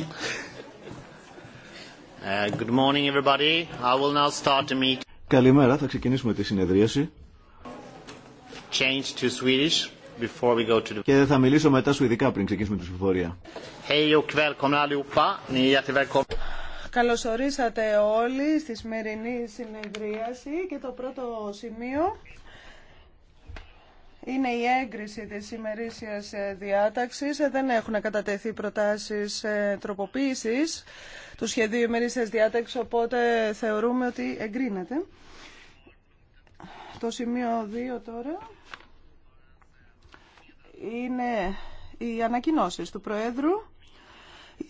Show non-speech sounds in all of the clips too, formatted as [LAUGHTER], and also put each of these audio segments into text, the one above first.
Uh, good morning everybody. I will now start the meet. Καλημέρα, θα ξεκινήσουμε τη συνεδρίαση. Change to Swedish before we go to the... Και θα μιλήσω μετά σου ειδικά πριν ξεκινήσουμε τη συμφορία. Hej och välkomna allihopa. Ni är jättevälkomna. Καλώς ορίσατε όλοι στη σημερινή συνεδρίαση και το πρώτο σημείο είναι η έγκριση της ημερήσιας ε, διάταξης. Ε, δεν έχουν κατατεθεί προτάσεις ε, τροποποίησης του σχεδίου ημερήσιας διάταξης, οπότε θεωρούμε ότι εγκρίνεται. Το σημείο 2 τώρα είναι οι ανακοινώσεις του Προέδρου.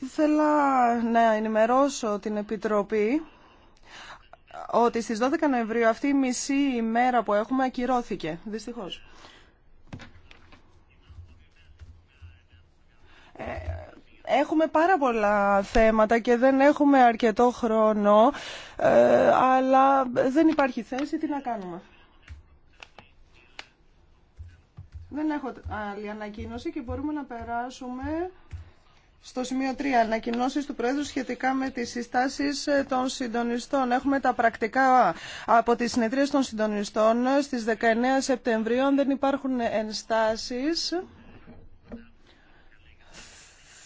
Ήθελα να ενημερώσω την Επιτροπή ότι στις 12 Νοεμβρίου αυτή η μισή ημέρα που έχουμε ακυρώθηκε, δυστυχώς. Έχουμε πάρα πολλά θέματα και δεν έχουμε αρκετό χρόνο, ε, αλλά δεν υπάρχει θέση. Τι να κάνουμε. Δεν έχω άλλη ανακοίνωση και μπορούμε να περάσουμε στο σημείο 3. Ανακοινώσεις του Πρόεδρου σχετικά με τις συστάσεις ε, των συντονιστών. Έχουμε τα πρακτικά από τις συνεδρίες των συντονιστών στις 19 Σεπτεμβρίου. δεν υπάρχουν ενστάσεις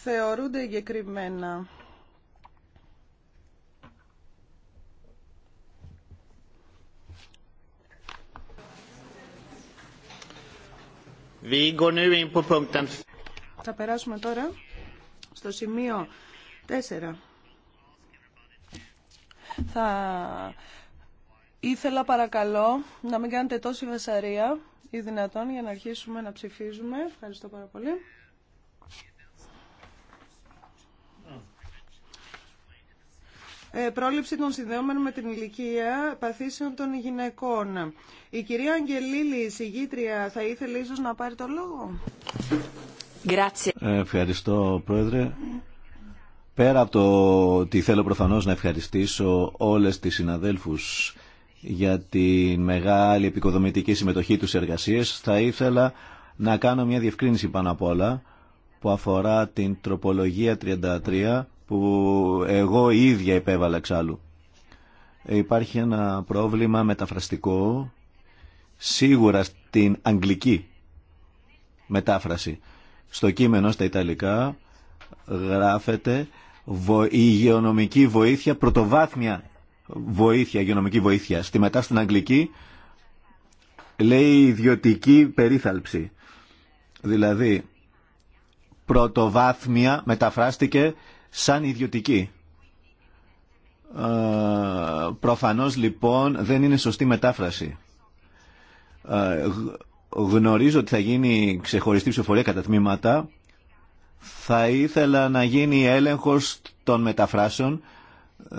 θεωρούνται εγκεκριμένα. Θα περάσουμε τώρα στο σημείο 4. Θα ήθελα παρακαλώ να μην κάνετε τόση βασαρία ή δυνατόν για να αρχίσουμε να ψηφίζουμε. Ευχαριστώ πάρα πολύ. Ε, πρόληψη των συνδεόμενων με την ηλικία παθήσεων των γυναικών. Η κυρία Αγγελίλη, η θα ήθελε ίσως να πάρει το λόγο. Ε, ευχαριστώ, Πρόεδρε. Πέρα από το ότι θέλω προφανώς να ευχαριστήσω όλες τις συναδέλφους για τη μεγάλη επικοδομητική συμμετοχή τους σε εργασίες, θα ήθελα να κάνω μια διευκρίνηση πάνω απ' όλα που αφορά την τροπολογία 33 που εγώ ίδια υπέβαλα εξάλλου. Ε, υπάρχει ένα πρόβλημα μεταφραστικό σίγουρα στην αγγλική μετάφραση. Στο κείμενο στα Ιταλικά γράφεται η υγειονομική βοήθεια, πρωτοβάθμια βοήθεια, υγειονομική βοήθεια. Στη μετά στην αγγλική λέει ιδιωτική περίθαλψη. Δηλαδή πρωτοβάθμια μεταφράστηκε σαν ιδιωτική. Ε, προφανώς λοιπόν δεν είναι σωστή μετάφραση. Ε, γνωρίζω ότι θα γίνει ξεχωριστή ψηφοφορία κατά τμήματα. Θα ήθελα να γίνει έλεγχος των μεταφράσεων ε,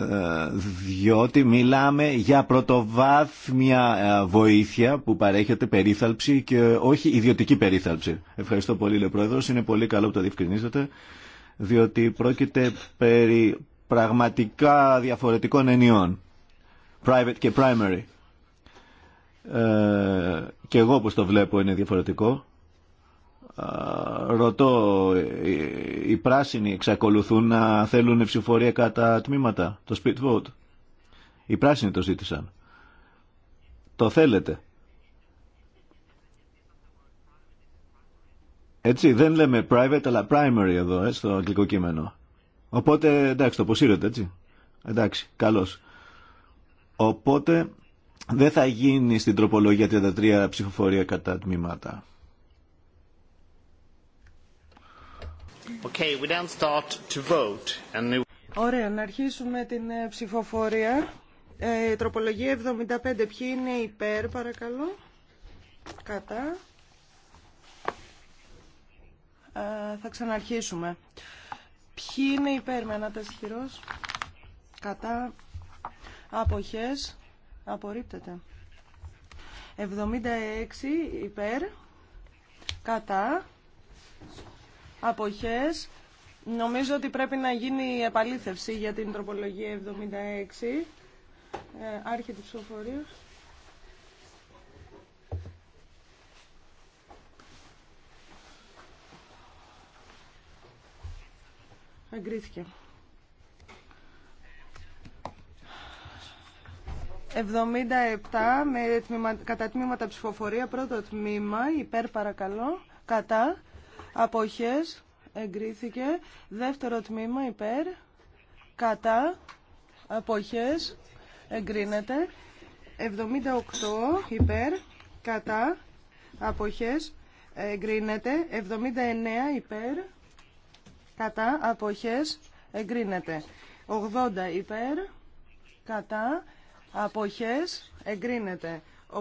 διότι μιλάμε για πρωτοβάθμια ε, βοήθεια που παρέχεται περίθαλψη και όχι ιδιωτική περίθαλψη. Ευχαριστώ πολύ, Λεπρόεδρος. Είναι πολύ καλό που το διευκρινίζετε διότι πρόκειται περί πραγματικά διαφορετικών ενιών. Private και primary. Ε, και εγώ όπως το βλέπω είναι διαφορετικό. Ε, ρωτώ, οι πράσινοι εξακολουθούν να θέλουν ψηφορία κατά τμήματα, το split vote. Οι πράσινοι το ζήτησαν. Το θέλετε. Έτσι, δεν λέμε private, αλλά primary εδώ, ε, στο αγγλικό κείμενο. Οπότε, εντάξει, το αποσύρεται, έτσι. Εντάξει, καλώς. Οπότε, δεν θα γίνει στην τροπολογία 33 ψηφοφορία κατά τμήματα. Okay, we don't start to vote and... Ωραία, να αρχίσουμε την ε, ψηφοφορία. Ε, τροπολογία 75, ποιοι είναι υπέρ, παρακαλώ. Κατά. Ε, θα ξαναρχίσουμε. Ποιοι είναι υπέρ με ανάταση κατά αποχές, απορρίπτεται. 76 υπέρ, κατά αποχές, νομίζω ότι πρέπει να γίνει επαλήθευση για την τροπολογία 76, ε, του ψηφοφορία. Εγκρίθηκε. 77 με τμήμα, κατά τμήματα ψηφοφορία. Πρώτο τμήμα, υπέρ παρακαλώ, κατά, αποχές, εγκρίθηκε. Δεύτερο τμήμα, υπέρ, κατά, αποχές, εγκρίνεται. 78 υπέρ, κατά, αποχές, εγκρίνεται. 79 υπέρ, κατά αποχές εγκρίνεται. 80 υπέρ κατά αποχές εγκρίνεται. 81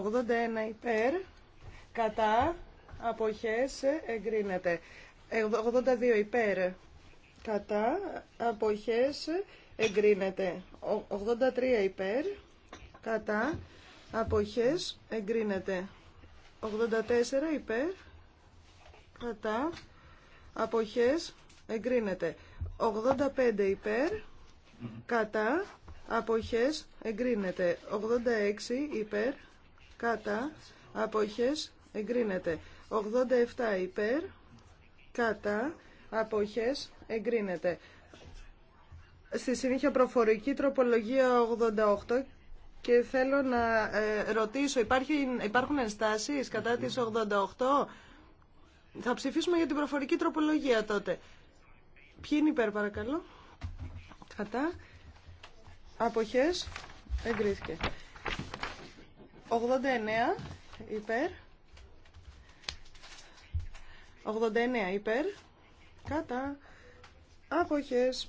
υπέρ κατά αποχές εγκρίνεται. 82 υπέρ κατά αποχές εγκρίνεται. 83 υπέρ κατά αποχές εγκρίνεται. 84 υπέρ κατά αποχές εγκρίνεται. 85 υπέρ, κατά, αποχές, εγκρίνεται. 86 υπέρ, κατά, αποχές, εγκρίνεται. 87 υπέρ, κατά, αποχές, εγκρίνεται. Στη συνέχεια προφορική τροπολογία 88 και θέλω να ε, ρωτήσω, υπάρχει, υπάρχουν ενστάσεις κατά τις 88. Θα ψηφίσουμε για την προφορική τροπολογία τότε. Ποιοι είναι υπέρ παρακαλώ. Κατά. Αποχές. Εγκρίθηκε. 89 υπέρ. 89 υπέρ. Κατά. Αποχές.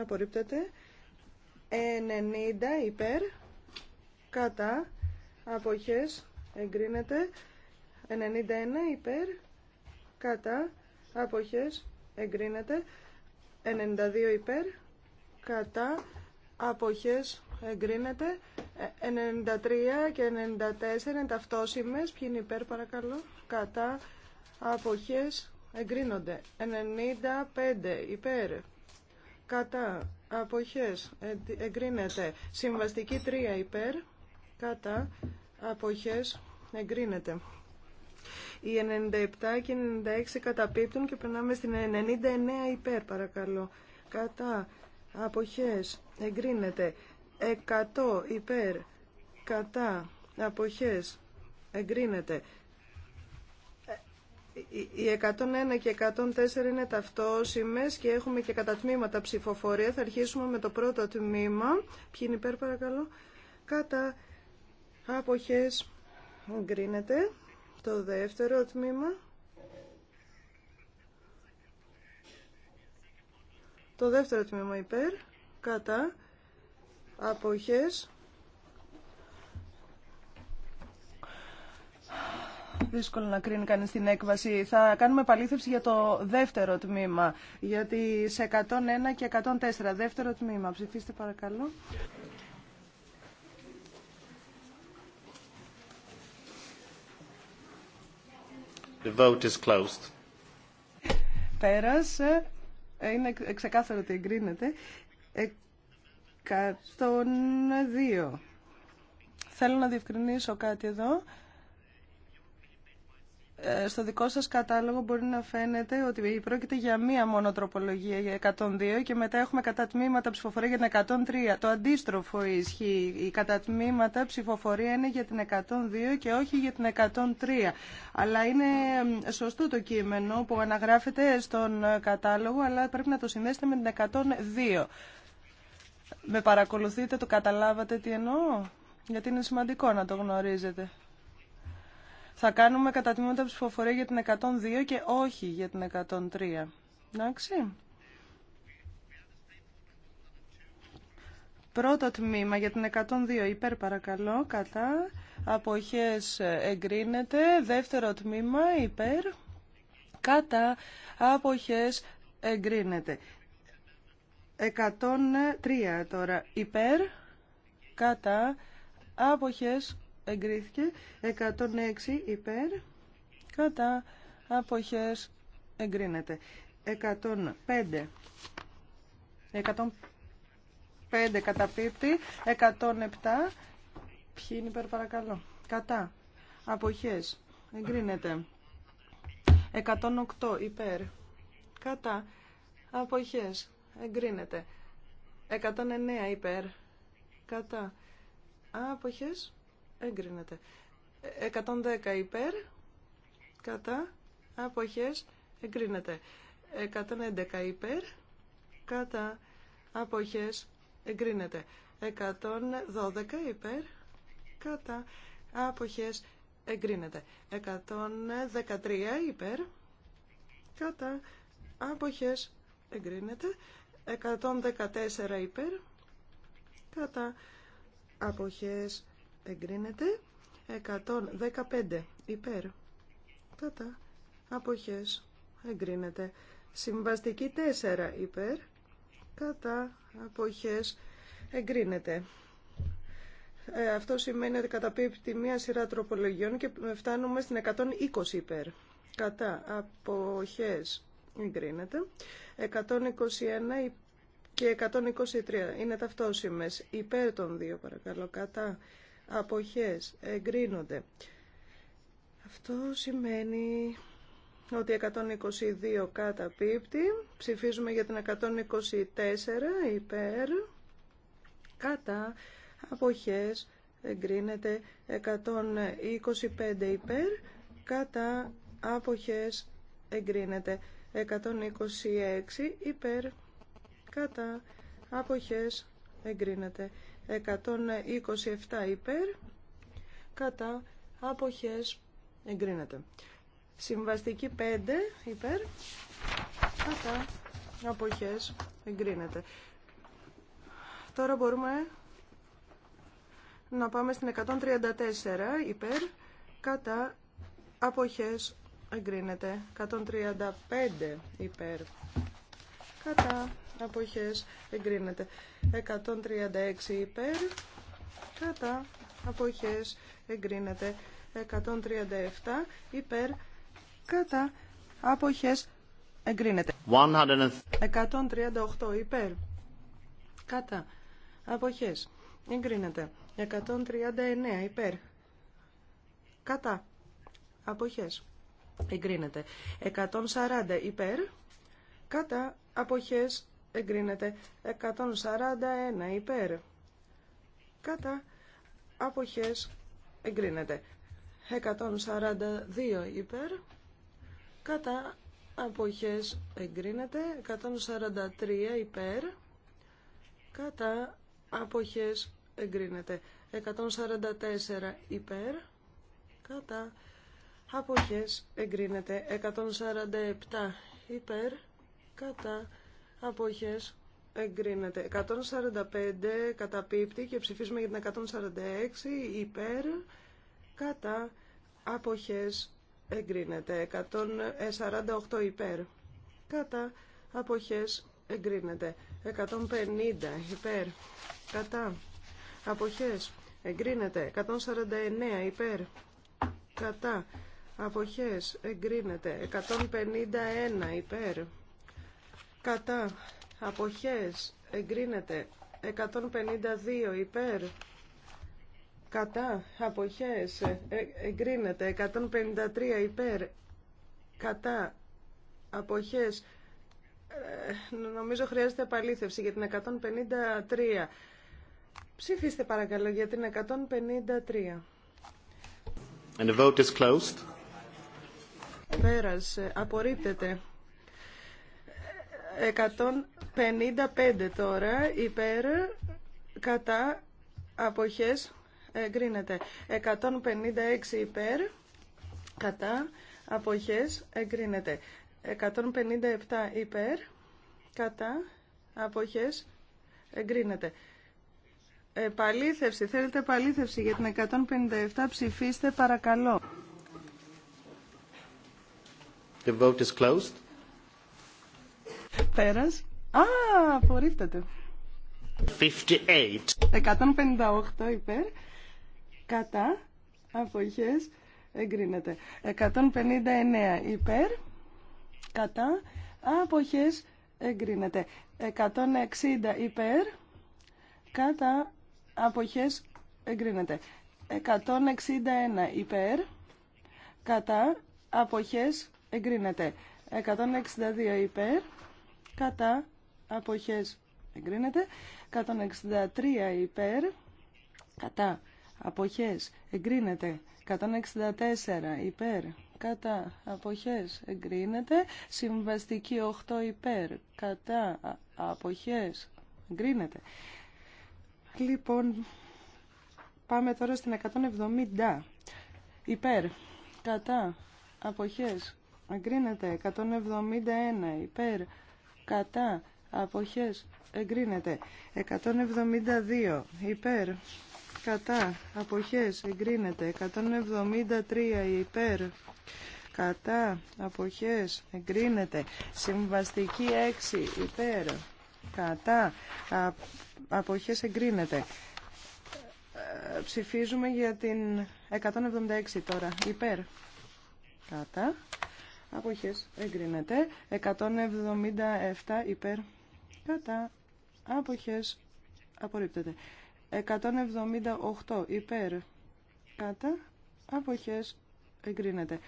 Απορρίπτεται. 90 υπέρ. Κατά. Αποχές. Εγκρίνεται. 91 υπέρ. Κατά. Αποχές εγκρίνεται. 92 υπέρ, κατά, αποχές, εγκρίνεται. 93 και 94 είναι ταυτόσημες. Ποιοι είναι υπέρ παρακαλώ, κατά, αποχές, εγκρίνονται. 95 υπέρ, κατά, αποχές, εγκρίνεται. Συμβαστική 3 υπέρ, κατά, αποχές, εγκρίνεται. Οι 97 και 96 καταπίπτουν και περνάμε στην 99 υπέρ παρακαλώ. Κατά. Αποχές. Εγκρίνεται. 100 υπέρ. Κατά. Αποχές. Εγκρίνεται. Ε, οι 101 και 104 είναι ταυτόσιμες και έχουμε και κατά τμήματα ψηφοφορία. Θα αρχίσουμε με το πρώτο τμήμα. Ποιοι είναι υπέρ παρακαλώ. Κατά αποχές εγκρίνεται. Το δεύτερο τμήμα. Το δεύτερο τμήμα υπέρ, κατά, αποχές. Δύσκολο να κρίνει κανείς την έκβαση. Θα κάνουμε παλήθευση για το δεύτερο τμήμα, γιατί σε 101 και 104. Δεύτερο τμήμα. Ψηφίστε παρακαλώ. The vote is closed. Πέρασε. Είναι ξεκάθαρο ότι εγκρίνεται. 102. Θέλω να διευκρινίσω κάτι εδώ. Ε, στο δικό σας κατάλογο μπορεί να φαίνεται ότι πρόκειται για μία μόνο τροπολογία για 102 και μετά έχουμε κατατμήματα ψηφοφορία για την 103. Το αντίστροφο ισχύει. Η κατατμήματα ψηφοφορία είναι για την 102 και όχι για την 103. Αλλά είναι σωστό το κείμενο που αναγράφεται στον κατάλογο, αλλά πρέπει να το συνδέσετε με την 102. Με παρακολουθείτε, το καταλάβατε τι εννοώ, γιατί είναι σημαντικό να το γνωρίζετε. Θα κάνουμε κατά τμήματα ψηφοφορία για την 102 και όχι για την 103. Εντάξει. Πρώτο τμήμα για την 102 υπέρ παρακαλώ, κατά, αποχές εγκρίνεται, δεύτερο τμήμα υπέρ, κατά, αποχές εγκρίνεται. 103 τώρα υπέρ, κατά, αποχές εγκρίθηκε 106 υπέρ κατά αποχές εγκρίνεται 105 105 πίπτη. 107 ποιοι είναι υπέρ παρακαλώ κατά αποχές εγκρίνεται 108 υπέρ κατά αποχές εγκρίνεται 109 υπέρ κατά αποχές εγκρίνεται. 110 υπέρ, κατά, αποχές, εγκρίνεται. 111 υπέρ, κατά, αποχές, εγκρίνεται. 112 υπέρ, κατά, αποχές, εγκρίνεται. 113 υπέρ, κατά, αποχές, εγκρίνεται. 114 υπέρ, κατά, αποχές, εγκρίνεται εγκρίνεται 115 υπέρ κατά αποχές εγκρίνεται συμβαστική 4 υπέρ κατά αποχές εγκρίνεται ε, αυτό σημαίνει ότι καταπίπτει μία σειρά τροπολογιών και φτάνουμε στην 120 υπέρ κατά αποχές εγκρίνεται 121 και 123 είναι ταυτόσιμες υπέρ των δύο παρακαλώ κατά αποχές εγκρίνονται. Αυτό σημαίνει ότι 122 κατά καταπίπτει. Ψηφίζουμε για την 124 υπέρ. Κατά αποχές εγκρίνεται 125 υπέρ. Κατά αποχές εγκρίνεται 126 υπέρ. Κατά αποχές εγκρίνεται 127 υπέρ, κατά αποχές εγκρίνεται. Συμβαστική 5 υπέρ, κατά αποχές εγκρίνεται. Τώρα μπορούμε να πάμε στην 134 υπέρ, κατά αποχές εγκρίνεται. 135 υπέρ, κατά αποχές εγκρίνεται. 136 υπέρ, κατά, αποχές εγκρίνεται. 137 υπέρ, κατά, αποχές εγκρίνεται. 138 υπέρ, κατά, αποχές εγκρίνεται. 139 υπέρ, κατά, αποχές εγκρίνεται. 140 υπέρ, κατά αποχές εγκρίνεται 141 υπέρ κατά αποχές εγκρίνεται 142 υπέρ κατά αποχές εγκρίνεται 143 υπέρ κατά αποχές εγκρίνεται 144 υπέρ κατά αποχές εγκρίνεται 147 υπέρ κατά αποχές εγκρίνεται. 145 καταπίπτει και ψηφίζουμε για την 146 υπέρ κατά αποχές εγκρίνεται. 148 υπέρ κατά αποχές εγκρίνεται. 150 υπέρ κατά αποχές εγκρίνεται. 149 υπέρ κατά αποχές εγκρίνεται. 151 υπέρ κατά αποχές εγκρίνεται 152 υπέρ κατά αποχές ε, ε, εγκρίνεται 153 υπέρ κατά αποχές ε, νομίζω χρειάζεται επαλήθευση για την 153 ψηφίστε παρακαλώ για την 153 the vote is closed. Πέρασε. Απορρίπτεται. 155 τώρα υπέρ κατά αποχές εγκρίνεται. 156 υπέρ κατά αποχές εγκρίνεται. 157 υπέρ κατά αποχές εγκρίνεται. Επαλήθευση. Θέλετε παλήθευση για την 157. Ψηφίστε παρακαλώ. The vote is closed. Πέρας. Α, απορρίπτεται. 58. 158 υπέρ. Κατά. Αποχές. Εγκρίνεται. 159 υπέρ. Κατά. Αποχές. Εγκρίνεται. 160 υπέρ. Κατά. Αποχές. Εγκρίνεται. 161 υπέρ. Κατά. Αποχές. Εγκρίνεται. 162 υπέρ κατά αποχές εγκρίνεται 163 υπέρ κατά αποχές εγκρίνεται 164 υπέρ κατά αποχές εγκρίνεται συμβαστική 8 υπέρ κατά αποχές εγκρίνεται λοιπόν πάμε τώρα στην 170 υπέρ κατά αποχές εγκρίνεται 171 υπέρ κατά αποχές εγκρίνεται 172 υπέρ κατά αποχές εγκρίνεται 173 υπέρ κατά αποχές εγκρίνεται συμβαστική 6 υπέρ κατά αποχές εγκρίνεται ε, ψηφίζουμε για την 176 τώρα υπέρ κατά Αποχές εγκρίνεται. 177 υπέρ. Κατά. Αποχές απορρίπτεται. 178 υπέρ. Κατά. Αποχές εγκρίνεται.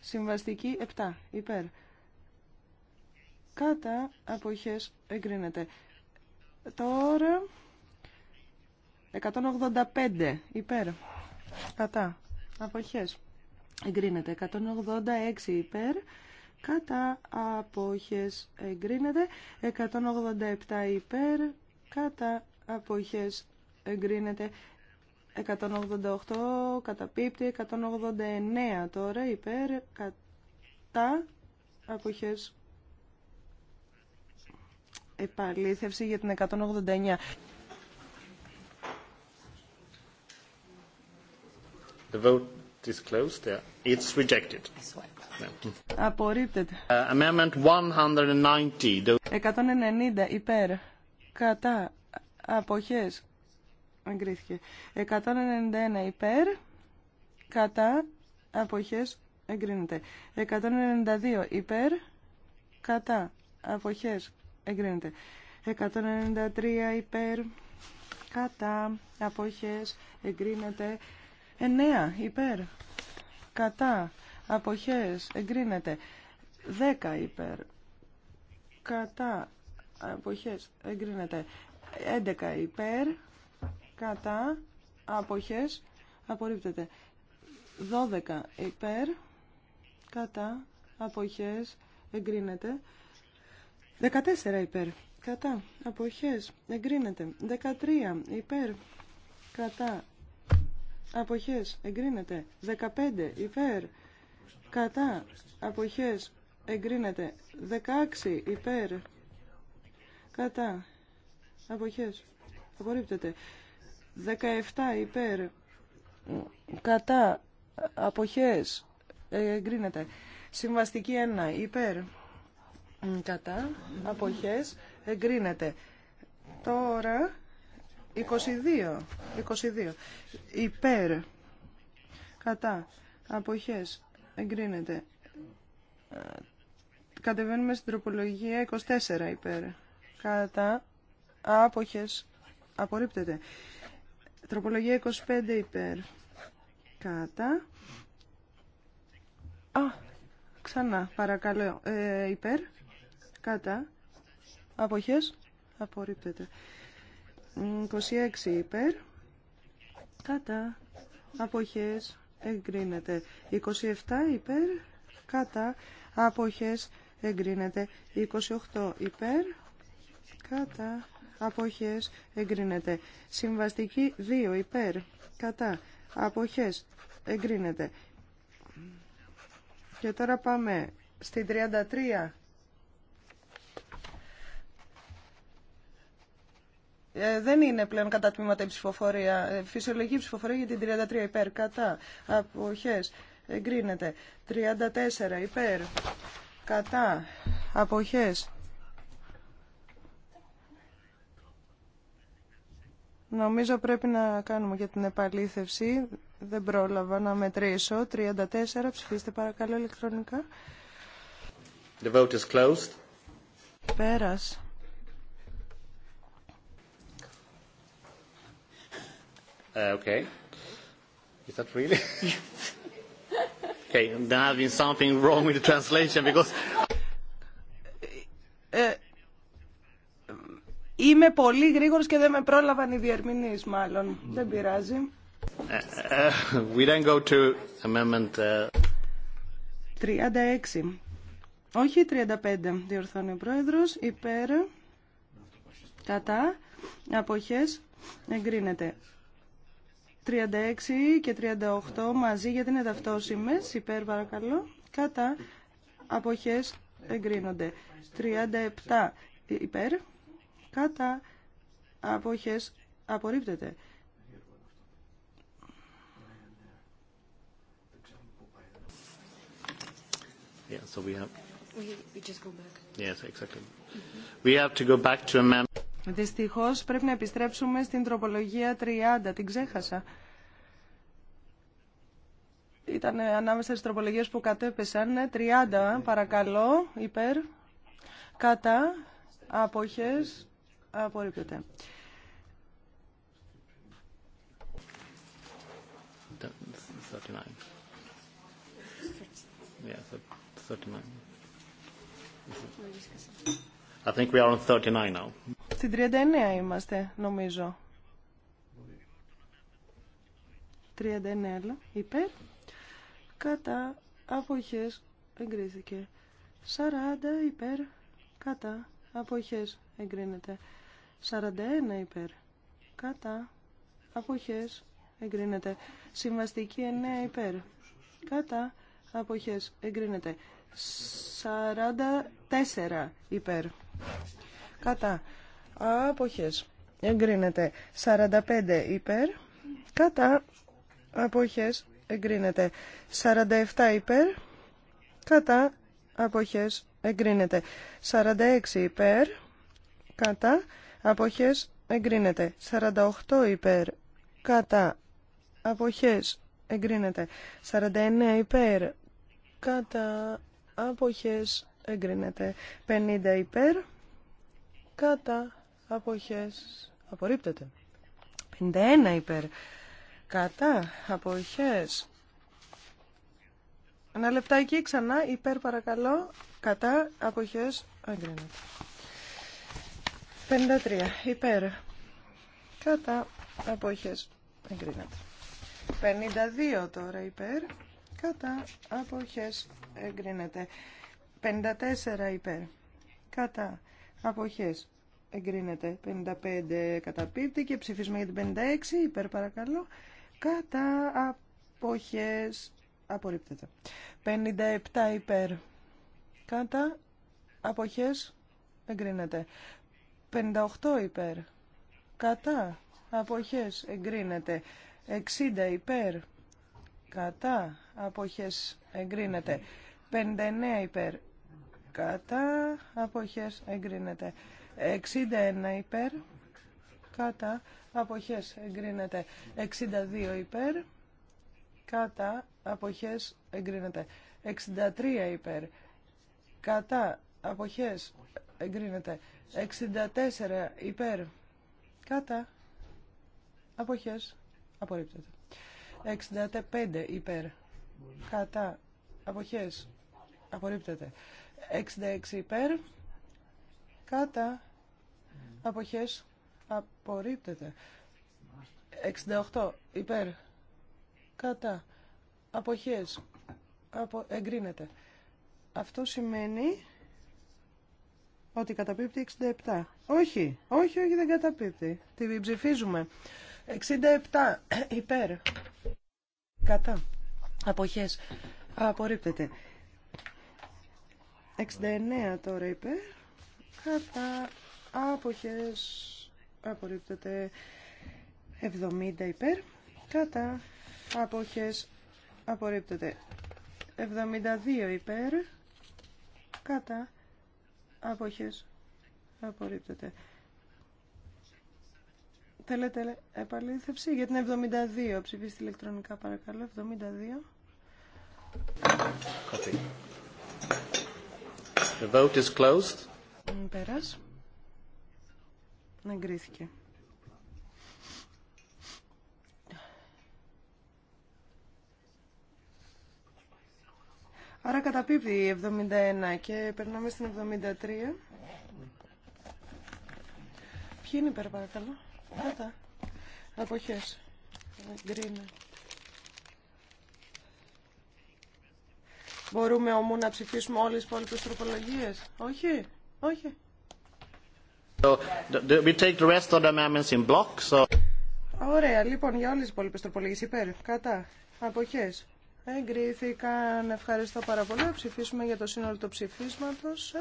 Συμβαστική 7 υπέρ. Κατά. Αποχές εγκρίνεται. Τώρα... 185 υπέρ. Κατά. Αποχές εγκρίνεται. 186 υπέρ κατά αποχές εγκρίνεται. 187 υπέρ κατά αποχές εγκρίνεται. 188 καταπίπτει. 189 τώρα υπέρ κατά αποχές επαλήθευση για την 189. The vote is closed. It's rejected. Απορρίπτεται. Uh, amendment 190. 190 υπέρ. Κατά. Αποχές. Εγκρίθηκε. 191 υπέρ. Κατά. Αποχές. Εγκρίνεται. 192 υπέρ. Κατά. Αποχές. Εγκρίνεται. 193 υπέρ. Κατά. Αποχές. Εγκρίνεται. 9 υπέρ. Κατά. Αποχές. Εγκρίνεται. 10 υπέρ. Κατά. Αποχές. Εγκρίνεται. 11 υπέρ. Κατά. Αποχές. Απορρίπτεται. 12 υπέρ. Κατά. Αποχές. Εγκρίνεται. 14 υπέρ. Κατά. Αποχές. Εγκρίνεται. 13 υπέρ. Κατά αποχές εγκρίνεται 15 υπέρ κατά αποχές εγκρίνεται 16 υπέρ κατά αποχές απορρίπτεται 17 υπέρ κατά αποχές εγκρίνεται συμβαστική 1 υπέρ κατά αποχές εγκρίνεται τώρα 22. 22. Υπέρ. Κατά. Αποχές. Εγκρίνεται. Ε, κατεβαίνουμε στην τροπολογία 24 υπέρ. Κατά. Άποχες. Απορρίπτεται. Τροπολογία 25 υπέρ. Κατά. Α, ξανά, παρακαλώ. Ε, υπέρ. Κατά. Αποχές. Απορρίπτεται. 26 υπέρ. Κατά. Αποχές. Εγκρίνεται. 27 υπέρ. Κατά. Αποχές. Εγκρίνεται. 28 υπέρ. Κατά. Αποχές. Εγκρίνεται. Συμβαστική 2 υπέρ. Κατά. Αποχές. Εγκρίνεται. Και τώρα πάμε στην 33 Ε, δεν είναι πλέον κατά τμήματα η ψηφοφορία. Ε, φυσιολογική ψηφοφορία για την 33 υπέρ. Κατά. Αποχές. Εγκρίνεται. 34 υπέρ. Κατά. Αποχές. Νομίζω πρέπει να κάνουμε για την επαλήθευση. Δεν πρόλαβα να μετρήσω. 34. Ψηφίστε παρακαλώ ηλεκτρονικά. The vote is closed. Πέρας. Uh, okay. Is that really? [LAUGHS] Okay, there has been something wrong with the translation because... Ε, είμαι πολύ γρήγορος και δεν με πρόλαβαν οι διερμηνείς μάλλον. Δεν πειράζει. Ε, ε, we then go to amendment... 36. Όχι 35, διορθώνει ο πρόεδρος. Υπέρ, κατά, αποχές, εγκρίνεται. 36 και 38 μαζί γιατί είναι ταυτόσιμες. Υπέρ παρακαλώ. Κατά αποχές εγκρίνονται. 37 υπέρ. Κατά αποχές απορρίπτεται. Yeah, so we have. We, we just go back. Yes, exactly. We have to go back to Δυστυχώς πρέπει να επιστρέψουμε στην τροπολογία 30. Την ξέχασα. Ήταν ανάμεσα στις τροπολογίες που κατέπεσαν. 30 ναι, παρακαλώ υπέρ. Κατά. Αποχές. Απορρίπτεται. I 39 Στην 39 είμαστε, νομίζω. 39 υπέρ. Κατά αποχές εγκρίθηκε. 40 υπέρ. Κατά αποχές εγκρίνεται. 41 υπέρ. Κατά αποχές εγκρίνεται. Συμβαστική 9 υπέρ. Κατά αποχές εγκρίνεται. 44 υπέρ. Κατά. Αποχές. Εγκρίνεται. 45 υπέρ. Κατά. Αποχές. Εγκρίνεται. 47 υπέρ. Κατά. Αποχές. Εγκρίνεται. 46 υπέρ. Κατά. Αποχές. Εγκρίνεται. 48 υπέρ. Κατά. Αποχές. Εγκρίνεται. 49 υπέρ. Κατά. Αποχές εγκρίνεται 50 υπέρ κατά αποχές απορρίπτεται 51 υπέρ κατά αποχές ένα λεπτάκι ξανά υπέρ παρακαλώ κατά αποχές εγκρίνεται 53 υπέρ κατά αποχές εγκρίνεται 52 τώρα υπέρ κατά αποχές εγκρίνεται 54 υπέρ. Κατά. Αποχές. Εγκρίνεται. 55 πίπτη και ψηφίζουμε για την 56 υπέρ παρακαλώ. Κατά. Αποχές. Απορρίπτεται. 57 υπέρ. Κατά. Αποχές. Εγκρίνεται. 58 υπέρ. Κατά. Αποχές. Εγκρίνεται. 60 υπέρ. Κατά. Αποχές. Εγκρίνεται. 59 υπέρ κατά αποχές εγκρίνεται 61 υπέρ κατά αποχές εγκρίνεται 62 υπέρ κατά αποχές εγκρίνεται 63 υπέρ κατά αποχές εγκρίνεται 64 υπέρ κατά αποχές απορρίπτεται 65 υπέρ κατά αποχές απορρίπτεται 66 υπέρ. Κατά. Αποχές. Απορρίπτεται. 68 υπέρ. Κατά. Αποχές. Απο... Εγκρίνεται. Αυτό σημαίνει ότι καταπίπτει 67. Όχι, όχι, όχι δεν καταπίπτει. Τη ψηφίζουμε. 67 υπέρ. Κατά. Αποχές. Απορρίπτεται. 69 τώρα υπέρ. Κατά άποχες απορρίπτεται 70 υπέρ. Κατά άποχες απορρίπτεται 72 υπέρ. Κατά άποχες απορρίπτεται. Θέλετε επαλήθευση για την 72. Ψηφίστε ηλεκτρονικά παρακαλώ. 72. Okay. The Εγκρίθηκε. Άρα καταπίπτει η 71 και περνάμε στην 73. Ποιοι είναι υπέρ παρακαλώ. Κατά. Αποχές. Γκρίνε. Μπορούμε ομού να ψηφίσουμε όλες τις υπόλοιπες τροπολογίες. Όχι, όχι. we take the rest of the in Ωραία, λοιπόν, για όλες τις υπόλοιπες τροπολογίες υπέρ, κατά, αποχές. Εγκρίθηκαν, ευχαριστώ πάρα πολύ. Ψηφίσουμε για το σύνολο του ψηφίσματος.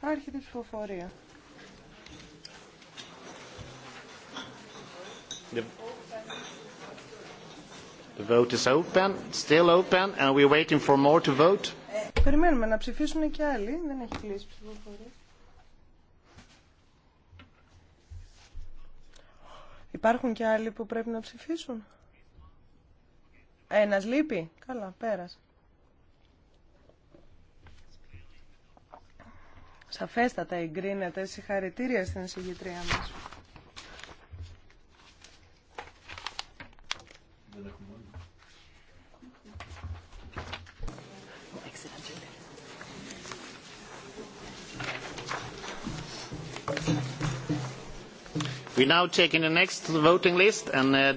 Άρχεται η ψηφοφορία. The vote is open, still open, and Περιμένουμε να ψηφίσουν και άλλοι. Δεν έχει κλείσει ψηφοφορία. Υπάρχουν και άλλοι που πρέπει να ψηφίσουν. Ένας λείπει. Καλά, πέρασε. Σαφέστατα εγκρίνεται. Συγχαρητήρια στην εισηγητρία μας.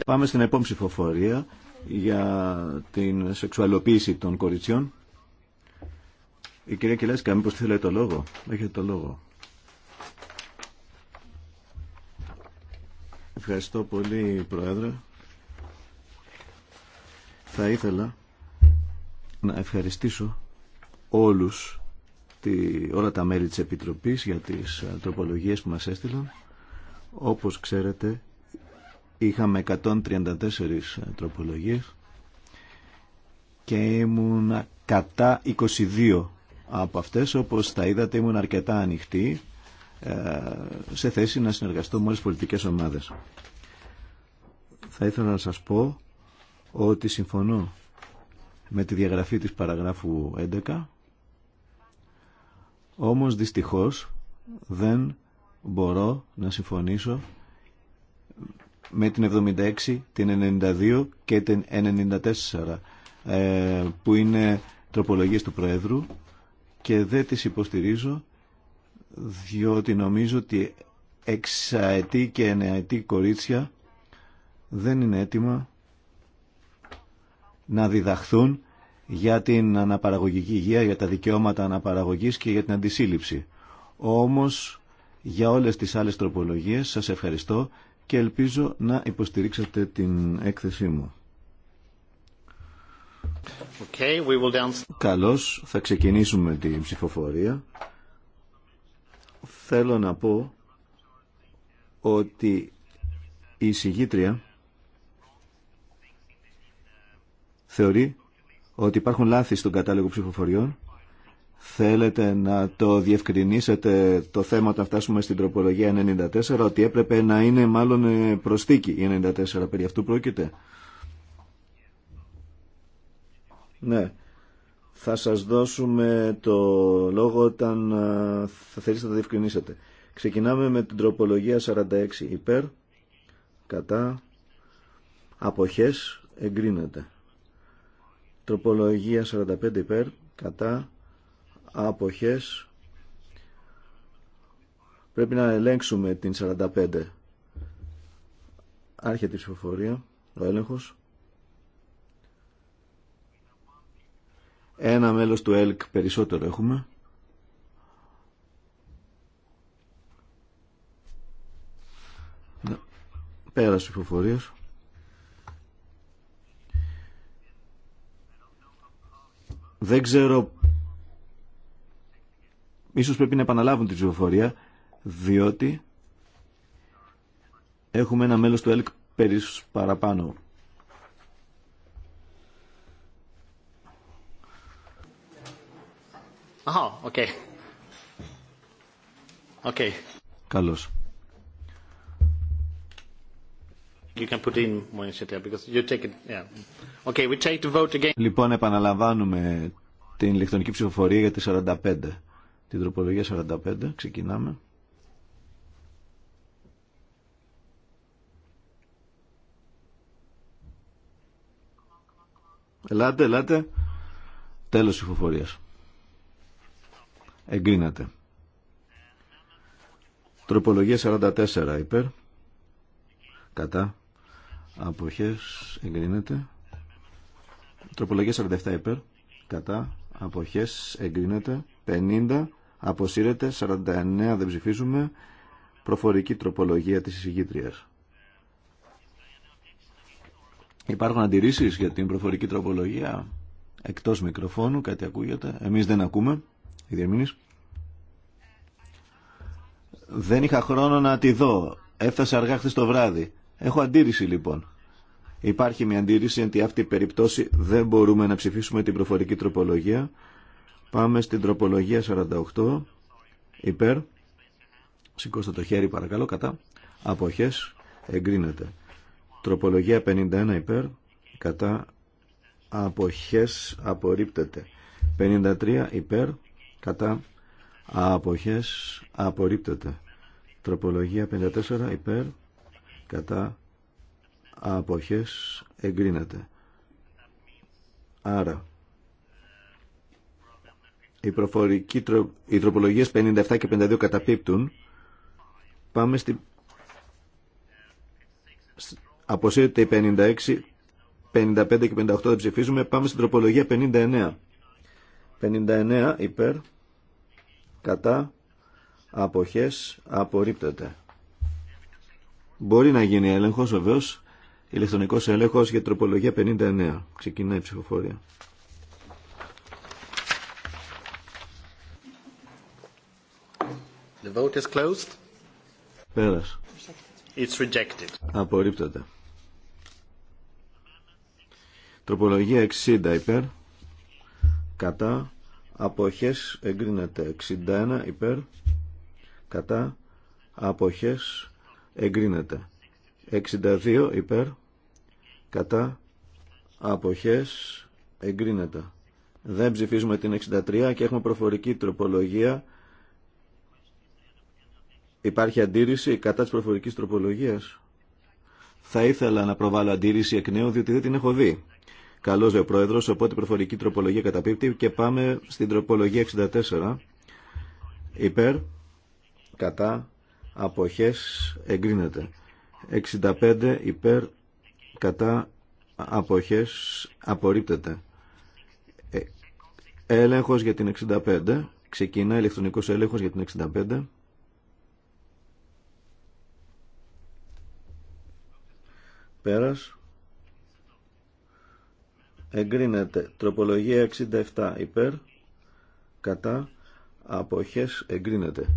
Πάμε στην επόμενη ψηφοφορία για την σεξουαλοποίηση των κοριτσιών. Η κυρία Κελέσκα, μήπως θέλετε το λόγο. Έχετε το λόγο. Ευχαριστώ πολύ, Πρόεδρε. Θα ήθελα να ευχαριστήσω όλους όλα τα μέλη της Επιτροπής για τις ε, τροπολογίες που μας έστειλαν. Όπως ξέρετε, είχαμε 134 ε, τροπολογίες και ήμουν κατά 22 από αυτές. Όπως τα είδατε ήμουν αρκετά ανοιχτή ε, σε θέση να συνεργαστώ με όλες πολιτικές ομάδες. Θα ήθελα να σας πω ότι συμφωνώ με τη διαγραφή της παραγράφου 11 όμως δυστυχώς δεν μπορώ να συμφωνήσω με την 76, την 92 και την 94 ε, που είναι τροπολογίες του Προέδρου και δεν τις υποστηρίζω διότι νομίζω ότι εξαετή και ετή κορίτσια δεν είναι έτοιμα να διδαχθούν για την αναπαραγωγική υγεία, για τα δικαιώματα αναπαραγωγής και για την αντισύλληψη. Όμως για όλες τις άλλες τροπολογίες σας ευχαριστώ και ελπίζω να υποστηρίξετε την έκθεσή μου. Okay, we will Καλώς, θα ξεκινήσουμε την ψηφοφορία. Θέλω να πω ότι η συγγήτρια θεωρεί ότι υπάρχουν λάθη στον κατάλογο ψηφοφοριών Θέλετε να το διευκρινίσετε το θέμα όταν φτάσουμε στην τροπολογία 94 ότι έπρεπε να είναι μάλλον ε, προστίκη η 94. Περί αυτού πρόκειται. Ναι. Θα σας δώσουμε το λόγο όταν ε, θα θέλετε να το διευκρινίσετε. Ξεκινάμε με την τροπολογία 46 υπέρ, κατά, αποχές, εγκρίνεται. Τροπολογία 45 υπέρ, κατά, αποχές πρέπει να ελέγξουμε την 45 άρχεται η ψηφοφορία ο έλεγχος ένα μέλος του ΕΛΚ περισσότερο έχουμε Πέρα ψηφοφορίας δεν ξέρω ίσως πρέπει να επαναλάβουν την ψηφοφορία, διότι έχουμε ένα μέλος του ΕΛΚ περίπου παραπάνω. Αχα, Okay. Okay. Καλώς. You can put in we take vote again. Λοιπόν, επαναλαμβάνουμε την ηλεκτρονική ψηφοφορία για τις 45 την τροπολογία 45. Ξεκινάμε. Ελάτε, ελάτε. Τέλος ηχοφορίας. Εγκρίνατε. Τροπολογία 44 υπέρ. Κατά. Αποχές εγκρίνεται. Τροπολογία 47 υπέρ. Κατά. Αποχές εγκρίνεται. 50 Αποσύρεται. 49 δεν ψηφίζουμε. Προφορική τροπολογία της εισηγήτριας. Υπάρχουν αντιρρήσεις για την προφορική τροπολογία. Εκτός μικροφώνου κάτι ακούγεται. Εμείς δεν ακούμε. Οι Δεν είχα χρόνο να τη δω. Έφτασε αργά χθες το βράδυ. Έχω αντίρρηση λοιπόν. Υπάρχει μια αντίρρηση ότι αυτή η περιπτώση δεν μπορούμε να ψηφίσουμε την προφορική τροπολογία. Πάμε στην τροπολογία 48 υπέρ. Σηκώστε το χέρι παρακαλώ κατά. Αποχές εγκρίνεται. Τροπολογία 51 υπέρ. Κατά αποχές απορρίπτεται. 53 υπέρ. Κατά αποχές απορρίπτεται. Τροπολογία 54 υπέρ. Κατά αποχές εγκρίνεται. Άρα η προφορική, οι τροπολογίες 57 και 52 καταπίπτουν. Πάμε στην... Αποσύρεται η 56, 55 και 58 δεν ψηφίζουμε. Πάμε στην τροπολογία 59. 59 υπέρ, κατά, αποχές, απορρίπτεται. Μπορεί να γίνει έλεγχος βεβαίως, ηλεκτρονικός έλεγχος για τροπολογία 59. Ξεκινάει η ψηφοφορία. The vote is closed. It's rejected. Τροπολογία 60 υπέρ. Κατά. Αποχές εγκρίνεται. 61 υπέρ. Κατά. Αποχές εγκρίνεται. 62 υπέρ. Κατά. Αποχές εγκρίνεται. Δεν ψηφίζουμε την 63 και έχουμε προφορική τροπολογία Υπάρχει αντίρρηση κατά τη προφορικής τροπολογίας. Θα ήθελα να προβάλλω αντίρρηση εκ νέου διότι δεν την έχω δει. Καλώ, ο Πρόεδρος, οπότε προφορική τροπολογία καταπίπτει και πάμε στην τροπολογία 64. Υπέρ, κατά, αποχές, εγκρίνεται. 65 υπέρ, κατά, αποχές, απορρίπτεται. Ε, έλεγχος για την 65. Ξεκινά ηλεκτρονικό έλεγχο για την 65. Πέρας. Εγκρίνεται. Τροπολογία 67 υπέρ. Κατά. Αποχές εγκρίνεται.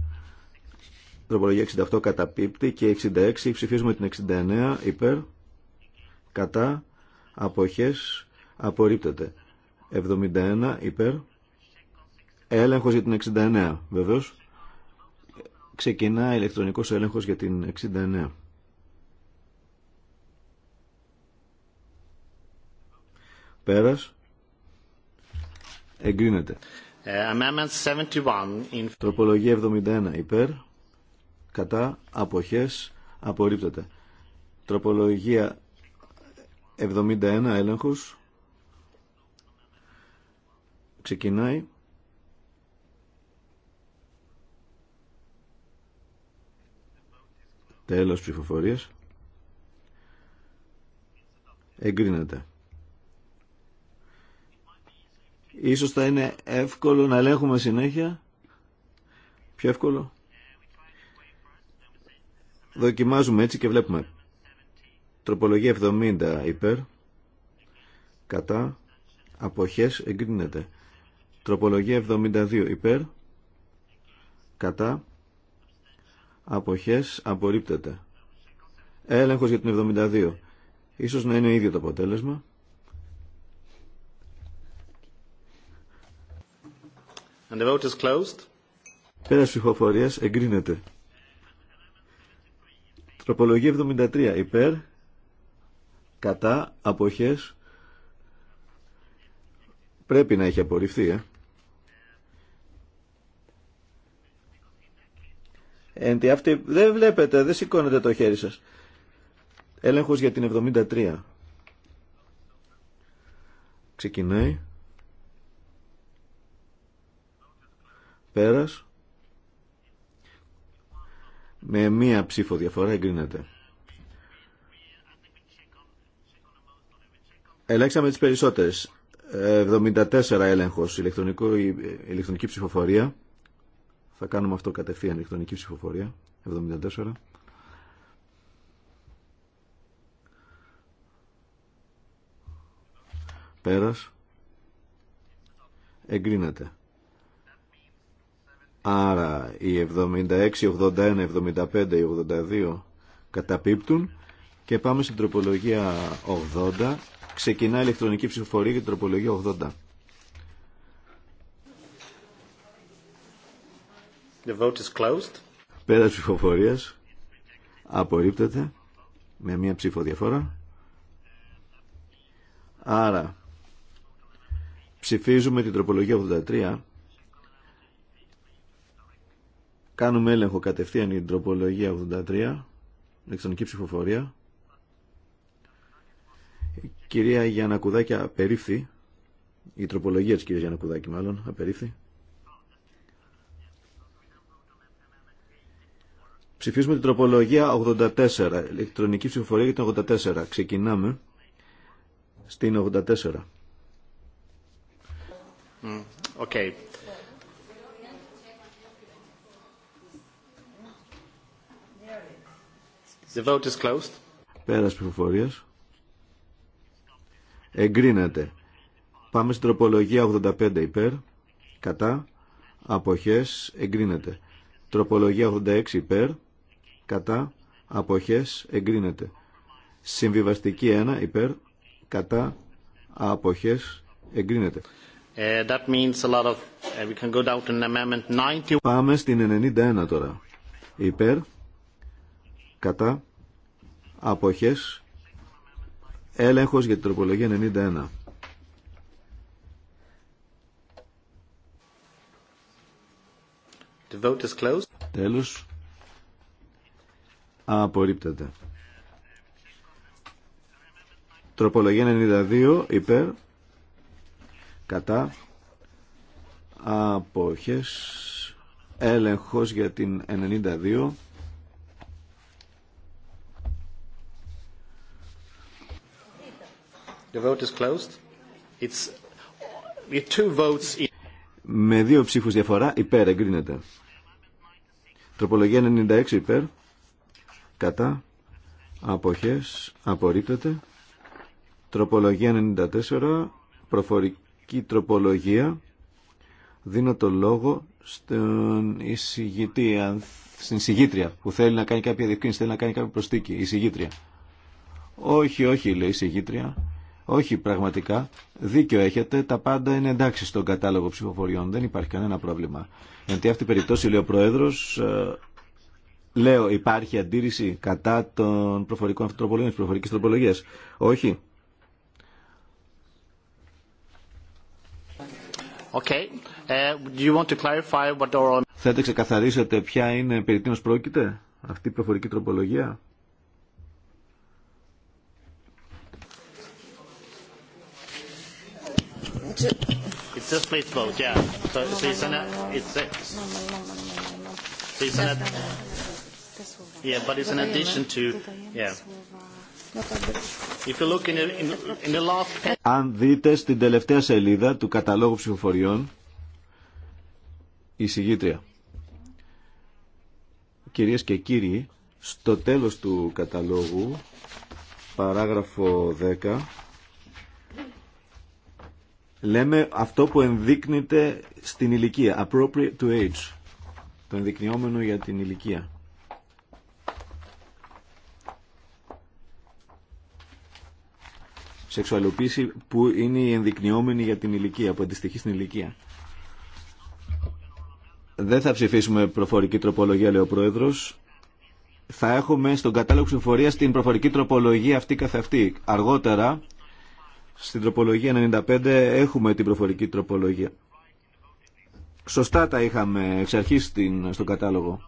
Τροπολογία 68 καταπίπτει και 66 ψηφίζουμε την 69 υπέρ. Κατά. Αποχές απορρίπτεται. 71 υπέρ. Έλεγχος για την 69 βεβαίως. Ξεκινά ηλεκτρονικός έλεγχος για την 69. Πέρας. Εγκρίνεται. 71 ε, in... Τροπολογία 71 υπέρ. Κατά. Αποχές. Απορρίπτεται. Τροπολογία 71 έλεγχος. Ξεκινάει. Τέλος ψηφοφορίας. Εγκρίνεται. Ίσως θα είναι εύκολο να ελέγχουμε συνέχεια. Πιο εύκολο. Δοκιμάζουμε έτσι και βλέπουμε. Τροπολογία 70 υπέρ. Κατά. Αποχές εγκρίνεται. Τροπολογία 72 υπέρ. Κατά. Αποχές απορρίπτεται. Έλεγχος για την 72. Ίσως να είναι ίδιο το αποτέλεσμα. And the vote is closed. Πέρας ψηφοφορίας εγκρίνεται. Τροπολογία 73. Υπέρ, κατά, αποχές. Πρέπει να έχει απορριφθεί, ε. δεν βλέπετε, δεν σηκώνετε το χέρι σας. Έλεγχος για την 73. Ξεκινάει. Πέρας. Με μία ψήφο διαφορά εγκρίνεται. Ελέγξαμε τις περισσότερες. 74 έλεγχος ηλεκτρονικό, ηλεκτρονική ψηφοφορία. Θα κάνουμε αυτό κατευθείαν ηλεκτρονική ψηφοφορία. 74. Πέρας. Εγκρίνεται. Άρα οι 76, 81, 75, οι 82 καταπίπτουν και πάμε στην τροπολογία 80. Ξεκινά η ηλεκτρονική ψηφοφορία για την τροπολογία 80. The vote is closed. Πέρα της ψηφοφορίας απορρίπτεται με μία ψήφο διαφορά. Άρα ψηφίζουμε την τροπολογία 83 Κάνουμε έλεγχο κατευθείαν η τροπολογία 83, ηλεκτρονική ψηφοφορία. Η κυρία Γιανακουδάκη απερίφθη, η τροπολογία της κυρίας Γιανακουδάκη μάλλον, απερίφθη. Ψηφίζουμε την τροπολογία 84, ηλεκτρονική ψηφοφορία για την 84. Ξεκινάμε στην 84. Mm, okay. The vote Πέρας ψηφοφορίας. Εγκρίνεται. Πάμε στην τροπολογία 85 υπέρ. Κατά. Αποχές. Εγκρίνεται. Τροπολογία 86 υπέρ. Κατά. Αποχές. Εγκρίνεται. Συμβιβαστική 1 υπέρ. Κατά. Αποχές. Εγκρίνεται. Ε, that means a lot of... Ε, we can go down amendment 90. Πάμε στην 91 τώρα. Υπέρ κατά αποχές έλεγχος για την τροπολογία 91 The vote closed. Τέλος. Απορρίπτεται. Τροπολογία 92 υπέρ κατά αποχές έλεγχος για την 92 Με δύο ψήφους διαφορά υπέρ εγκρίνεται. Τροπολογία 96 υπέρ. Κατά. Αποχές. Απορρίπτεται. Τροπολογία 94. Προφορική τροπολογία. Δίνω το λόγο στον εισηγητή, στην εισηγήτρια που θέλει να κάνει κάποια διευκρίνηση, θέλει να κάνει κάποια προστίκη. Εισηγήτρια. Όχι, όχι, λέει η εισηγήτρια. Όχι, πραγματικά, δίκιο έχετε, τα πάντα είναι εντάξει στον κατάλογο ψηφοφοριών, δεν υπάρχει κανένα πρόβλημα. Γιατί αυτή την περίπτωση, λέει ο Πρόεδρος, ε, λέω υπάρχει αντίρρηση κατά των προφορικών αυτοτροπολογίων, τη προφορικής τροπολογίας. Όχι. Okay. Ε, do you want to ξεκαθαρίσετε ποια είναι περί τίνος πρόκειται αυτή η προφορική τροπολογία. vote. It's just split vote, yeah. So it's an it's a, it's an yeah, but it's an addition to yeah. If you look in the, in, in the last... Αν δείτε στην τελευταία σελίδα του καταλόγου ψηφοφοριών, η συγγήτρια. Κυρίες και κύριοι, στο τέλος του καταλόγου, παράγραφο 10, λέμε αυτό που ενδείκνεται στην ηλικία, appropriate to age, το ενδεικνυόμενο για την ηλικία. Σεξουαλοποίηση που είναι η ενδεικνυόμενη για την ηλικία, που αντιστοιχεί στην ηλικία. Δεν θα ψηφίσουμε προφορική τροπολογία, λέει ο Πρόεδρος. Θα έχουμε στον κατάλογο ψηφοφορία την προφορική τροπολογία αυτή καθ' αυτή. Αργότερα στην τροπολογία 95 έχουμε την προφορική τροπολογία. Σωστά τα είχαμε εξ αρχής στην, κατάλογο.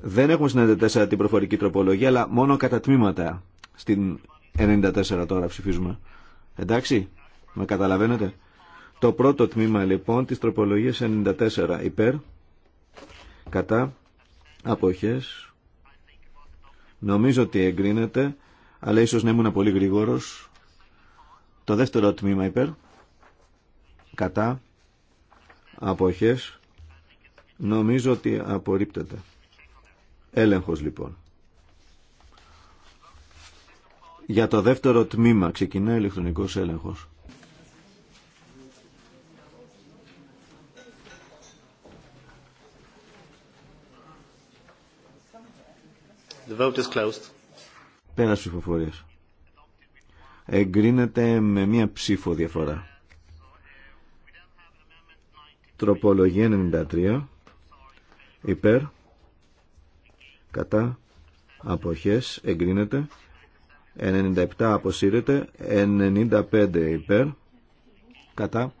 Δεν έχουμε στην 94 την προφορική τροπολογία, αλλά μόνο κατά τμήματα στην 94 τώρα ψηφίζουμε. Εντάξει, με καταλαβαίνετε. Το πρώτο τμήμα λοιπόν της τροπολογίας 94 υπέρ, κατά, αποχές. Νομίζω ότι εγκρίνεται, αλλά ίσως να ήμουν πολύ γρήγορος. Το δεύτερο τμήμα υπέρ. Κατά. Αποχές. Νομίζω ότι απορρίπτεται. Έλεγχος λοιπόν. Για το δεύτερο τμήμα ξεκινάει ηλεκτρονικός έλεγχος. The vote is closed εγκρίνεται με μία ψήφο διαφορά. Τροπολογία 93 υπέρ κατά αποχές εγκρίνεται 97 αποσύρεται 95 υπέρ κατά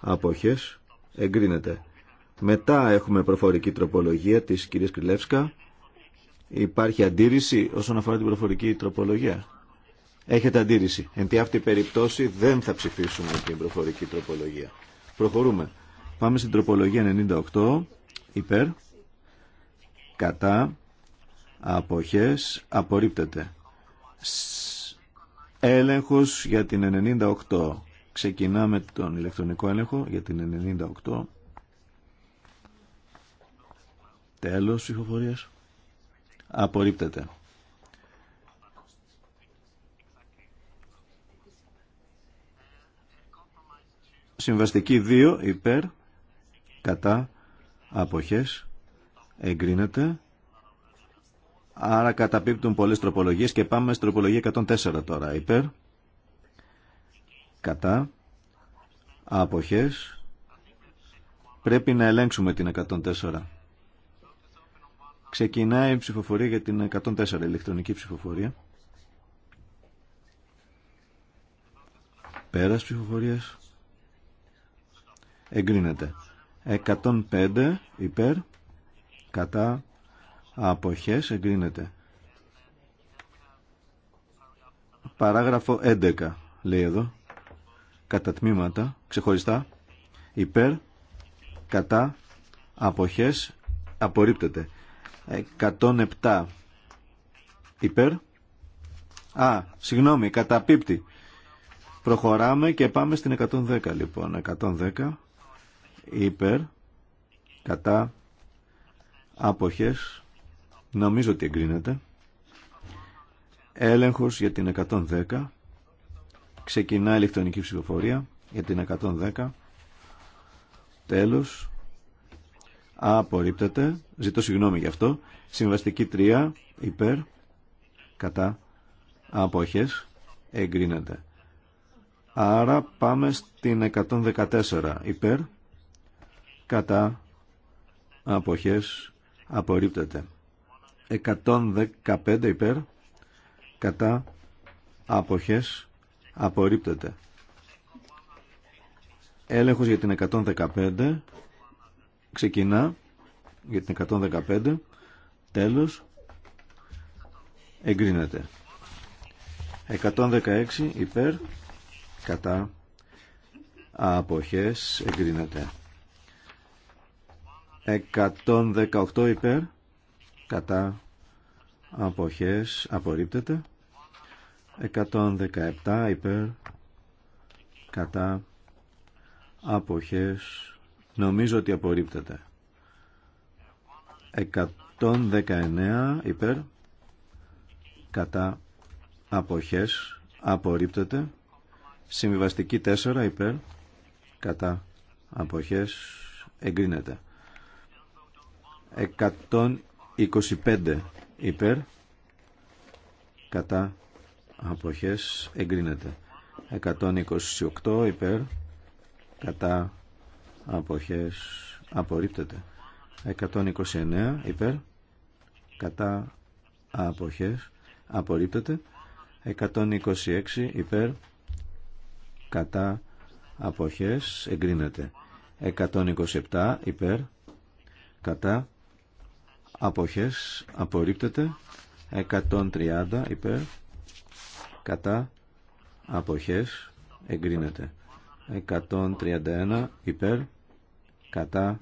αποχές εγκρίνεται μετά έχουμε προφορική τροπολογία της κυρίας Κρυλεύσκα υπάρχει αντίρρηση όσον αφορά την προφορική τροπολογία Έχετε αντίρρηση. Εν τη αυτή περίπτωση δεν θα ψηφίσουμε την προφορική τροπολογία. Προχωρούμε. Πάμε στην τροπολογία 98. Υπέρ. Κατά. Αποχές. Απορρίπτεται. Έλεγχος για την 98. Ξεκινάμε τον ηλεκτρονικό έλεγχο για την 98. Τέλος ψηφοφορίας. Απορρίπτεται. Συμβαστική 2 υπέρ κατά αποχές εγκρίνεται. Άρα καταπίπτουν πολλές τροπολογίες και πάμε στην τροπολογία 104 τώρα. Υπέρ, κατά, αποχές. Πρέπει να ελέγξουμε την 104. Ξεκινάει η ψηφοφορία για την 104, ηλεκτρονική ψηφοφορία. Πέρας ψηφοφορίας εγκρίνεται. 105 υπέρ κατά αποχές εγκρίνεται. Παράγραφο 11 λέει εδώ. Κατά τμήματα, ξεχωριστά, υπέρ, κατά, αποχές, απορρίπτεται. 107 υπέρ. Α, συγγνώμη, καταπίπτει. Προχωράμε και πάμε στην 110 λοιπόν. 110 υπέρ κατά άποχες νομίζω ότι εγκρίνεται έλεγχος για την 110 ξεκινά η ηλεκτρονική ψηφοφορία για την 110 τέλος απορρίπτεται ζητώ συγγνώμη γι' αυτό συμβαστική 3 υπέρ κατά άποχες εγκρίνεται άρα πάμε στην 114 υπέρ κατά αποχές απορρίπτεται 115 υπέρ κατά αποχές απορρίπτεται έλεγχος για την 115 ξεκινά για την 115 τέλος εγκρίνεται 116 υπέρ κατά αποχές εγκρίνεται 118 υπέρ κατά αποχές απορρίπτεται 117 υπέρ κατά αποχές νομίζω ότι απορρίπτεται 119 υπέρ κατά αποχές απορρίπτεται συμβιβαστική 4 υπέρ κατά αποχές εγκρίνεται 125 υπέρ κατά αποχές εγκρίνεται 128 υπέρ κατά αποχές απορρίπτεται 129 υπέρ κατά αποχές απορρίπτεται 126 υπέρ κατά αποχές εγκρίνεται 127 υπέρ κατά αποχές απορρίπτεται 130 υπέρ κατά αποχές εγκρίνεται 131 υπέρ κατά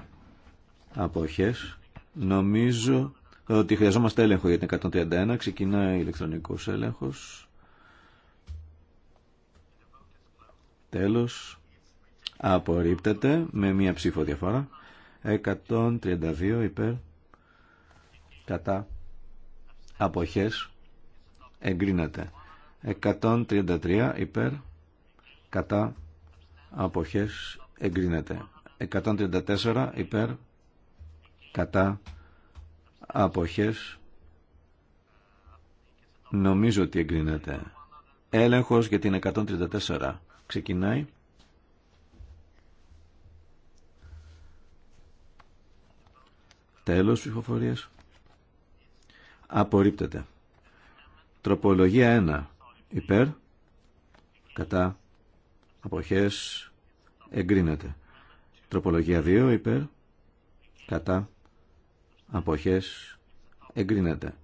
αποχές νομίζω ότι χρειαζόμαστε έλεγχο για την 131 ξεκινάει ηλεκτρονικός έλεγχος τέλος απορρίπτεται με μία ψήφο διαφορά 132 υπέρ κατά αποχές εγκρίνεται 133 υπέρ κατά αποχές εγκρίνεται 134 υπέρ κατά αποχές νομίζω ότι εγκρίνεται έλεγχος για την 134 ξεκινάει τέλος ψηφοφορίας απορρίπτεται. Τροπολογία 1 υπέρ, κατά, αποχές, εγκρίνεται. Τροπολογία 2 υπέρ, κατά, αποχές, εγκρίνεται.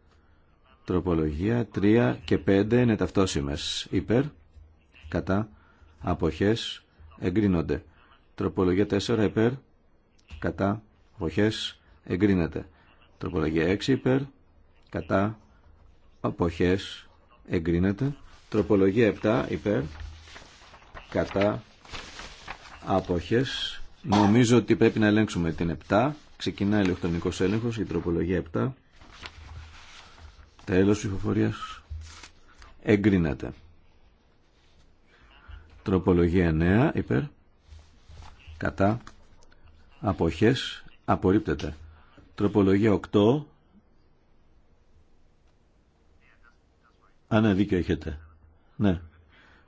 Τροπολογία 3 και 5 είναι ταυτόσιμες. Υπέρ, κατά, αποχές, εγκρίνονται. Τροπολογία 4 υπέρ, κατά, αποχές, εγκρίνεται. Τροπολογία 6 υπέρ, κατά αποχές εγκρίνεται τροπολογία 7 υπέρ κατά αποχές νομίζω ότι πρέπει να ελέγξουμε την 7 ξεκινάει ηλεκτρονικός έλεγχος η τροπολογία 7 τέλος ψηφοφορίας εγκρίνεται τροπολογία 9 υπέρ κατά αποχές απορρίπτεται τροπολογία 8 Α, ναι, δίκιο έχετε. Ναι.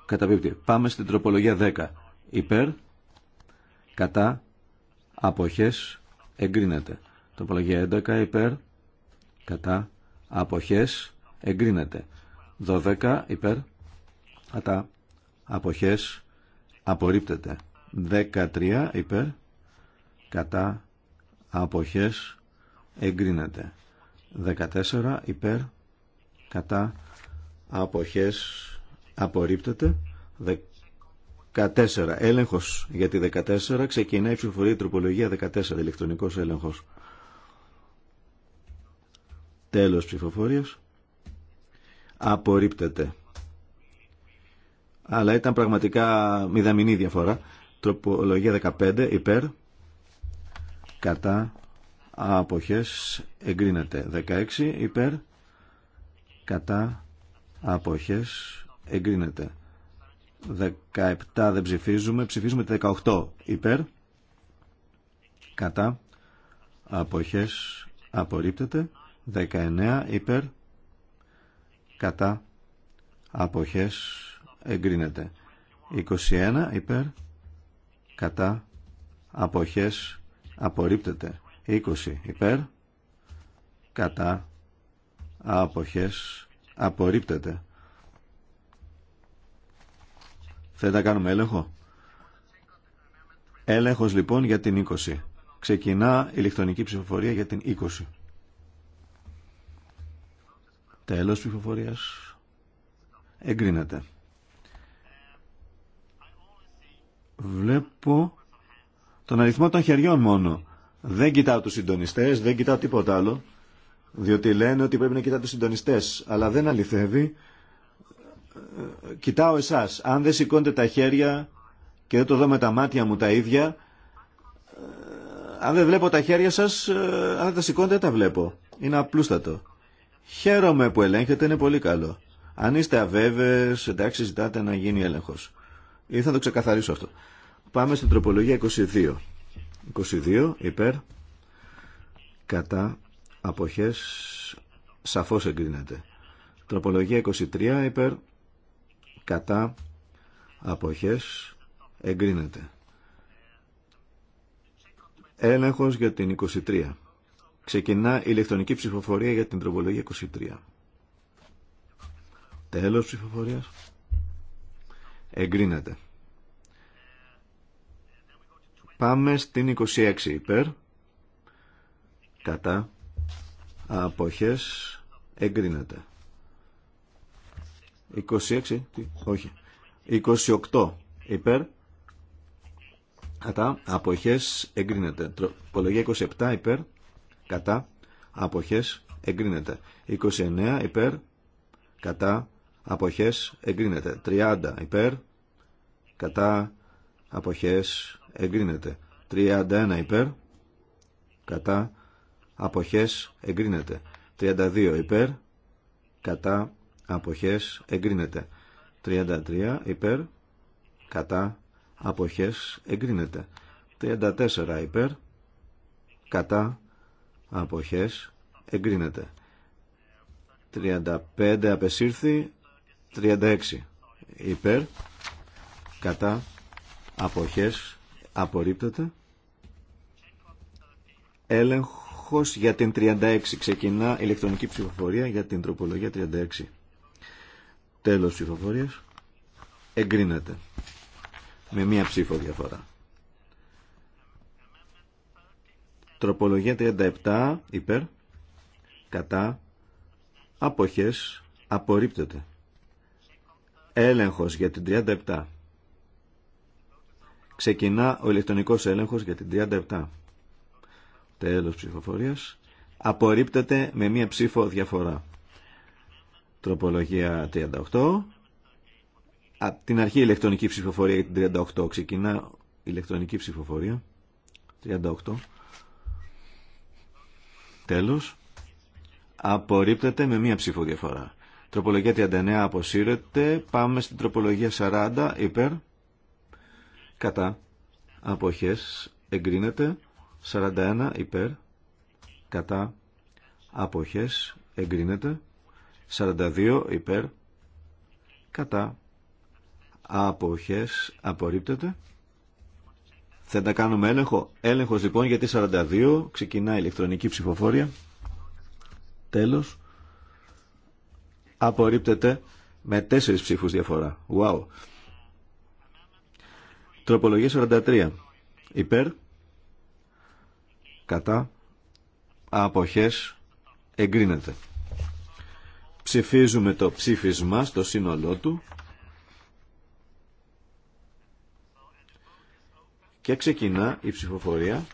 Καταπίπτει. Πάμε στην τροπολογία 10. Υπέρ, κατά, αποχές, εγκρίνεται. Τροπολογία 11. Υπέρ, κατά, αποχές, εγκρίνεται. 12. Υπέρ, κατά, αποχές, απορρίπτεται. 13. Υπέρ, κατά, αποχές, εγκρίνεται. 14. Υπέρ, κατά, αποχές απορρίπτεται 14 έλεγχος για τη 14 ξεκινάει η ψηφοφορία τροπολογία 14 ηλεκτρονικός έλεγχος τέλος ψηφοφορίας απορρίπτεται αλλά ήταν πραγματικά μηδαμινή διαφορά τροπολογία 15 υπέρ κατά αποχές εγκρίνεται 16 υπέρ κατά αποχές εγκρίνεται 17 δεν ψηφίζουμε ψηφίζουμε 18 υπέρ κατά αποχές απορρίπτεται 19 υπέρ κατά αποχές εγκρίνεται 21 υπέρ κατά αποχές απορρίπτεται 20 υπέρ κατά αποχές Απορρίπτεται. Θέλετε να κάνουμε έλεγχο. Έλεγχος λοιπόν για την 20. Ξεκινά ηλεκτρονική ψηφοφορία για την 20. Τέλος ψηφοφορίας. Εγκρίνεται. Βλέπω τον αριθμό των χεριών μόνο. Δεν κοιτάω τους συντονιστές, δεν κοιτάω τίποτα άλλο διότι λένε ότι πρέπει να κοιτάτε τους συντονιστές, αλλά δεν αληθεύει. Κοιτάω εσάς, αν δεν σηκώνετε τα χέρια και δεν το δω με τα μάτια μου τα ίδια, αν δεν βλέπω τα χέρια σας, αν δεν τα σηκώνετε δεν τα βλέπω. Είναι απλούστατο. Χαίρομαι που ελέγχετε, είναι πολύ καλό. Αν είστε αβέβαιες, εντάξει, ζητάτε να γίνει έλεγχος. Ή θα το ξεκαθαρίσω αυτό. Πάμε στην τροπολογία 22. 22 υπέρ κατά αποχές σαφώς εγκρίνεται. Τροπολογία 23 υπέρ κατά αποχές εγκρίνεται. Έλεγχος για την 23. Ξεκινά ηλεκτρονική ψηφοφορία για την τροπολογία 23. Τέλος ψηφοφορίας. Εγκρίνεται. Πάμε στην 26 υπέρ. Κατά αποχές εγκρίνεται 26 τι, όχι 28 υπέρ κατά αποχές εγκρίνεται τροπολογία 27 υπέρ κατά αποχές εγκρίνεται 29 υπέρ κατά αποχές εγκρίνεται 30 υπέρ κατά αποχές εγκρίνεται 31 υπέρ κατά αποχές εγκρίνεται. 32 υπέρ κατά αποχές εγκρίνεται. 33 υπέρ κατά αποχές εγκρίνεται. 34 υπέρ κατά αποχές εγκρίνεται. 35 απεσύρθη 36 υπέρ κατά αποχές απορρίπτεται έλεγχο για την 36. Ξεκινά ηλεκτρονική ψηφοφορία για την τροπολογία 36. Τέλος ψηφοφορίας. Εγκρίνεται. Με μία ψήφο διαφορά. Τροπολογία 37 υπέρ. Κατά. Αποχές. Απορρίπτεται. Έλεγχος για την 37. Ξεκινά ο ηλεκτρονικός έλεγχος για την 37. Τέλος ψηφοφορίας. Απορρίπτεται με μία ψήφο διαφορά. Τροπολογία 38. Από την αρχή ηλεκτρονική ψηφοφορία για 38. Ξεκινά ηλεκτρονική ψηφοφορία. 38. Τέλος. Απορρίπτεται με μία ψήφο διαφορά. Τροπολογία 39 αποσύρεται. Πάμε στην τροπολογία 40. Υπέρ. Κατά. Αποχές. Εγκρίνεται. 41 υπέρ κατά αποχές εγκρίνεται 42 υπέρ κατά αποχές απορρίπτεται θα τα κάνουμε έλεγχο έλεγχος λοιπόν γιατί 42 ξεκινά η ηλεκτρονική ψηφοφόρια τέλος απορρίπτεται με τέσσερις ψήφους διαφορά wow τροπολογία 43 υπέρ κατά αποχές εγκρίνεται. Ψηφίζουμε το ψήφισμα στο σύνολό του και ξεκινά η ψηφοφορία.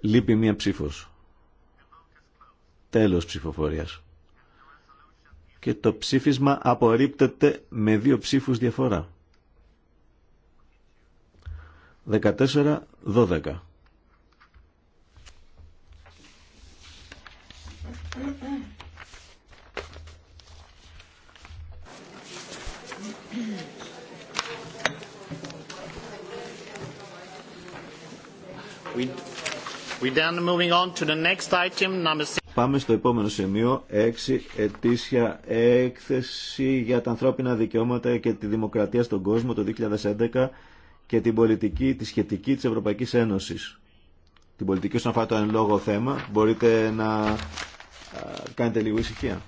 Λείπει μία ψήφος. Τέλος ψηφοφορίας. Και το ψήφισμα απορρίπτεται με δύο ψήφους διαφορά. 14-12. Πάμε στο επόμενο σημείο, 6 ετήσια έκθεση για τα ανθρώπινα δικαιώματα και τη δημοκρατία στον κόσμο το 2011 και την πολιτική τη σχετική της Ευρωπαϊκής Ένωσης. Την πολιτική όσον αφορά το εν λόγω θέμα. Μπορείτε να κάνετε λίγο ησυχία.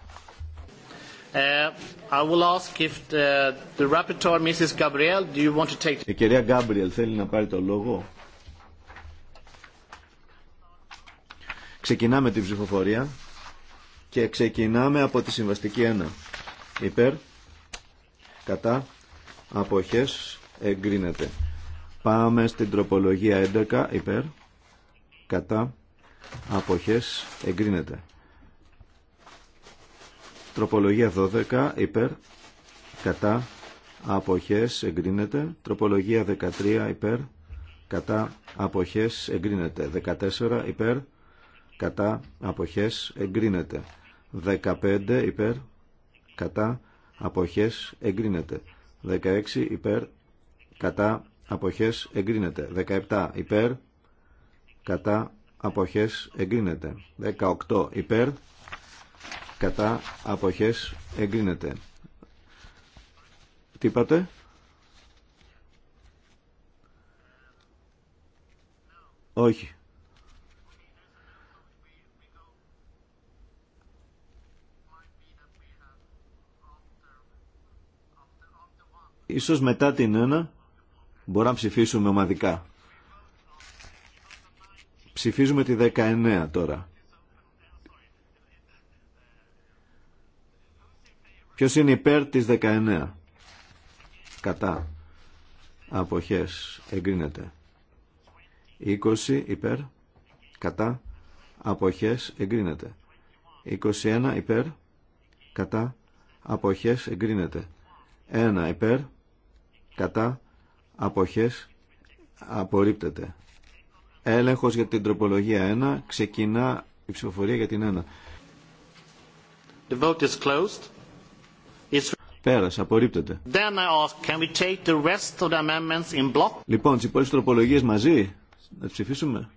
Η κυρία Γκάμπριελ θέλει να πάρει το λόγο. Ξεκινάμε την ψηφοφορία και ξεκινάμε από τη συμβαστική 1. Υπέρ, κατά, αποχές, εγκρίνεται. Πάμε στην τροπολογία 11 υπέρ κατά αποχές εγκρίνεται. Τροπολογία 12 υπέρ κατά αποχές εγκρίνεται. Τροπολογία 13 υπέρ κατά αποχές εγκρίνεται. 14 υπέρ κατά αποχές εγκρίνεται. 15 υπέρ κατά αποχές εγκρίνεται. 16 υπέρ κατά αποχές εγκρίνεται. 17 υπέρ, κατά αποχές εγκρίνεται. 18 υπέρ, κατά αποχές εγκρίνεται. Τι είπατε? Όχι. Ίσως μετά την ένα Μπορούμε να ψηφίσουμε ομαδικά. Ψηφίζουμε τη 19 τώρα. Ποιος είναι υπέρ της 19. Κατά. Αποχές. Εγκρίνεται. 20 υπέρ. Κατά. Αποχές. Εγκρίνεται. 21 υπέρ. Κατά. Αποχές. Εγκρίνεται. 1 υπέρ. Κατά αποχές απορρίπτεται. Έλεγχος για την τροπολογία 1. Ξεκινά η ψηφοφορία για την 1. The vote is closed. Πέρασε, απορρίπτεται. Then I ask, can we take the rest of in block? Λοιπόν, τις υπόλοιπες τροπολογίες μαζί, να ψηφίσουμε.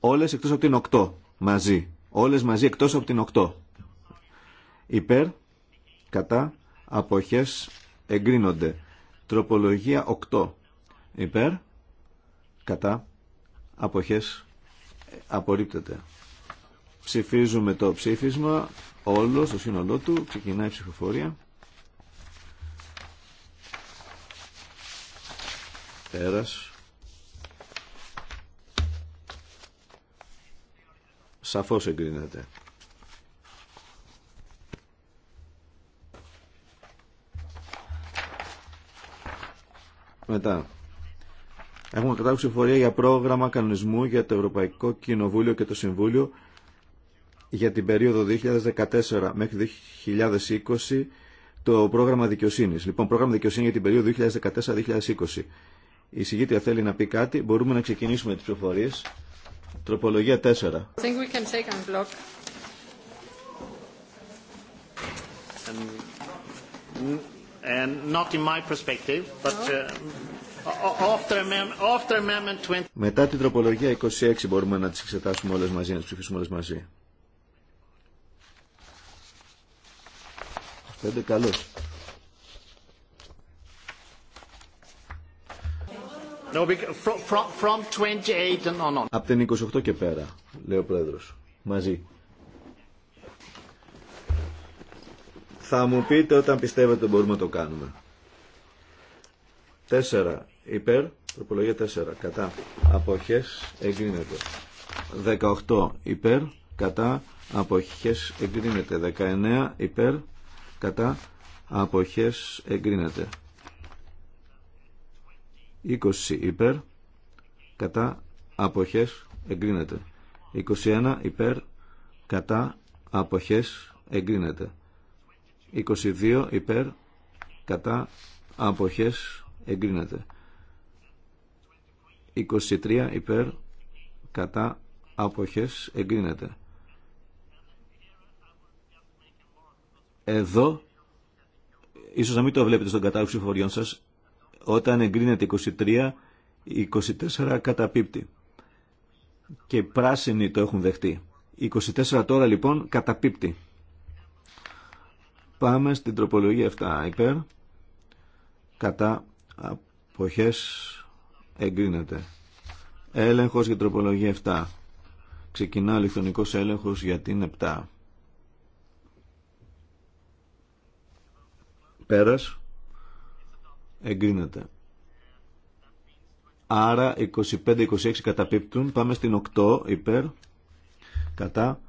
Όλες εκτός από την 8, μαζί. Όλες μαζί εκτός από την 8. Υπέρ, κατά, αποχές, εγκρίνονται. Τροπολογία 8. Υπέρ. Κατά. Αποχές. Απορρίπτεται. Ψηφίζουμε το ψήφισμα. Όλο στο σύνολό του. Ξεκινάει η ψηφοφορία. Πέρας. Σαφώς εγκρίνεται. Μετά. Έχουμε κατάλληλη ψηφορία για πρόγραμμα κανονισμού για το Ευρωπαϊκό Κοινοβούλιο και το Συμβούλιο για την περίοδο 2014 μέχρι 2020 το πρόγραμμα δικαιοσύνη. Λοιπόν, πρόγραμμα δικαιοσύνη για την περίοδο 2014-2020. Η συγγήτρια θέλει να πει κάτι. Μπορούμε να ξεκινήσουμε τι ψηφοφορίε. Τροπολογία 4. Μετά την τροπολογία 26 μπορούμε να τις εξετάσουμε όλες μαζί, να τις ψηφίσουμε όλες μαζί. Πέντε 28 Από την 28 και πέρα, λέει ο Πρόεδρος. Μαζί. Θα μου πείτε όταν πιστεύετε μπορούμε να το κάνουμε. 4 υπέρ, προπολογία 4 κατά αποχές εγκρίνεται. 18 υπέρ, κατά αποχές εγκρίνεται. 19 υπέρ, κατά αποχές εγκρίνεται. 20 υπέρ, κατά αποχές εγκρίνεται. 21 υπέρ, κατά αποχές εγκρίνεται. 22 υπέρ κατά αποχές εγκρίνεται 23 υπέρ κατά αποχές εγκρίνεται εδώ ίσως να μην το βλέπετε στον κατάλογο ψηφοριών σας όταν εγκρίνεται 23 24 καταπίπτει και πράσινοι το έχουν δεχτεί 24 τώρα λοιπόν καταπίπτει Πάμε στην τροπολογία 7 υπέρ. Κατά αποχές εγκρίνεται. Έλεγχος για τροπολογία 7. Ξεκινά ηλεκτρονικός έλεγχος για την 7. Πέρας. Εγκρίνεται. Άρα 25-26 καταπίπτουν. Πάμε στην 8 υπέρ. Κατά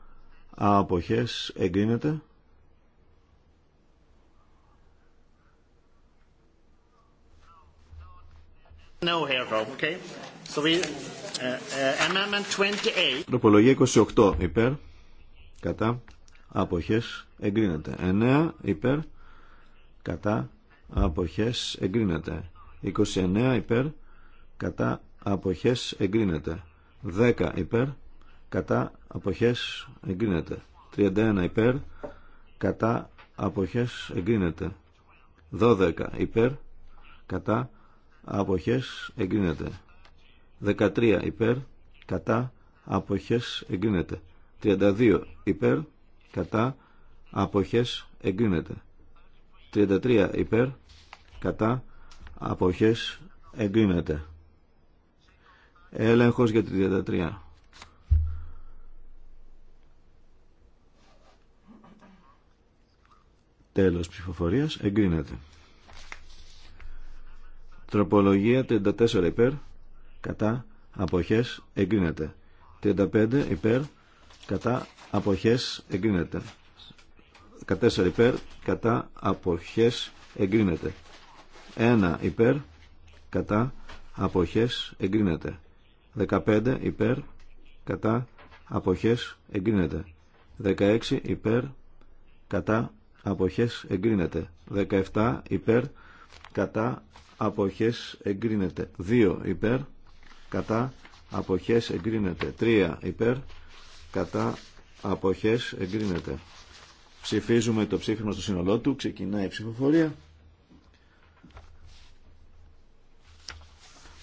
αποχές εγκρίνεται. No okay. 28. Uh, uh, Τροπολογία 28 υπέρ, κατά, αποχές, εγκρίνεται. 9 υπέρ, κατά, αποχές, εγκρίνεται. 29 υπέρ, κατά, αποχές, εγκρίνεται. 10 υπέρ, κατά, αποχές, εγκρίνεται. 31 υπέρ, κατά, αποχές, εγκρίνεται. 12 υπέρ, κατά, αποχές εγκρίνεται 13 υπέρ κατά αποχές εγκρίνεται 32 υπέρ κατά αποχές εγκρίνεται 33 υπέρ κατά αποχές εγκρίνεται έλεγχος για τη 33 τέλος ψηφοφορίας εγκρίνεται Τροπολογία 34 υπέρ, κατά, αποχές, εγκρίνεται. 35 υπέρ, κατά, αποχές, εγκρίνεται. 14 υπέρ, κατά, αποχές, εγκρίνεται. 1 υπέρ, κατά, αποχές, εγκρίνεται. 15 υπέρ, κατά, αποχές, εγκρίνεται. 16 υπέρ, κατά, αποχές, εγκρίνεται. 17 υπέρ, κατά, αποχές εγκρίνεται 2 υπέρ κατά αποχές εγκρίνεται 3 υπέρ κατά αποχές εγκρίνεται ψηφίζουμε το ψήφισμα στο σύνολό του ξεκινάει η ψηφοφορία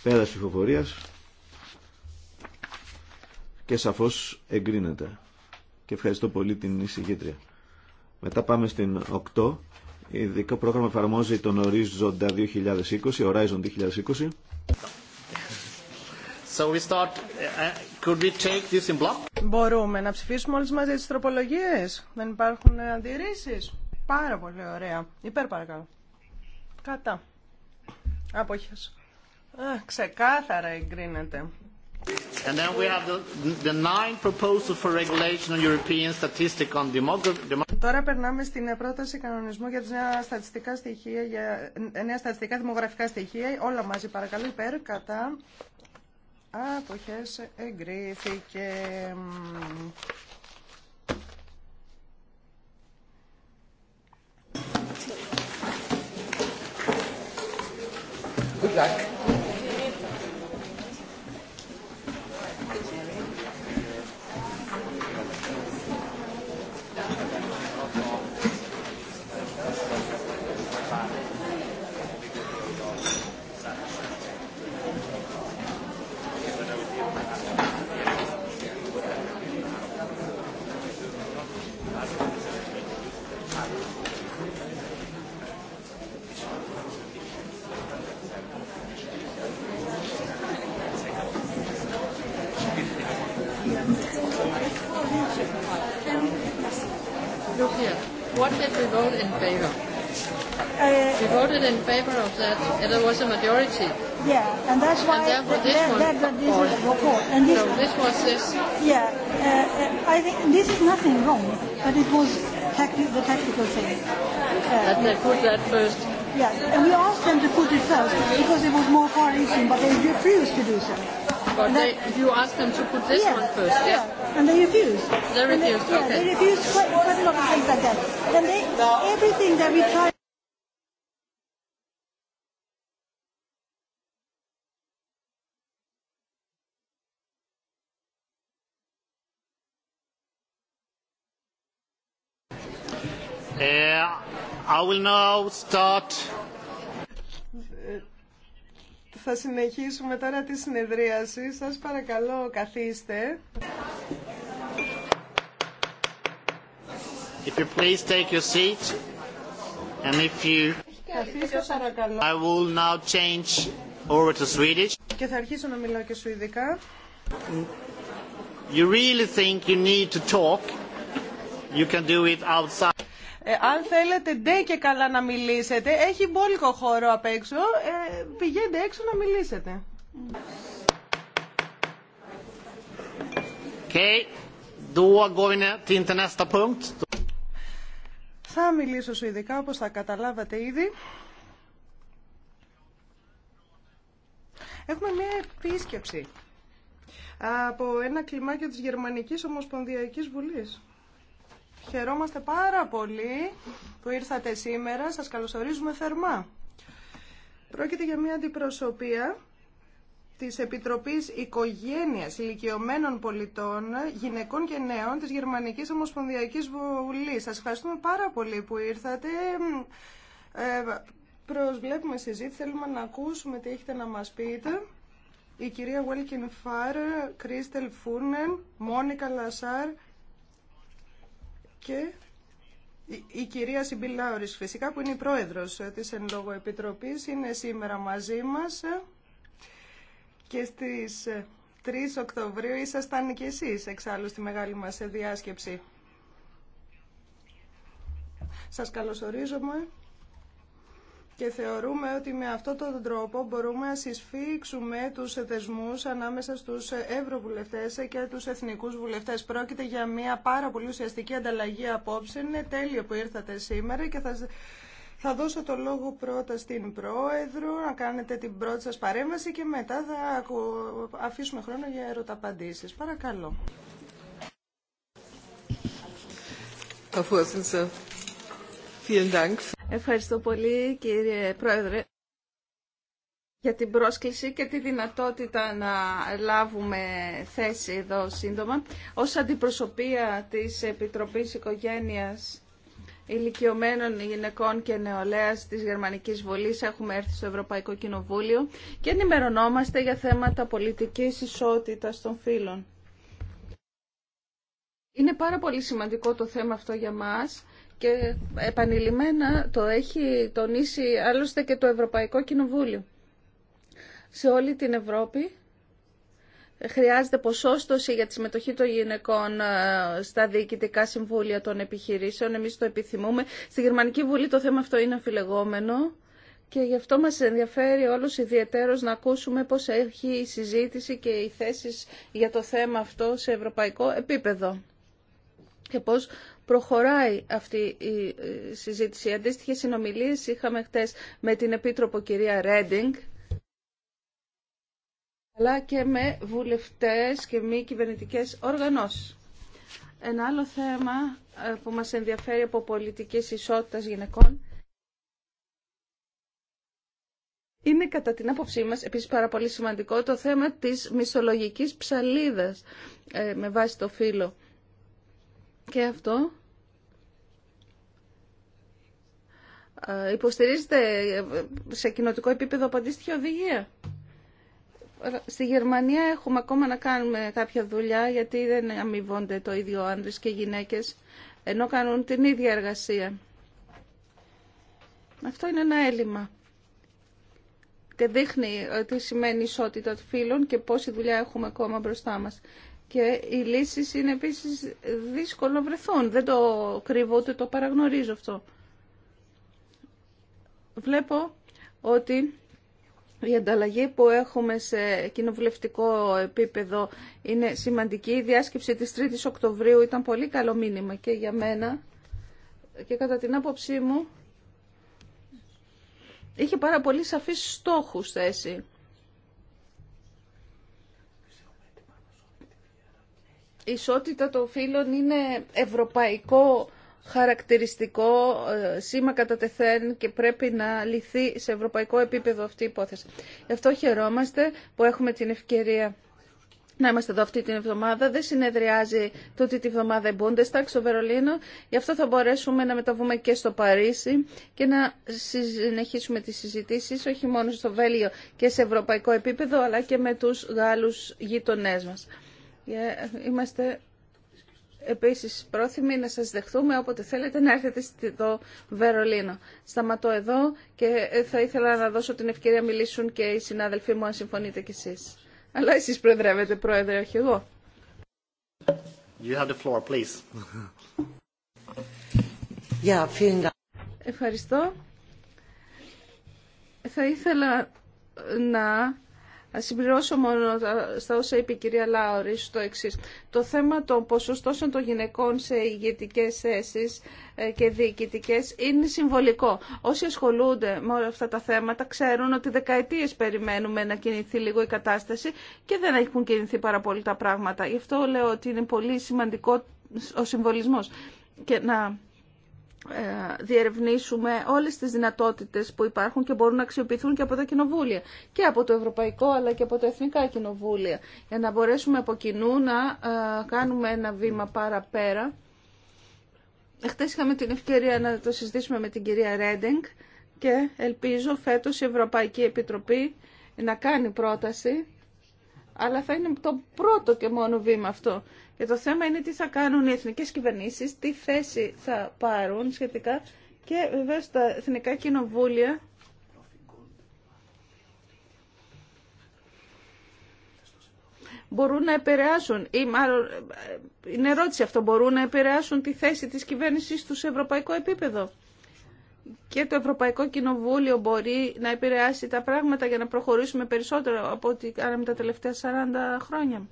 Πέρα ψηφοφορίας και σαφώς εγκρίνεται και ευχαριστώ πολύ την εισηγήτρια μετά πάμε στην 8 ειδικό πρόγραμμα εφαρμόζει τον ορίζοντα 2020, Horizon 2020. Uh, Μπορούμε να ψηφίσουμε όλες μαζί τις τροπολογίες. Δεν υπάρχουν αντιρρήσεις. Πάρα πολύ ωραία. Υπέρ παρακαλώ. Κατά. Απόχειας. Ε, ξεκάθαρα εγκρίνεται. And then we have the, the nine proposal for regulation on European statistic on demography. Τώρα περνάμε στην πρόταση κανονισμού για τις νέα στατιστικά στοιχεία, για ε, νέα στατιστικά δημογραφικά στοιχεία. Όλα μαζί παρακαλώ υπέρ, κατά. Αποχές εγκρίθηκε. Good luck. that there was a majority. Yeah, and that's why and therefore this that, one that, this is report. And this so this was this. Yeah, uh, I think this is nothing wrong, but it was tacti- the tactical thing. Uh, that they put that first. Yeah, and we asked them to put it first because it was more far-reaching, but they refused to do so. But they, you asked them to put this one first, yeah? And they refused. They refused, okay. Yeah, they refused quite, quite a lot of things like that. And they, everything that we tried I will now start... Θα συνεχίσουμε τώρα τη συνεδρίαση. Σας παρακαλώ, καθίστε. If you please take your seat and if you... παρακαλώ. I will now change over to Swedish. Και θα αρχίσω να μιλάω και σουηδικά. You really think you need to talk? You can do it outside. Ε, αν θέλετε ντε και καλά να μιλήσετε, έχει μπόλικο χώρο απ' έξω, ε, πηγαίνετε έξω να μιλήσετε. Okay. Θα μιλήσω σου ειδικά όπως θα καταλάβατε ήδη. Έχουμε μια επίσκεψη από ένα κλιμάκιο της Γερμανικής Ομοσπονδιακής Βουλής. Χαιρόμαστε πάρα πολύ που ήρθατε σήμερα. Σας καλωσορίζουμε θερμά. Πρόκειται για μια αντιπροσωπεία της Επιτροπής Οικογένειας Ηλικιωμένων Πολιτών, Γυναικών και Νέων της Γερμανικής Ομοσπονδιακής Βουλής. Σας ευχαριστούμε πάρα πολύ που ήρθατε. Ε, προσβλέπουμε συζήτηση, θέλουμε να ακούσουμε τι έχετε να μας πείτε. Η κυρία Βέλκιν Φάρ, Κρίστελ Φούρνεν, Μόνικα Λασάρ, και η κυρία Συμπιλάουρης φυσικά που είναι η πρόεδρος ε, της Εν Λόγω Επιτροπής είναι σήμερα μαζί μας ε, και στις 3 ε, Οκτωβρίου ήσασταν και εσείς εξάλλου στη μεγάλη μας διάσκεψη. Σας καλωσορίζομαι και θεωρούμε ότι με αυτόν τον τρόπο μπορούμε να συσφίξουμε τους θεσμούς ανάμεσα στους ευρωβουλευτές και τους εθνικούς βουλευτές. Πρόκειται για μια πάρα πολύ ουσιαστική ανταλλαγή απόψε. Είναι τέλειο που ήρθατε σήμερα και θα... Θα δώσω το λόγο πρώτα στην Πρόεδρο, να κάνετε την πρώτη σας παρέμβαση και μετά θα αφήσουμε χρόνο για ερωταπαντήσεις. Παρακαλώ. Ευχαριστώ πολύ κύριε Πρόεδρε για την πρόσκληση και τη δυνατότητα να λάβουμε θέση εδώ σύντομα. Ως αντιπροσωπεία της Επιτροπής Οικογένειας ηλικιωμένων γυναικών και Νεολαίας της Γερμανικής Βουλής Έχουμε έρθει στο Ευρωπαϊκό Κοινοβούλιο και ενημερωνόμαστε για θέματα πολιτικής ισότητας των φύλων. Είναι πάρα πολύ σημαντικό το θέμα αυτό για μας και επανειλημμένα το έχει τονίσει άλλωστε και το Ευρωπαϊκό Κοινοβούλιο. Σε όλη την Ευρώπη χρειάζεται ποσόστοση για τη συμμετοχή των γυναικών ε, στα διοικητικά συμβούλια των επιχειρήσεων. Εμείς το επιθυμούμε. Στη Γερμανική Βουλή το θέμα αυτό είναι αφιλεγόμενο Και γι' αυτό μας ενδιαφέρει όλους ιδιαιτέρως να ακούσουμε πώς έχει η συζήτηση και οι θέσεις για το θέμα αυτό σε ευρωπαϊκό επίπεδο και πώς προχωράει αυτή η ε, συζήτηση. Αντίστοιχε συνομιλίε είχαμε χτε με την Επίτροπο κυρία Ρέντινγκ αλλά και με βουλευτές και μη κυβερνητικές οργανώσεις. Ένα άλλο θέμα ε, που μας ενδιαφέρει από πολιτικής ισότητας γυναικών είναι κατά την άποψή μας επίσης πάρα πολύ σημαντικό το θέμα της μισολογικής ψαλίδας ε, με βάση το φύλλο. Και αυτό Υποστηρίζεται ε, σε κοινοτικό επίπεδο από αντίστοιχη οδηγία. Στη Γερμανία έχουμε ακόμα να κάνουμε κάποια δουλειά γιατί δεν αμοιβώνται το ίδιο άνδρες και γυναίκες ενώ κάνουν την ίδια εργασία. Αυτό είναι ένα έλλειμμα και δείχνει ε, τι σημαίνει ισότητα των φύλων και πόση δουλειά έχουμε ακόμα μπροστά μας. Και οι λύσεις είναι επίσης δύσκολο βρεθούν. Δεν το κρύβω ούτε το παραγνωρίζω αυτό. Βλέπω ότι η ανταλλαγή που έχουμε σε κοινοβουλευτικό επίπεδο είναι σημαντική. Η διάσκεψη της 3ης Οκτωβρίου ήταν πολύ καλό μήνυμα και για μένα και κατά την άποψή μου είχε πάρα πολύ σαφείς στόχους θέση. Η ισότητα των φύλων είναι ευρωπαϊκό χαρακτηριστικό ε, σήμα κατά τεθέν και πρέπει να λυθεί σε ευρωπαϊκό επίπεδο αυτή η υπόθεση. Γι' αυτό χαιρόμαστε που έχουμε την ευκαιρία να είμαστε εδώ αυτή την εβδομάδα. Δεν συνεδριάζει τούτη τη εβδομάδα η Bundestag στο Βερολίνο. Γι' αυτό θα μπορέσουμε να μεταβούμε και στο Παρίσι και να συνεχίσουμε τις συζητήσεις όχι μόνο στο Βέλιο και σε ευρωπαϊκό επίπεδο αλλά και με τους Γάλλους γείτονές μας. Ε, είμαστε επίσης πρόθυμοι να σας δεχθούμε όποτε θέλετε να έρθετε στο Βερολίνο. Σταματώ εδώ και θα ήθελα να δώσω την ευκαιρία να μιλήσουν και οι συνάδελφοί μου αν συμφωνείτε κι εσείς. Αλλά εσείς προεδρεύετε πρόεδρε, όχι εγώ. Ευχαριστώ. Θα ήθελα να Α συμπληρώσω μόνο στα όσα είπε η κυρία Λάουρη στο εξή. Το θέμα των ποσοστώσεων των γυναικών σε ηγετικέ θέσει ε, και διοικητικέ είναι συμβολικό. Όσοι ασχολούνται με όλα αυτά τα θέματα ξέρουν ότι δεκαετίε περιμένουμε να κινηθεί λίγο η κατάσταση και δεν έχουν κινηθεί πάρα πολύ τα πράγματα. Γι' αυτό λέω ότι είναι πολύ σημαντικό ο συμβολισμό. Και να ε, διερευνήσουμε όλες τις δυνατότητες που υπάρχουν και μπορούν να αξιοποιηθούν και από τα κοινοβούλια και από το Ευρωπαϊκό αλλά και από τα Εθνικά Κοινοβούλια για να μπορέσουμε από κοινού να ε, κάνουμε ένα βήμα παραπέρα. Χθε είχαμε την ευκαιρία να το συζητήσουμε με την κυρία Ρέντεγκ και ελπίζω φέτος η Ευρωπαϊκή Επιτροπή να κάνει πρόταση αλλά θα είναι το πρώτο και μόνο βήμα αυτό και το θέμα είναι τι θα κάνουν οι εθνικές κυβερνήσεις, τι θέση θα πάρουν σχετικά και βεβαίω τα εθνικά κοινοβούλια μπορούν να επηρεάσουν, ή μάλλον είναι ερώτηση αυτό, μπορούν να επηρεάσουν τη θέση της κυβέρνησης του σε ευρωπαϊκό επίπεδο. Και το Ευρωπαϊκό Κοινοβούλιο μπορεί να επηρεάσει τα πράγματα για να προχωρήσουμε περισσότερο από ό,τι κάναμε τα τελευταία 40 χρόνια.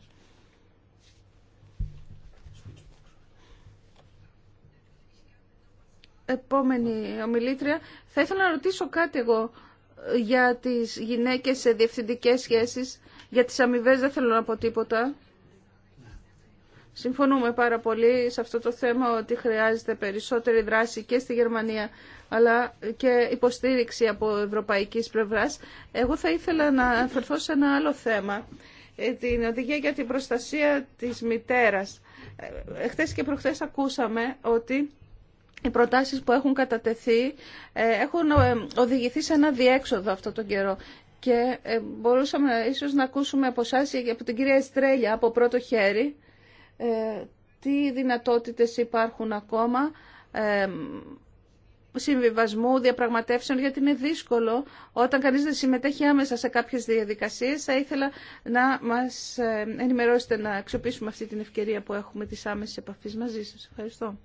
επόμενη ομιλήτρια. Θα ήθελα να ρωτήσω κάτι εγώ ε, για τις γυναίκες σε διευθυντικές σχέσεις. Για τις αμοιβέ δεν θέλω να πω τίποτα. Συμφωνούμε πάρα πολύ σε αυτό το θέμα ότι χρειάζεται περισσότερη δράση και στη Γερμανία αλλά και υποστήριξη από ευρωπαϊκής πλευράς. Εγώ θα ήθελα να αναφερθώ σε ένα άλλο θέμα, ε, την οδηγία για την προστασία της μητέρας. Εχθές ε, και προχθές ακούσαμε ότι οι προτάσεις που έχουν κατατεθεί ε, έχουν ε, οδηγηθεί σε ένα διέξοδο αυτό τον καιρό. Και ε, μπορούσαμε ίσως να ακούσουμε από εσά και από την κυρία Εστρέλια από πρώτο χέρι τι δυνατότητες υπάρχουν ακόμα συμβιβασμού, διαπραγματεύσεων, γιατί είναι δύσκολο όταν κανείς δεν συμμετέχει άμεσα σε κάποιες διαδικασίες. Θα ήθελα να μας ενημερώσετε να αξιοποιήσουμε αυτή την ευκαιρία που έχουμε της άμεσης επαφής μαζί σας. Ευχαριστώ.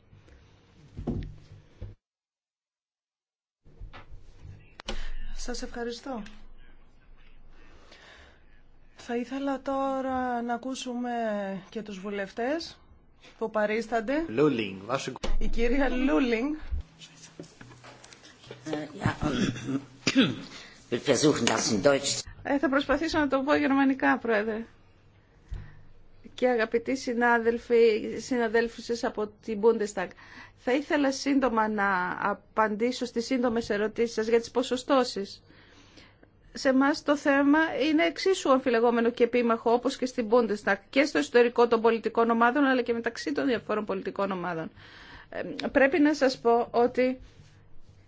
Σας ευχαριστώ. Θα ήθελα τώρα να ακούσουμε και τους βουλευτές που παρίστανται. Λούλινγκ. Η κυρία Λούλινγκ. Äh, [CLEARS THROAT] ε, θα προσπαθήσω να το πω γερμανικά, Πρόεδρε και αγαπητοί συνάδελφοι, σα από την Bundestag. Θα ήθελα σύντομα να απαντήσω στις σύντομες ερωτήσεις σας για τις ποσοστώσεις. Σε εμά το θέμα είναι εξίσου αμφιλεγόμενο και επίμαχο όπως και στην Bundestag και στο ιστορικό των πολιτικών ομάδων αλλά και μεταξύ των διαφόρων πολιτικών ομάδων. Ε, πρέπει να σας πω ότι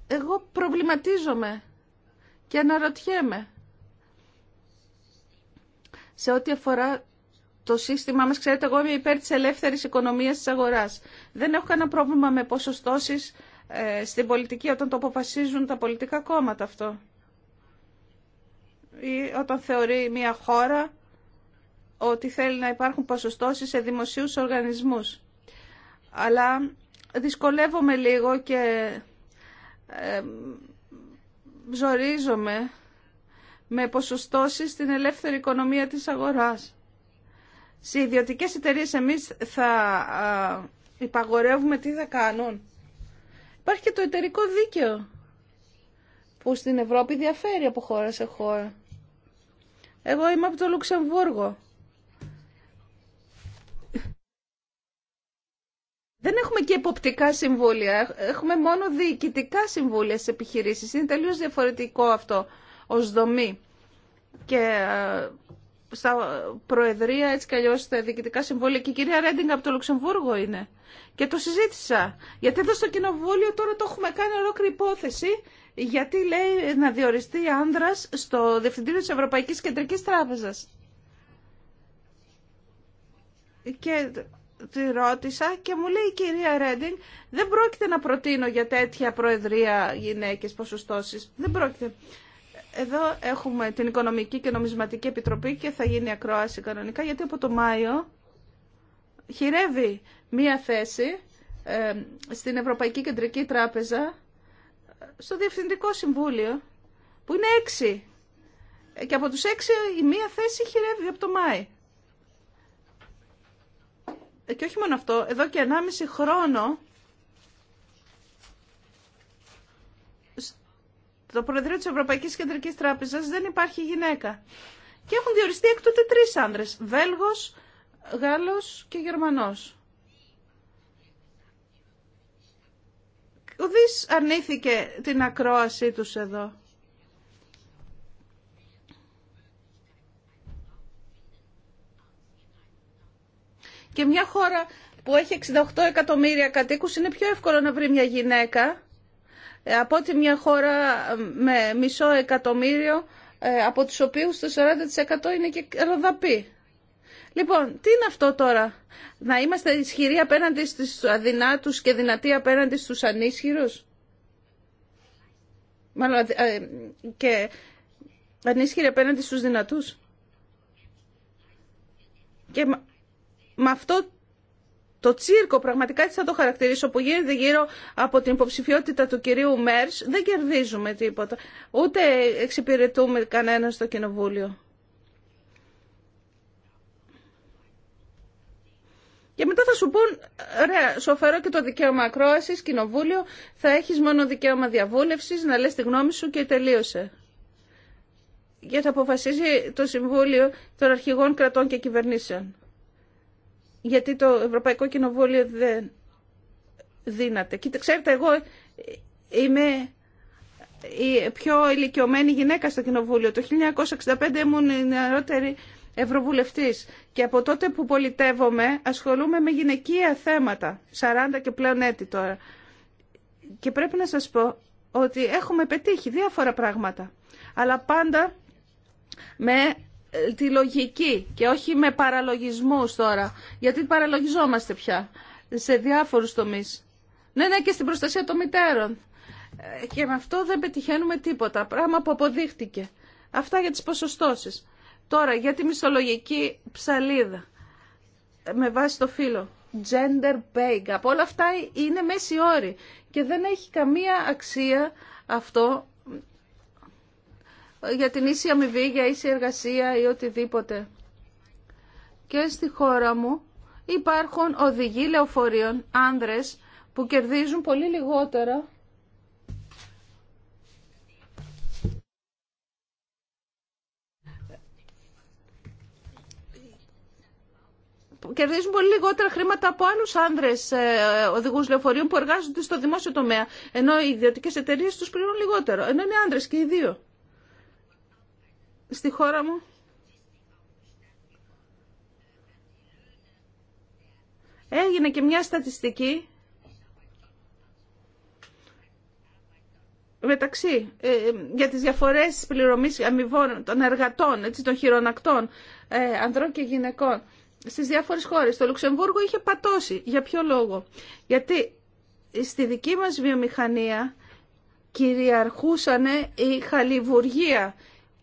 εγώ προβληματίζομαι και αναρωτιέμαι σε ό,τι αφορά το σύστημά μας, ξέρετε, εγώ είμαι υπέρ της ελεύθερης οικονομίας της αγοράς. Δεν έχω κανένα πρόβλημα με ποσοστώσεις ε, στην πολιτική όταν το αποφασίζουν τα πολιτικά κόμματα αυτό. Ή όταν θεωρεί μια χώρα ότι θέλει να υπάρχουν ποσοστώσεις σε δημοσίους οργανισμούς. Αλλά δυσκολεύομαι λίγο και ε, ζορίζομαι με ποσοστώσεις στην ελεύθερη οικονομία της αγοράς. Σε ιδιωτικές εταιρείες εμείς θα υπαγορεύουμε τι θα κάνουν. Υπάρχει και το εταιρικό δίκαιο που στην Ευρώπη διαφέρει από χώρα σε χώρα. Εγώ είμαι από το Λουξεμβούργο. Δεν έχουμε και υποπτικά συμβούλια, έχουμε μόνο διοικητικά συμβούλια στις επιχειρήσεις. Είναι τελείως διαφορετικό αυτό ως δομή. Και στα Προεδρία, έτσι κι αλλιώς στα Διοικητικά Συμβούλια και η κυρία Ρέντινγκ από το Λουξεμβούργο είναι. Και το συζήτησα. Γιατί εδώ στο Κοινοβούλιο τώρα το έχουμε κάνει ολόκληρη υπόθεση γιατί λέει να διοριστεί άνδρας στο Διευθυντήριο της Ευρωπαϊκής Κεντρικής Τράπεζας. Και τη ρώτησα και μου λέει η κυρία Ρέντινγκ δεν πρόκειται να προτείνω για τέτοια προεδρία γυναίκες ποσοστώσεις. Δεν πρόκειται. Εδώ έχουμε την Οικονομική και Νομισματική Επιτροπή και θα γίνει ακρόαση κανονικά, γιατί από το Μάιο χειρεύει μία θέση ε, στην Ευρωπαϊκή Κεντρική Τράπεζα στο Διευθυντικό Συμβούλιο, που είναι έξι. Ε, και από τους έξι η μία θέση χειρεύει από το Μάη. Ε, και όχι μόνο αυτό, εδώ και 1,5 χρόνο το Προεδρείο της Ευρωπαϊκής Κεντρικής Τράπεζας δεν υπάρχει γυναίκα. Και έχουν διοριστεί εκ τούτου τρεις άνδρες. Βέλγος, Γάλλος και Γερμανός. Ο αρνήθηκε την ακρόασή τους εδώ. Και μια χώρα που έχει 68 εκατομμύρια κατοίκους είναι πιο εύκολο να βρει μια γυναίκα από ότι μια χώρα με μισό εκατομμύριο, ε, από τους οποίους το 40% είναι και ροδαπή. Λοιπόν, τι είναι αυτό τώρα, να είμαστε ισχυροί απέναντι στους αδυνάτους και δυνατοί απέναντι στους ανίσχυρους. Μάλλον ε, ε, και ανίσχυροι απέναντι στους δυνατούς. Και με αυτό το τσίρκο, πραγματικά έτσι θα το χαρακτηρίσω, που γίνεται γύρω από την υποψηφιότητα του κυρίου Μέρς, δεν κερδίζουμε τίποτα. Ούτε εξυπηρετούμε κανέναν στο κοινοβούλιο. Και μετά θα σου πούν, ρε, σου αφαιρώ και το δικαίωμα ακρόαση, κοινοβούλιο, θα έχεις μόνο δικαίωμα διαβούλευσης, να λες τη γνώμη σου και τελείωσε. Για θα αποφασίζει το Συμβούλιο των Αρχηγών Κρατών και Κυβερνήσεων γιατί το Ευρωπαϊκό Κοινοβούλιο δεν δύναται. Και ξέρετε, εγώ είμαι η πιο ηλικιωμένη γυναίκα στο Κοινοβούλιο. Το 1965 ήμουν η νεαρότερη Ευρωβουλευτής και από τότε που πολιτεύομαι ασχολούμαι με γυναικεία θέματα, 40 και πλέον έτη τώρα. Και πρέπει να σας πω ότι έχουμε πετύχει διάφορα πράγματα, αλλά πάντα με τη λογική και όχι με παραλογισμούς τώρα, γιατί παραλογιζόμαστε πια σε διάφορους τομείς. Ναι, ναι, και στην προστασία των μητέρων. Ε, και με αυτό δεν πετυχαίνουμε τίποτα, πράγμα που αποδείχτηκε. Αυτά για τις ποσοστώσεις. Τώρα, για τη μισθολογική ψαλίδα, ε, με βάση το φύλλο, gender pay gap, όλα αυτά είναι μέση όρη και δεν έχει καμία αξία αυτό για την ίση αμοιβή, για ίση εργασία ή οτιδήποτε. Και στη χώρα μου υπάρχουν οδηγοί λεωφορείων, άνδρες, που κερδίζουν πολύ λιγότερα κερδίζουν πολύ λιγότερα χρήματα από άλλους άνδρες ε, οδηγούς λεωφορείων που εργάζονται στο δημόσιο τομέα, ενώ οι ιδιωτικές εταιρείες τους πληρώνουν λιγότερο, ενώ είναι άνδρες και οι δύο στη χώρα μου. Έγινε και μια στατιστική μεταξύ ε, για τις διαφορές πληρωμής αμοιβών των εργατών, έτσι, των χειρονακτών, ε, ανδρών και γυναικών στις διάφορες χώρες. Το Λουξεμβούργο είχε πατώσει. Για ποιο λόγο. Γιατί στη δική μας βιομηχανία κυριαρχούσαν η χαλιβουργία,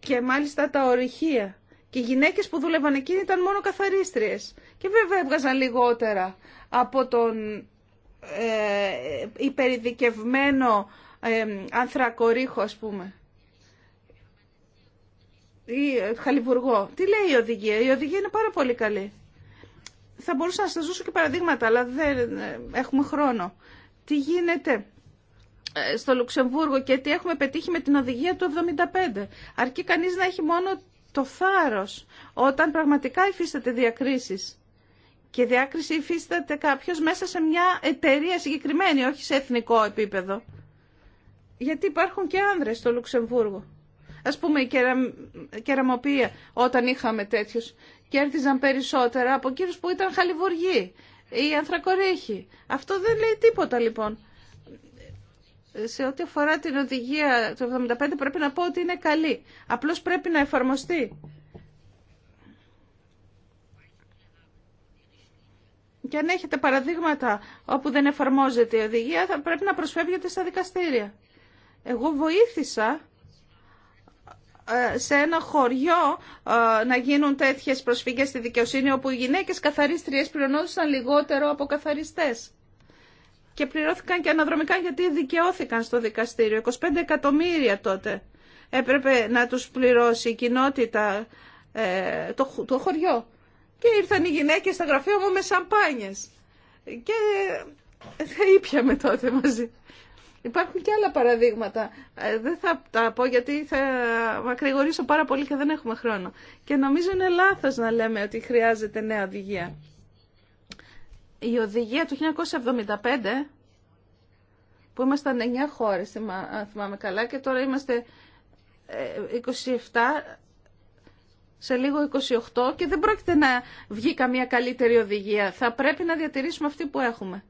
και μάλιστα τα ορυχεία. Και οι γυναίκες που δούλευαν εκεί ήταν μόνο καθαρίστριες. Και βέβαια έβγαζαν λιγότερα από τον ε, υπερηδικευμένο ε, ανθρακορίχο ας πούμε ή ε, χαλιβουργό. Τι λέει η οδηγία. Η οδηγία είναι πάρα πολύ καλή. Θα μπορούσα να σας δώσω και παραδείγματα αλλά δεν ε, έχουμε χρόνο. Τι γίνεται ε, στο Λουξεμβούργο και τι έχουμε πετύχει με την οδηγία του 75. Αρκεί κανείς να έχει μόνο το θάρρος όταν πραγματικά υφίσταται διακρίσεις. Και διάκριση υφίσταται κάποιος μέσα σε μια εταιρεία συγκεκριμένη, όχι σε εθνικό επίπεδο. Γιατί υπάρχουν και άνδρες στο Λουξεμβούργο. Ας πούμε η κεραμοπία όταν είχαμε τέτοιους κέρδιζαν περισσότερα από εκείνου που ήταν χαλιβουργοί ή ανθρακορίχοι. Αυτό δεν λέει τίποτα λοιπόν σε ό,τι αφορά την οδηγία του 75 πρέπει να πω ότι είναι καλή. Απλώς πρέπει να εφαρμοστεί. Και αν έχετε παραδείγματα όπου δεν εφαρμόζεται η οδηγία, θα πρέπει να προσφεύγετε στα δικαστήρια. Εγώ βοήθησα ε, σε ένα χωριό ε, να γίνουν τέτοιες προσφυγές στη δικαιοσύνη, όπου οι γυναίκες καθαρίστριες πληρωνόντουσαν λιγότερο από καθαριστές και πληρώθηκαν και αναδρομικά γιατί δικαιώθηκαν στο δικαστήριο. 25 εκατομμύρια τότε έπρεπε να τους πληρώσει η κοινότητα, ε, το, το χωριό. Και ήρθαν οι γυναίκες στα γραφεία μου με σαμπάνιες. Και θα ήπιαμε τότε μαζί. Υπάρχουν και άλλα παραδείγματα. Ε, δεν θα τα πω γιατί θα μακρηγορήσω πάρα πολύ και δεν έχουμε χρόνο. Και νομίζω είναι λάθος να λέμε ότι χρειάζεται νέα οδηγία η οδηγία του 1975 που ήμασταν 9 χώρες, αν θυμάμαι καλά, και τώρα είμαστε 27, ε, σε λίγο 28 και δεν πρόκειται να βγει καμία καλύτερη οδηγία. Θα πρέπει να διατηρήσουμε αυτή που έχουμε.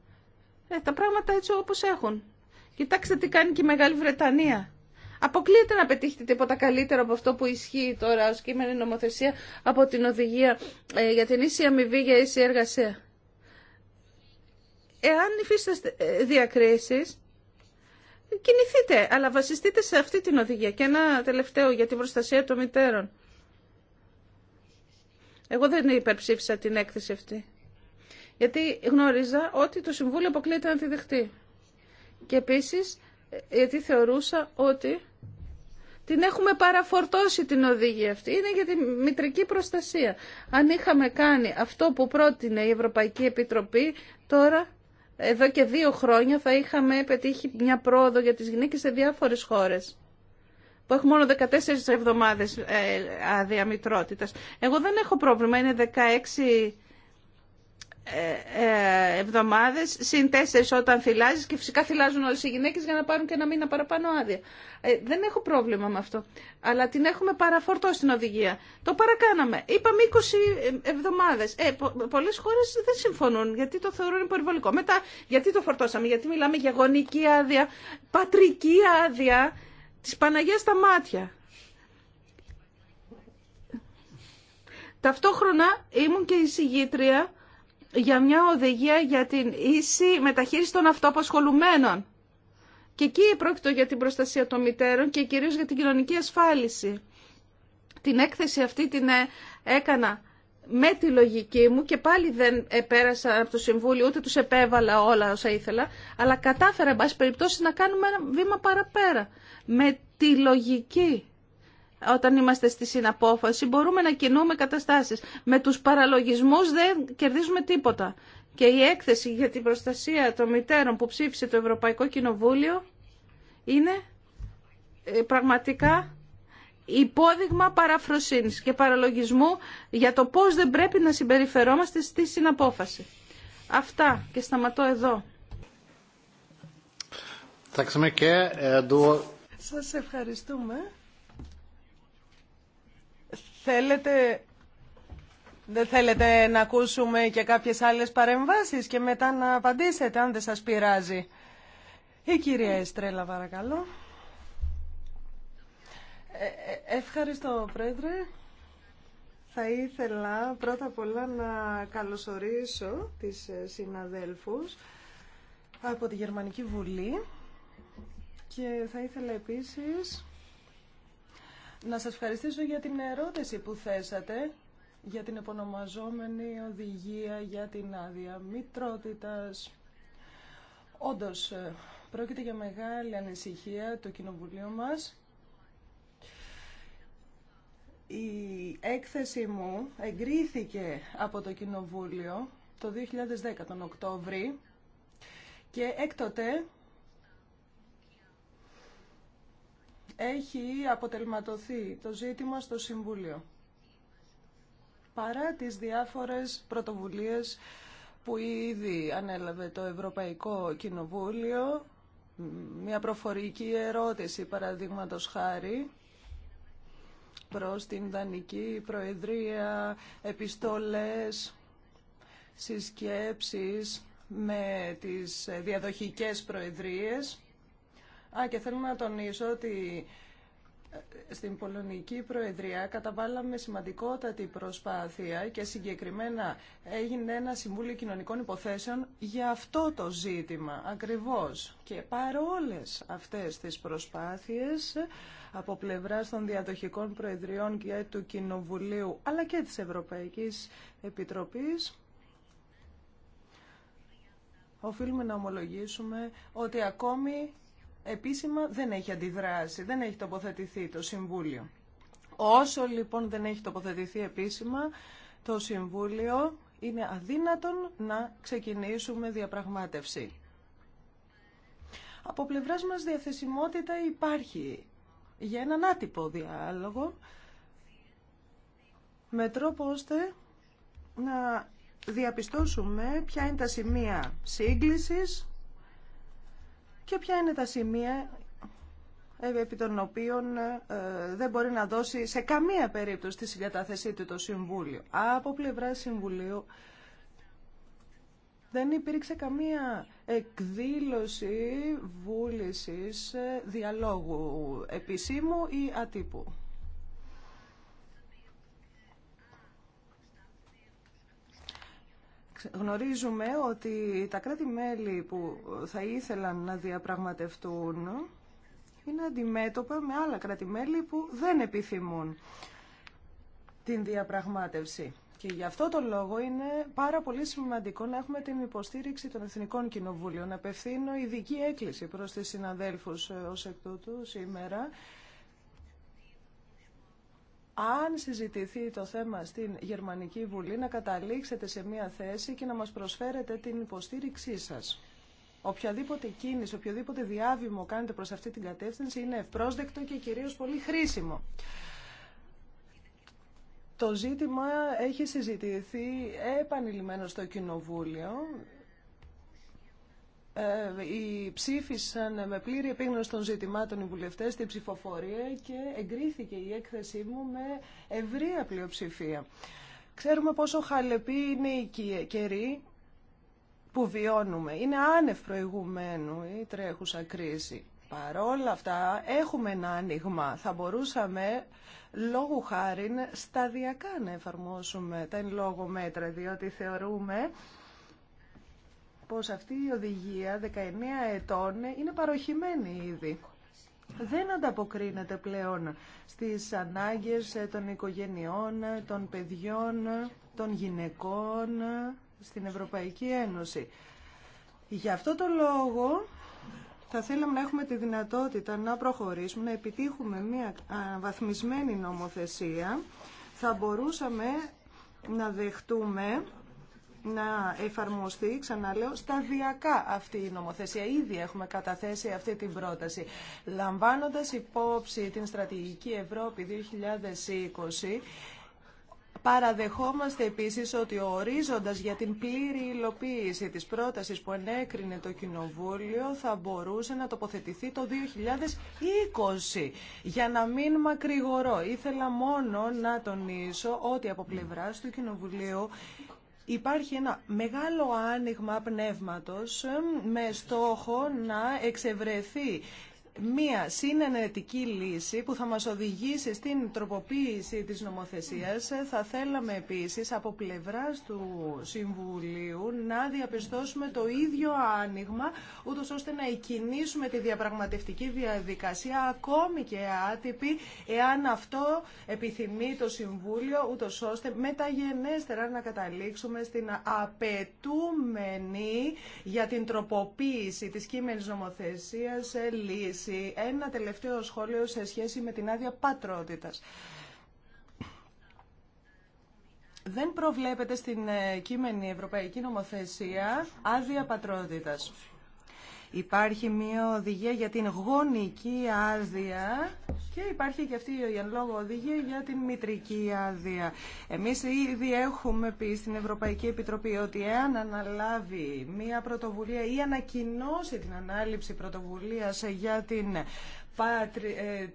Ε, τα πράγματα έτσι όπως έχουν. Κοιτάξτε τι κάνει και η Μεγάλη Βρετανία. Αποκλείεται να πετύχετε τίποτα καλύτερο από αυτό που ισχύει τώρα ως κείμενη νομοθεσία από την οδηγία ε, για την ίση αμοιβή για ίση εργασία. Εάν υφίσταστε ε, διακρίσεις, κινηθείτε, αλλά βασιστείτε σε αυτή την οδηγία. Και ένα τελευταίο για την προστασία των μητέρων. Εγώ δεν υπερψήφισα την έκθεση αυτή. Γιατί γνώριζα ότι το Συμβούλιο αποκλείεται να τη δεχτεί. Και επίσης, ε, γιατί θεωρούσα ότι την έχουμε παραφορτώσει την οδηγία αυτή. Είναι για τη μητρική προστασία. Αν είχαμε κάνει αυτό που πρότεινε η Ευρωπαϊκή Επιτροπή, τώρα εδώ και δύο χρόνια θα είχαμε πετύχει μια πρόοδο για τις γυναίκες σε διάφορες χώρες που έχουν μόνο 14 εβδομάδες ε, αδιαμητρότητας. Εγώ δεν έχω πρόβλημα, είναι 16 ε, ε, εβδομάδες, συν τέσσερις όταν θυλάζεις και φυσικά θυλάζουν όλες οι γυναίκες για να πάρουν και ένα μήνα παραπάνω άδεια. Ε, δεν έχω πρόβλημα με αυτό. Αλλά την έχουμε παραφορτώ στην οδηγία. Το παρακάναμε. Είπαμε 20 εβδομάδες. Ε, πο πολλές χώρες δεν συμφωνούν γιατί το θεωρούν υπερβολικό. Μετά γιατί το φορτώσαμε, γιατί μιλάμε για γονική άδεια, πατρική άδεια, της Παναγίας στα μάτια. Ταυτόχρονα ήμουν και η συγγήτρια για μια οδηγία για την ίση μεταχείριση των αυτοαπασχολουμένων. Και εκεί πρόκειται για την προστασία των μητέρων και κυρίως για την κοινωνική ασφάλιση. Την έκθεση αυτή την ε, έκανα με τη λογική μου και πάλι δεν επέρασα από το Συμβούλιο, ούτε τους επέβαλα όλα όσα ήθελα, αλλά κατάφερα, εν πάση περιπτώσει, να κάνουμε ένα βήμα παραπέρα. Με τη λογική όταν είμαστε στη συναπόφαση, μπορούμε να κινούμε καταστάσεις. Με τους παραλογισμούς δεν κερδίζουμε τίποτα. Και η έκθεση για την προστασία των μητέρων που ψήφισε το Ευρωπαϊκό Κοινοβούλιο είναι ε, πραγματικά υπόδειγμα παραφροσύνης και παραλογισμού για το πώς δεν πρέπει να συμπεριφερόμαστε στη συναπόφαση. Αυτά και σταματώ εδώ. Ε, Σας ευχαριστούμε. Θέλετε... Δεν θέλετε να ακούσουμε και κάποιες άλλες παρεμβάσεις και μετά να απαντήσετε αν δεν σας πειράζει. Η κυρία Εστρέλα παρακαλώ. Ε, ε, ευχαριστώ Πρόεδρε. Θα ήθελα πρώτα απ' όλα να καλωσορίσω τις ε, συναδέλφους από τη Γερμανική Βουλή και θα ήθελα επίσης να σας ευχαριστήσω για την ερώτηση που θέσατε για την επωνομαζόμενη οδηγία για την άδεια μητρότητας. Όντως, ε, πρόκειται για μεγάλη ανησυχία το Κοινοβουλίο μας. Η έκθεση μου εγκρίθηκε από το Κοινοβούλιο το 2010 τον Οκτώβρη και έκτοτε έχει αποτελματωθεί το ζήτημα στο Συμβούλιο. Παρά τις διάφορες πρωτοβουλίες που ήδη ανέλαβε το Ευρωπαϊκό Κοινοβούλιο, μια προφορική ερώτηση παραδείγματος χάρη, προς την Δανική Προεδρία, επιστολές, συσκέψεις με τις διαδοχικές προεδρίες. Α, και θέλω να τονίσω ότι ε, στην Πολωνική Προεδρία καταβάλαμε σημαντικότατη προσπάθεια και συγκεκριμένα έγινε ένα Συμβούλιο Κοινωνικών Υποθέσεων για αυτό το ζήτημα ακριβώς. Και παρόλες αυτές τις προσπάθειες από πλευράς των διαδοχικών προεδριών και του Κοινοβουλίου αλλά και της Ευρωπαϊκής Επιτροπής οφείλουμε να ομολογήσουμε ότι ακόμη επίσημα δεν έχει αντιδράσει, δεν έχει τοποθετηθεί το Συμβούλιο. Όσο λοιπόν δεν έχει τοποθετηθεί επίσημα το Συμβούλιο, είναι αδύνατον να ξεκινήσουμε διαπραγμάτευση. Από πλευράς μας διαθεσιμότητα υπάρχει για έναν άτυπο διάλογο, με τρόπο ώστε να διαπιστώσουμε ποια είναι τα σημεία σύγκλησης και ποια είναι τα σημεία ε, επί των οποίων ε, δεν μπορεί να δώσει σε καμία περίπτωση τη συγκατάθεσή του το Συμβούλιο. Από πλευρά Συμβουλίου δεν υπήρξε καμία εκδήλωση βούλησης ε, διαλόγου επισήμου ή ατύπου. Γνωρίζουμε ότι τα κράτη-μέλη που θα ήθελαν να διαπραγματευτούν είναι αντιμέτωπα με άλλα κράτη-μέλη που δεν επιθυμούν την διαπραγμάτευση. Και γι' αυτό το λόγο είναι πάρα πολύ σημαντικό να έχουμε την υποστήριξη των Εθνικών Κοινοβούλων. Απευθύνω ειδική έκκληση προς τις συναδέλφους ε, ως εκ τούτου σήμερα αν συζητηθεί το θέμα στην Γερμανική Βουλή, να καταλήξετε σε μία θέση και να μας προσφέρετε την υποστήριξή σας. Οποιαδήποτε κίνηση, οποιοδήποτε διάβημο κάνετε προς αυτή την κατεύθυνση είναι ευπρόσδεκτο και κυρίως πολύ χρήσιμο. Το ζήτημα έχει συζητηθεί επανειλημμένο στο Κοινοβούλιο. Ε, οι ψήφισαν με πλήρη επίγνωση των ζητημάτων οι βουλευτέ στην ψηφοφορία και εγκρίθηκε η έκθεσή μου με ευρεία πλειοψηφία. Ξέρουμε πόσο χαλεπή είναι η καιρή που βιώνουμε. Είναι άνευ προηγουμένου η τρέχουσα κρίση. Παρόλα αυτά έχουμε ένα άνοιγμα. Θα μπορούσαμε λόγου χάρη σταδιακά να εφαρμόσουμε τα εν λόγω μέτρα, διότι θεωρούμε πως αυτή η οδηγία 19 ετών είναι παροχημένη ήδη. Δεν ανταποκρίνεται πλέον στις ανάγκες των οικογενειών, των παιδιών, των γυναικών στην Ευρωπαϊκή Ένωση. Για αυτό το λόγο θα θέλαμε να έχουμε τη δυνατότητα να προχωρήσουμε, να επιτύχουμε μια βαθμισμένη νομοθεσία. Θα μπορούσαμε να δεχτούμε να εφαρμοστεί, ξαναλέω, σταδιακά αυτή η νομοθεσία. Ήδη έχουμε καταθέσει αυτή την πρόταση. Λαμβάνοντας υπόψη την στρατηγική Ευρώπη 2020, Παραδεχόμαστε επίσης ότι ο ορίζοντας για την πλήρη υλοποίηση της πρότασης που ενέκρινε το Κοινοβούλιο θα μπορούσε να τοποθετηθεί το 2020. Για να μην μακρηγορώ, ήθελα μόνο να τονίσω ότι από πλευράς του Κοινοβουλίου Υπάρχει ένα μεγάλο άνοιγμα πνεύματος ε, με στόχο να εξευρεθεί μία συνενετική λύση που θα μας οδηγήσει στην τροποποίηση της νομοθεσίας. Θα θέλαμε επίσης από πλευράς του Συμβουλίου να διαπιστώσουμε το ίδιο άνοιγμα, ούτως ώστε να εκινήσουμε τη διαπραγματευτική διαδικασία ακόμη και άτυπη, εάν αυτό επιθυμεί το Συμβούλιο, ούτως ώστε μεταγενέστερα να καταλήξουμε στην απαιτούμενη για την τροποποίηση της κείμενης νομοθεσίας ε, λύση. Ένα τελευταίο σχόλιο σε σχέση με την άδεια πατρότητας. Δεν προβλέπεται στην ε, κείμενη Ευρωπαϊκή Νομοθεσία άδεια πατρότητας. Υπάρχει μια οδηγία για την γονική άδεια και υπάρχει και αυτή η οδηγία για την μητρική άδεια. Εμείς ήδη έχουμε πει στην Ευρωπαϊκή Επιτροπή ότι εάν αναλάβει μια πρωτοβουλία ή ανακοινώσει την ανάληψη πρωτοβουλίας για την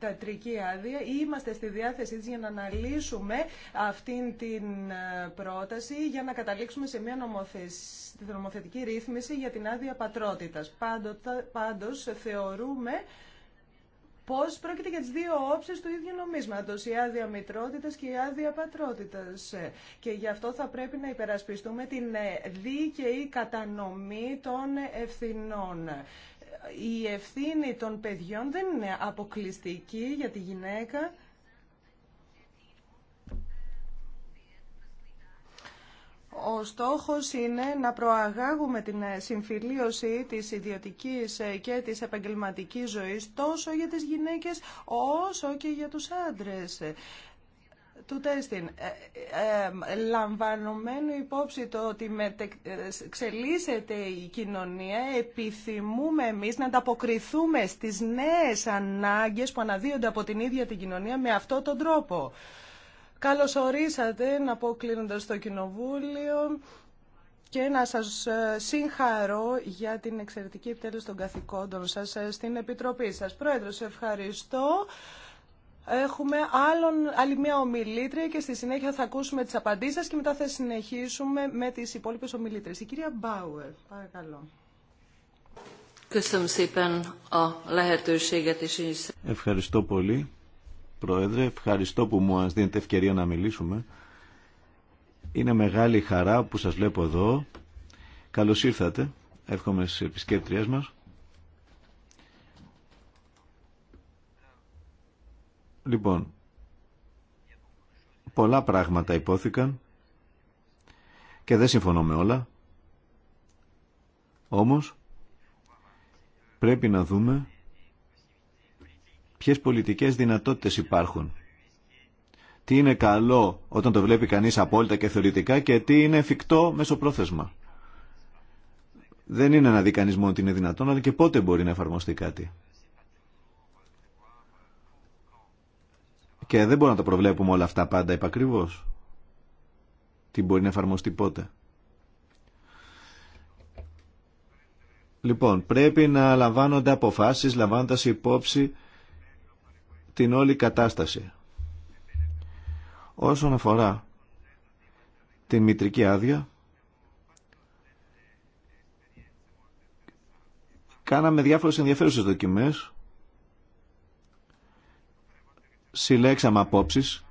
ε, τρική άδεια. Είμαστε στη διάθεσή της για να αναλύσουμε αυτήν την ε, πρόταση για να καταλήξουμε σε μια νομοθετική ρύθμιση για την άδεια πατρότητας. Πάντως θεωρούμε πώς πρόκειται για τις δύο όψεις του ίδιου νομίσματος, η άδεια μητρότητας και η άδεια πατρότητας. Και γι' αυτό θα πρέπει να υπερασπιστούμε την ε, δίκαιη κατανομή των ευθυνών η ευθύνη των παιδιών δεν είναι αποκλειστική για τη γυναίκα. Ο στόχος είναι να προαγάγουμε την ε, συμφιλίωση της ιδιωτικής ε, και της επαγγελματικής ζωής τόσο για τις γυναίκες όσο και για τους άντρες του τέστην. Ε, ε, ε υπόψη το ότι ε, η κοινωνία, επιθυμούμε εμείς να ανταποκριθούμε στις νέες ανάγκες που αναδύονται από την ίδια την κοινωνία με αυτό τον τρόπο. Καλώς ορίσατε, να πω κλείνοντας το Κοινοβούλιο και να σας συγχαρώ για την εξαιρετική επιτέλεση των καθηκόντων σας στην Επιτροπή σας. Πρόεδρος, ευχαριστώ. Έχουμε άλλον, άλλη μια ομιλήτρια και στη συνέχεια θα ακούσουμε τις απαντήσεις και μετά θα συνεχίσουμε με τις υπόλοιπες ομιλήτρες. Η κυρία Μπάουερ, παρακαλώ. Ευχαριστώ πολύ, Πρόεδρε. Ευχαριστώ που μου δίνετε ευκαιρία να μιλήσουμε. Είναι μεγάλη χαρά που σας βλέπω εδώ. Καλώς ήρθατε. Εύχομαι στις επισκέπτριές μας. Λοιπόν, πολλά πράγματα υπόθηκαν και δεν συμφωνώ με όλα. Όμως, πρέπει να δούμε ποιες πολιτικές δυνατότητες υπάρχουν. Τι είναι καλό όταν το βλέπει κανείς απόλυτα και θεωρητικά και τι είναι εφικτό μεσοπρόθεσμα. Δεν είναι να δει κανείς μόνο είναι δυνατόν, αλλά και πότε μπορεί να εφαρμοστεί κάτι. Και δεν μπορούμε να τα προβλέπουμε όλα αυτά πάντα επακριβώς. Τι μπορεί να εφαρμοστεί πότε. Λοιπόν, πρέπει να λαμβάνονται αποφάσεις, λαμβάνοντας υπόψη την όλη κατάσταση. Όσον αφορά την μητρική άδεια, κάναμε διάφορες ενδιαφέρουσες δοκιμές συλλέξαμε απόψει.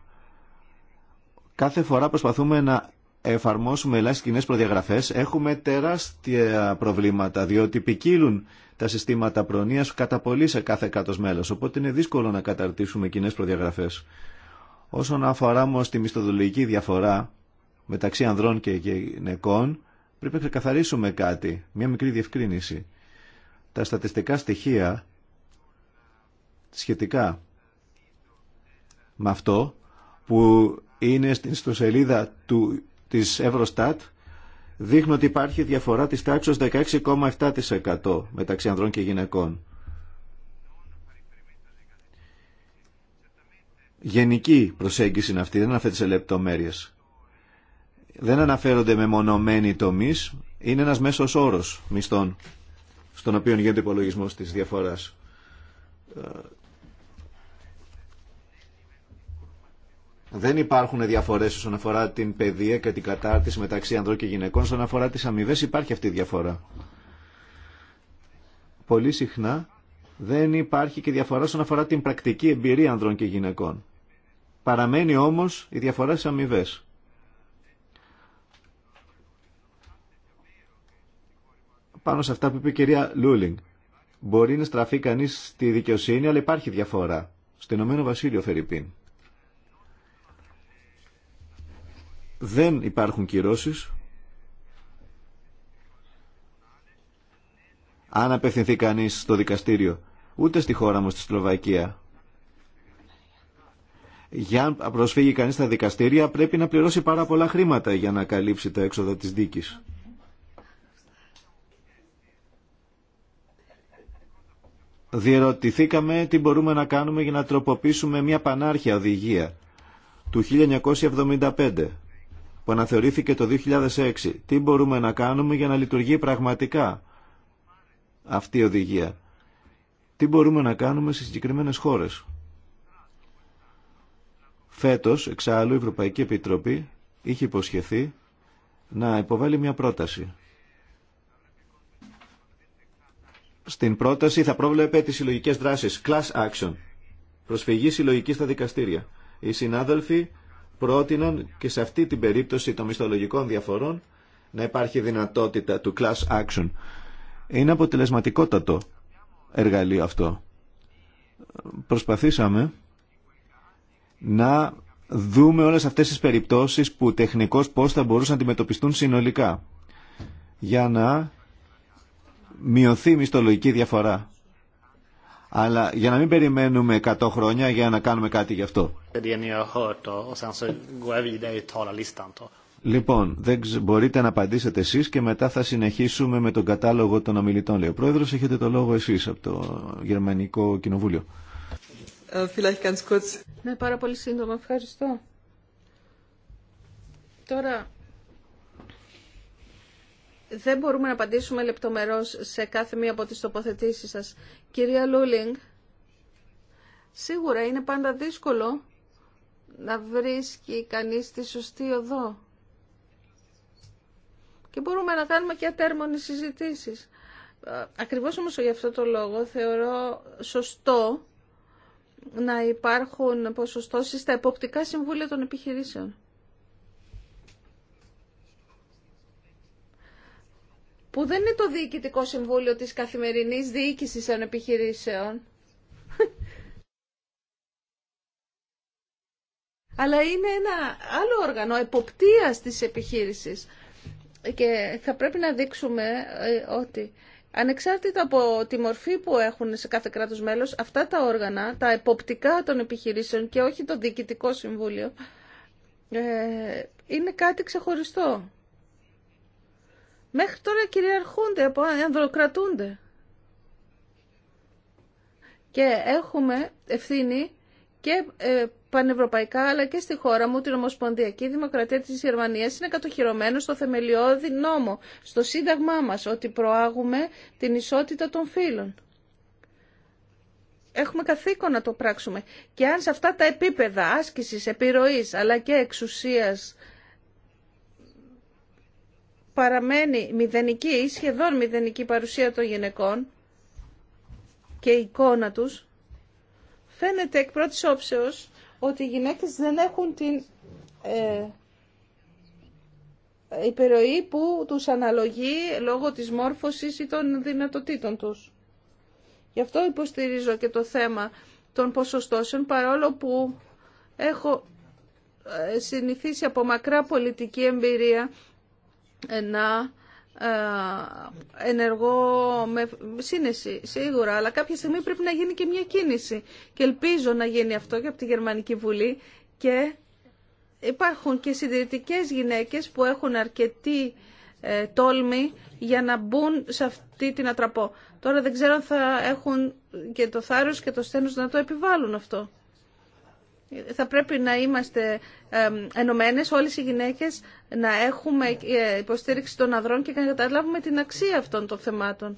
Κάθε φορά προσπαθούμε να εφαρμόσουμε ελάχιστε κοινέ προδιαγραφές. Έχουμε τεράστια προβλήματα, διότι ποικίλουν τα συστήματα προνοίας κατά πολύ σε κάθε κράτο μέλο, οπότε είναι δύσκολο να καταρτήσουμε κοινέ προδιαγραφές. Όσον αφορά όμω τη μισθοδολογική διαφορά μεταξύ ανδρών και γυναικών, πρέπει να ξεκαθαρίσουμε κάτι, μια μικρή διευκρίνηση. Τα στατιστικά στοιχεία σχετικά με αυτό που είναι στην ιστοσελίδα του, της Eurostat δείχνει ότι υπάρχει διαφορά της τάξης 16,7% μεταξύ ανδρών και γυναικών. Γενική προσέγγιση είναι αυτή, δεν αναφέρεται σε λεπτομέρειες. Δεν αναφέρονται με μονομένοι τομείς, είναι ένας μέσος όρος μισθών, στον οποίο γίνεται υπολογισμό της διαφοράς. Ε, δεν υπάρχουν διαφορές όσον αφορά την παιδεία και την κατάρτιση μεταξύ ανδρών και γυναικών. Όσον αφορά τις αμοιβέ υπάρχει αυτή η διαφορά. Πολύ συχνά δεν υπάρχει και διαφορά όσον αφορά την πρακτική εμπειρία ανδρών και γυναικών. Παραμένει όμως η διαφορά στις αμοιβέ. Πάνω σε αυτά που είπε η κυρία Λούλινγκ. Μπορεί να στραφεί κανείς στη δικαιοσύνη, αλλά υπάρχει διαφορά. στην Ηνωμένο Βασίλειο, Φερρυπίν. δεν υπάρχουν κυρώσεις. Αν απευθυνθεί κανείς στο δικαστήριο, ούτε στη χώρα μας, στη Σλοβακία, για να προσφύγει κανείς στα δικαστήρια πρέπει να πληρώσει πάρα πολλά χρήματα για να καλύψει τα έξοδα της δίκης. Διερωτηθήκαμε τι μπορούμε να κάνουμε για να τροποποιήσουμε μια πανάρχια οδηγία του 1975 που αναθεωρήθηκε το 2006. Τι μπορούμε να κάνουμε για να λειτουργεί πραγματικά αυτή η οδηγία. Τι μπορούμε να κάνουμε στις συγκεκριμένε χώρες. Φέτος, εξάλλου, η Ευρωπαϊκή Επιτροπή είχε υποσχεθεί να υποβάλει μια πρόταση. Στην πρόταση θα πρόβλεπε τις συλλογικέ δράσεις, class action, προσφυγή συλλογική στα δικαστήρια. Οι συνάδελφοι πρότειναν και σε αυτή την περίπτωση των μισθολογικών διαφορών να υπάρχει δυνατότητα του class action. Είναι αποτελεσματικότατο εργαλείο αυτό. Προσπαθήσαμε να δούμε όλες αυτές τις περιπτώσεις που τεχνικώς πώς θα μπορούσαν να αντιμετωπιστούν συνολικά για να μειωθεί η μισθολογική διαφορά αλλά για να μην περιμένουμε 100 χρόνια για να κάνουμε κάτι γι' αυτό. Λοιπόν, δεν μπορείτε να απαντήσετε εσεί και μετά θα συνεχίσουμε με τον κατάλογο των ομιλητών. Λέει ο πρόεδρο, έχετε το λόγο εσεί από το Γερμανικό Κοινοβούλιο. Ε, ναι, πάρα πολύ σύντομα. Ευχαριστώ. Τώρα δεν μπορούμε να απαντήσουμε λεπτομερώς σε κάθε μία από τις τοποθετήσεις σας. Κυρία Λούλινγκ, σίγουρα είναι πάντα δύσκολο να βρίσκει κανείς τη σωστή οδό. Και μπορούμε να κάνουμε και ατέρμονες συζητήσεις. Ακριβώς όμως για αυτό το λόγο θεωρώ σωστό να υπάρχουν ποσοστώσεις στα εποπτικά συμβούλια των επιχειρήσεων. που δεν είναι το Διοικητικό Συμβούλιο της καθημερινής διοίκησης των επιχειρήσεων, [LAUGHS] αλλά είναι ένα άλλο όργανο εποπτείας της επιχείρησης. Και θα πρέπει να δείξουμε ε, ότι ανεξάρτητα από τη μορφή που έχουν σε κάθε κράτος μέλος, αυτά τα όργανα, τα εποπτικά των επιχειρήσεων και όχι το Διοικητικό Συμβούλιο, ε, είναι κάτι ξεχωριστό μέχρι τώρα κυριαρχούνται, από ανδροκρατούνται. Και έχουμε ευθύνη και ε, πανευρωπαϊκά αλλά και στη χώρα μου την Ομοσπονδιακή Δημοκρατία της Γερμανίας είναι κατοχυρωμένο στο θεμελιώδη νόμο, στο σύνταγμά μας ότι προάγουμε την ισότητα των φίλων. Έχουμε καθήκον να το πράξουμε. Και αν σε αυτά τα επίπεδα άσκησης, επιρροής αλλά και εξουσίας παραμένει μηδενική ή σχεδόν μηδενική παρουσία των γυναικών και η εικόνα τους, φαίνεται εκ πρώτης όψεως ότι οι γυναίκες δεν έχουν την ε, που τους αναλογεί λόγω της μόρφωσης ή των δυνατοτήτων τους. Γι' αυτό υποστηρίζω και το θέμα των ποσοστώσεων, παρόλο που έχω ε, συνηθίσει από μακρά πολιτική εμπειρία να ε, ενεργώ με σύνεση, σίγουρα, αλλά κάποια στιγμή πρέπει να γίνει και μια κίνηση. Και ελπίζω να γίνει αυτό και από τη Γερμανική Βουλή και υπάρχουν και συντηρητικές γυναίκες που έχουν αρκετή ε, τόλμη για να μπουν σε αυτή την ατραπό. Τώρα δεν ξέρω αν θα έχουν και το θάρρος και το στένος να το επιβάλλουν αυτό θα πρέπει να είμαστε ενωμένε όλες οι γυναίκες, να έχουμε ε, υποστήριξη των αδρών και να καταλάβουμε την αξία αυτών των θεμάτων.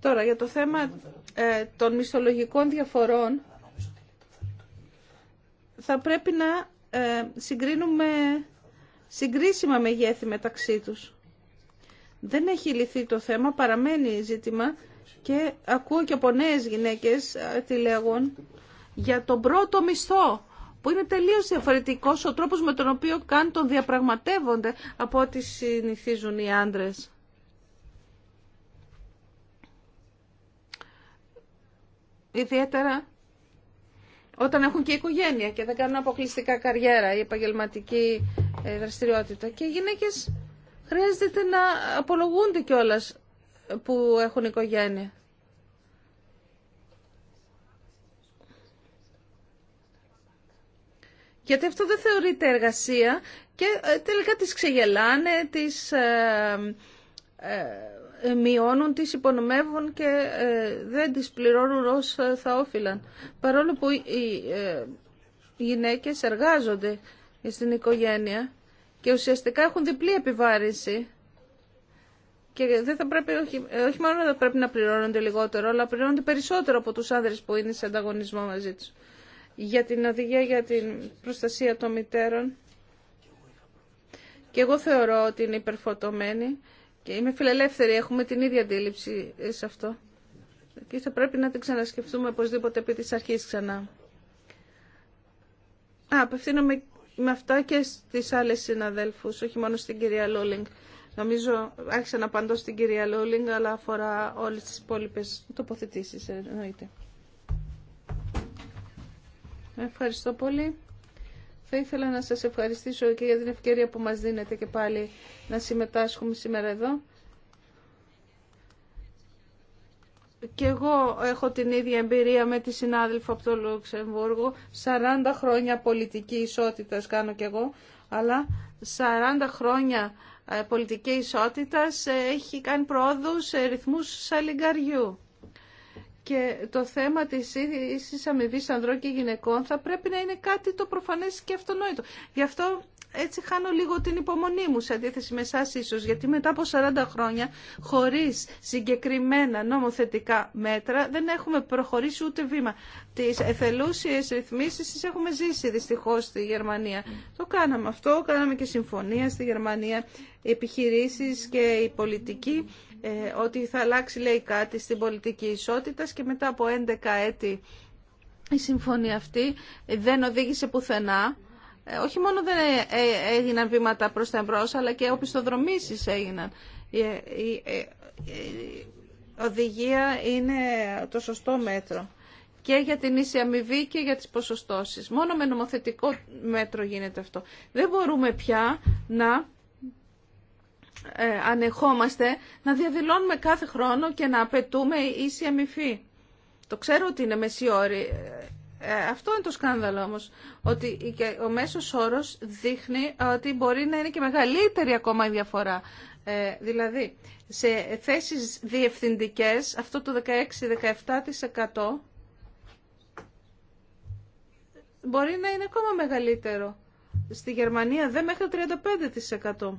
Τώρα, για το θέμα ε, των μισθολογικών διαφορών, θα πρέπει να ε, συγκρίνουμε συγκρίσιμα μεγέθη μεταξύ τους. Δεν έχει λυθεί το θέμα, παραμένει ζήτημα και ακούω και από νέε γυναίκες τι λέγουν για τον πρώτο μισθό που είναι τελείως διαφορετικός ο τρόπος με τον οποίο καν τον διαπραγματεύονται από ό,τι συνηθίζουν οι άντρες. Ιδιαίτερα όταν έχουν και οικογένεια και δεν κάνουν αποκλειστικά καριέρα ή επαγγελματική ε, δραστηριότητα. Και οι γυναίκες χρειάζεται να απολογούνται κιόλας που έχουν οικογένεια. γιατί αυτό δεν θεωρείται εργασία και ε, τελικά τις ξεγελάνε, τις ε, ε, ε μειώνουν, τις υπονομεύουν και δεν τις πληρώνουν ως θα όφυλαν. Παρόλο που οι γυναίκες εργάζονται στην οικογένεια και ουσιαστικά έχουν διπλή επιβάρηση και δεν θα πρέπει, όχι, μόνο θα πρέπει να πληρώνονται λιγότερο, αλλά πληρώνονται περισσότερο από τους άνδρες που είναι σε ανταγωνισμό μαζί τους για την οδηγία για την προστασία των μητέρων. Και εγώ θεωρώ ότι είναι υπερφωτωμένη και είμαι φιλελεύθερη, έχουμε την ίδια αντίληψη σε αυτό. Και θα πρέπει να την ξανασκεφτούμε οπωσδήποτε επί της αρχής ξανά. Α, απευθύνομαι με αυτά και στις άλλες συναδέλφους, όχι μόνο στην κυρία Λούλινγκ. Νομίζω άρχισα να απαντώ στην κυρία Λούλινγκ, αλλά αφορά όλες τις υπόλοιπε τοποθετήσεις, εννοείται. Ευχαριστώ πολύ. Θα ήθελα να σας ευχαριστήσω και για την ευκαιρία που μας δίνετε και πάλι να συμμετάσχουμε σήμερα εδώ. Και εγώ έχω την ίδια εμπειρία με τη συνάδελφο από το Λουξεμβούργο. 40 χρόνια πολιτική ισότητας κάνω κι εγώ, αλλά 40 χρόνια ε, πολιτική ισότητας ε, έχει κάνει προόδους σε ρυθμούς σαλιγκαριού και το θέμα της ίσης αμοιβή ανδρών και γυναικών θα πρέπει να είναι κάτι το προφανές και αυτονόητο. Γι' αυτό έτσι χάνω λίγο την υπομονή μου σε αντίθεση με εσά ίσως, γιατί μετά από 40 χρόνια χωρίς συγκεκριμένα νομοθετικά μέτρα δεν έχουμε προχωρήσει ούτε βήμα. Τις εθελούσιες ρυθμίσεις τις έχουμε ζήσει δυστυχώς στη Γερμανία. Το κάναμε αυτό, κάναμε και συμφωνία στη Γερμανία, οι επιχειρήσεις και η πολιτική ε, ότι θα αλλάξει λέει κάτι στην πολιτική ισότητας και μετά από 11 έτη η συμφωνία αυτή δεν οδήγησε πουθενά. Ε, όχι μόνο δεν ε, έγιναν βήματα προς τα εμπρός, αλλά και οπισθοδρομήσεις έγιναν. Η οδηγία είναι το σωστό μέτρο και για την ίση αμοιβή και για τις ποσοστώσεις. Μόνο με νομοθετικό μέτρο γίνεται αυτό. Δεν μπορούμε πια να ε, ανεχόμαστε να διαδηλώνουμε κάθε χρόνο και να απαιτούμε ίση αμοιφή. E το ξέρω ότι είναι μεσιόρι. Ε, ε, αυτό είναι το σκάνδαλο όμως, ότι ο μέσος όρος δείχνει ότι μπορεί να είναι και μεγαλύτερη ακόμα η διαφορά. δηλαδή, σε θέσεις διευθυντικές, αυτό το 16-17% μπορεί να είναι ακόμα μεγαλύτερο. Στη Γερμανία δεν μέχρι το 35%.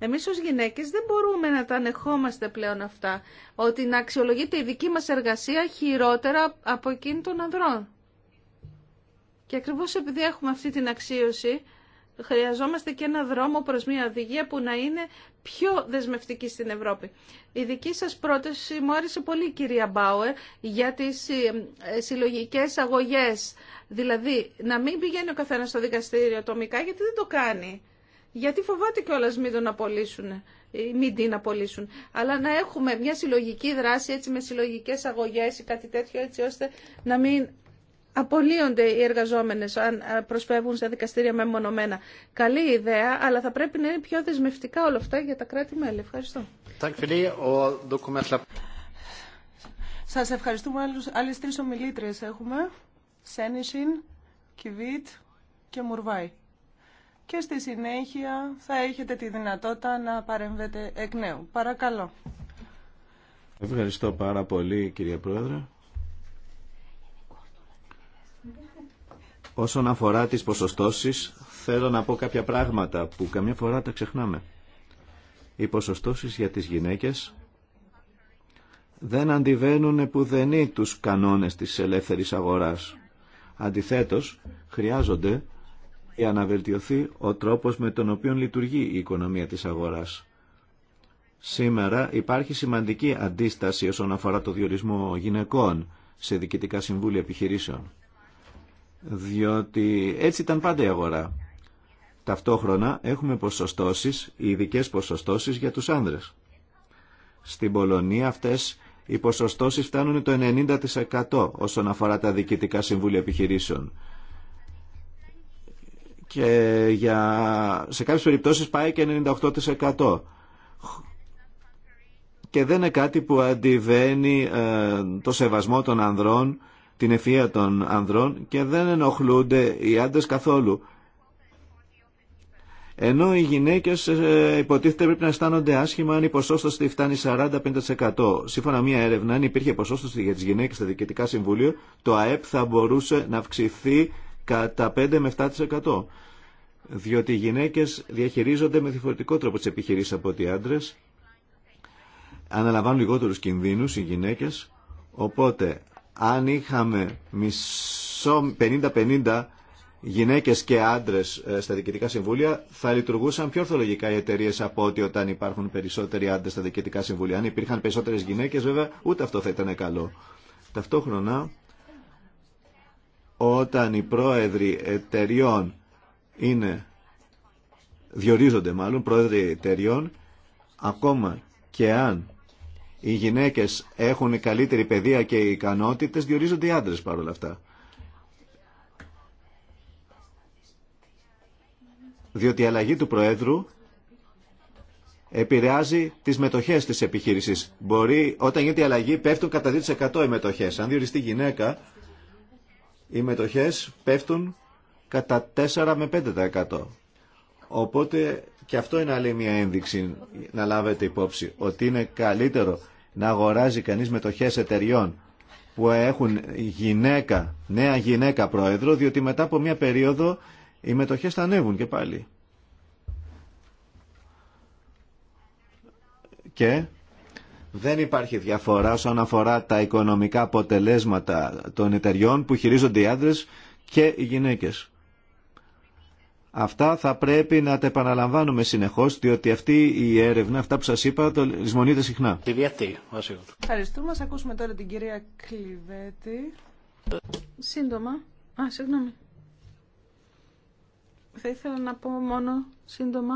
Εμείς ως γυναίκες δεν μπορούμε να τα ανεχόμαστε πλέον αυτά, ότι να αξιολογείται η δική μας εργασία χειρότερα από εκείνη των ανδρών. Και ακριβώς επειδή έχουμε αυτή την αξίωση, χρειαζόμαστε και ένα δρόμο προς μια οδηγία που να είναι πιο δεσμευτική στην Ευρώπη. Η δική σας πρόταση μου άρεσε πολύ, κυρία Μπάουερ, για τις ε, ε, συλλογικές αγωγές. Δηλαδή, να μην πηγαίνει ο καθένας στο δικαστήριο ατομικά, γιατί δεν το κάνει. Γιατί φοβάται κιόλας μην τον απολύσουν, μην την απολύσουν. Αλλά να έχουμε μια συλλογική δράση έτσι με συλλογικές αγωγές ή κάτι τέτοιο έτσι ώστε να μην απολύονται οι εργαζόμενες αν προσφεύγουν στα δικαστήρια μεμονωμένα. Καλή ιδέα, αλλά θα πρέπει να είναι πιο δεσμευτικά όλα αυτά για τα κράτη-μέλη. Ευχαριστώ. Σας ευχαριστούμε. Άλλες τρεις ομιλήτρες έχουμε. Σένισιν, Κιβίτ και Μουρβάη και στη συνέχεια θα έχετε τη δυνατότητα να παρεμβετε εκ νέου. Παρακαλώ. Ευχαριστώ πάρα πολύ κυρία Πρόεδρε. Όσον αφορά τις ποσοστώσεις, θέλω να πω κάποια πράγματα που καμιά φορά τα ξεχνάμε. Οι ποσοστώσεις για τις γυναίκες δεν αντιβαίνουν πουδενή τους κανόνες της ελεύθερης αγοράς. Αντιθέτως, χρειάζονται για να βελτιωθεί ο τρόπος με τον οποίο λειτουργεί η οικονομία της αγοράς. Σήμερα υπάρχει σημαντική αντίσταση όσον αφορά το διορισμό γυναικών σε διοικητικά συμβούλια επιχειρήσεων. Διότι έτσι ήταν πάντα η αγορά. Ταυτόχρονα έχουμε ποσοστώσεις, ειδικέ ποσοστώσεις για τους άνδρες. Στην Πολωνία αυτές οι ποσοστώσεις φτάνουν το 90% όσον αφορά τα διοικητικά συμβούλια επιχειρήσεων και για, σε κάποιες περιπτώσεις πάει και 98% και δεν είναι κάτι που αντιβαίνει ε, το σεβασμό των ανδρών, την ευφυΐα των ανδρών και δεν ενοχλούνται οι άντρες καθόλου. Ενώ οι γυναίκες ε, υποτίθεται πρέπει να αισθάνονται άσχημα αν η ποσόστοση φτάνει 40-50%. Σύμφωνα μια έρευνα, αν υπήρχε ποσόστοση για τις γυναίκες στα διοικητικά συμβούλια, το ΑΕΠ θα μπορούσε να αυξηθεί κατά 5 με 7%. Διότι οι γυναίκες διαχειρίζονται με διαφορετικό τρόπο τις επιχειρήσεις από ότι οι άντρες. Αναλαμβάνουν λιγότερους κινδύνους οι γυναίκες. Οπότε, αν ειχαμε μισό 50-50 γυναίκες και άντρες ε, στα διοικητικά συμβούλια, θα λειτουργούσαν πιο ορθολογικά οι εταιρείε από ότι όταν υπάρχουν περισσότεροι άντρες στα διοικητικά συμβούλια. Αν υπήρχαν περισσότερες γυναίκες, βέβαια, ούτε αυτό θα ήταν καλό. Ταυτόχρονα, όταν οι πρόεδροι εταιριών είναι, διορίζονται μάλλον πρόεδροι εταιριών, ακόμα και αν οι γυναίκες έχουν καλύτερη παιδεία και ικανότητες, διορίζονται οι άντρες παρόλα αυτά. Διότι η αλλαγή του Προέδρου επηρεάζει τις μετοχές της επιχείρησης. Μπορεί, όταν γίνεται η αλλαγή πέφτουν κατά 2% οι μετοχές. Αν διοριστεί γυναίκα, οι μετοχές πέφτουν κατά 4 με 5%. Οπότε και αυτό είναι άλλη μια ένδειξη να λάβετε υπόψη ότι είναι καλύτερο να αγοράζει κανείς μετοχές εταιριών που έχουν γυναίκα, νέα γυναίκα πρόεδρο, διότι μετά από μια περίοδο οι μετοχές θα ανέβουν και πάλι. Και δεν υπάρχει διαφορά όσον αφορά τα οικονομικά αποτελέσματα των εταιριών που χειρίζονται οι άντρες και οι γυναίκες. Αυτά θα πρέπει να τα επαναλαμβάνουμε συνεχώς, διότι αυτή η έρευνα, αυτά που σας είπα, το λησμονείται συχνά. Ευχαριστούμε. Ας ακούσουμε τώρα την κυρία Κλειβέτη. Σύντομα. Α, συγγνώμη. Θα ήθελα να πω μόνο σύντομα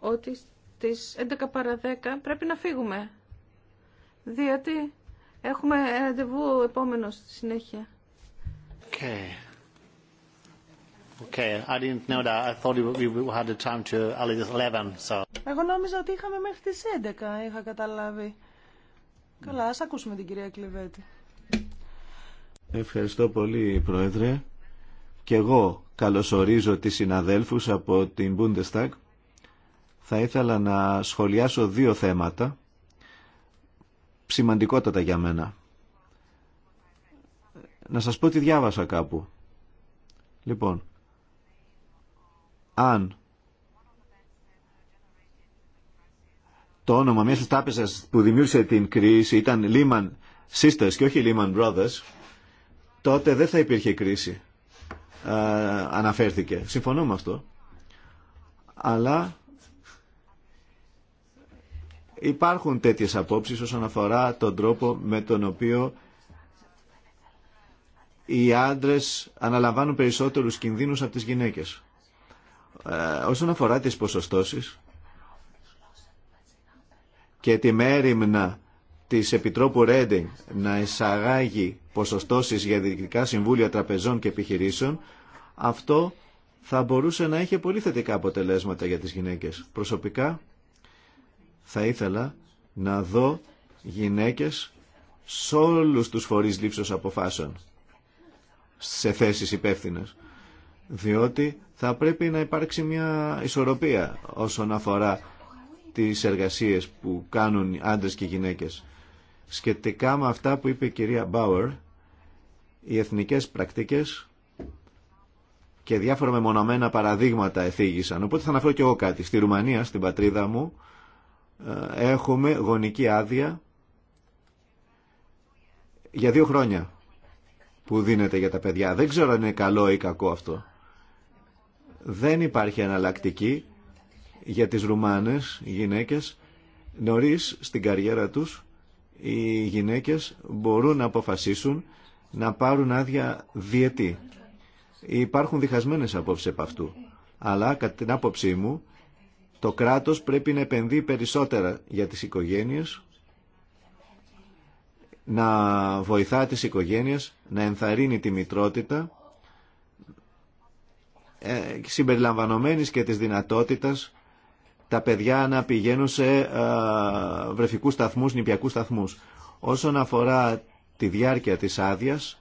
ότι στις 11 παρα 10 πρέπει να φύγουμε διότι έχουμε ραντεβού επόμενο στη συνέχεια. Okay. Okay, I didn't know that. I thought we had the time to 11, so. Εγώ νόμιζα ότι είχαμε μέχρι τις 11, είχα καταλάβει. Καλά, ας ακούσουμε την κυρία Κλειβέτη. Ευχαριστώ πολύ, Πρόεδρε. Και εγώ καλωσορίζω τις συναδέλφους από την Bundestag. Θα ήθελα να σχολιάσω δύο θέματα σημαντικότατα για μένα. Να σας πω τι διάβασα κάπου. Λοιπόν, αν το όνομα μιας τράπεζας που δημιούργησε την κρίση ήταν Lehman Sisters και όχι Lehman Brothers, τότε δεν θα υπήρχε κρίση. αναφέρθηκε. Συμφωνώ με αυτό. Αλλά Υπάρχουν τέτοιες απόψεις όσον αφορά τον τρόπο με τον οποίο οι άντρες αναλαμβάνουν περισσότερους κινδύνους από τις γυναίκες. Ε, όσον αφορά τις ποσοστώσεις και τη μέρημνα της Επιτρόπου Ρέντινγκ να εισαγάγει ποσοστώσεις για διοικητικά συμβούλια τραπεζών και επιχειρήσεων, αυτό θα μπορούσε να έχει πολύ θετικά αποτελέσματα για τις γυναίκες. Προσωπικά, θα ήθελα να δω γυναίκες σε όλους τους φορείς λήψεως αποφάσεων σε θέσεις υπεύθυνε. διότι θα πρέπει να υπάρξει μια ισορροπία όσον αφορά τις εργασίες που κάνουν άντρες και γυναίκες. Σχετικά με αυτά που είπε η κυρία Μπάουερ, οι εθνικές πρακτικές και διάφορα μεμονωμένα παραδείγματα εθίγησαν Οπότε θα αναφέρω και εγώ κάτι. Στη Ρουμανία, στην πατρίδα μου, ε, έχουμε γονική άδεια για δύο χρόνια που δίνεται για τα παιδιά. Δεν ξέρω αν είναι καλό ή κακό αυτό. Δεν υπάρχει αναλλακτική για τις Ρουμάνες γυναίκες. Νωρίς στην καριέρα τους οι γυναίκες μπορούν να αποφασίσουν να πάρουν άδεια διετή. Υπάρχουν διχασμένες απόψεις από αυτού. Αλλά κατά την άποψή μου το κράτος πρέπει να επενδύει περισσότερα για τις οικογένειες, να βοηθά τις οικογένειες, να ενθαρρύνει τη μητρότητα, ε, συμπεριλαμβανομένης και της δυνατότητας τα παιδιά να πηγαίνουν σε ε, βρεφικούς σταθμούς, νηπιακούς σταθμούς. Όσον αφορά τη διάρκεια της άδειας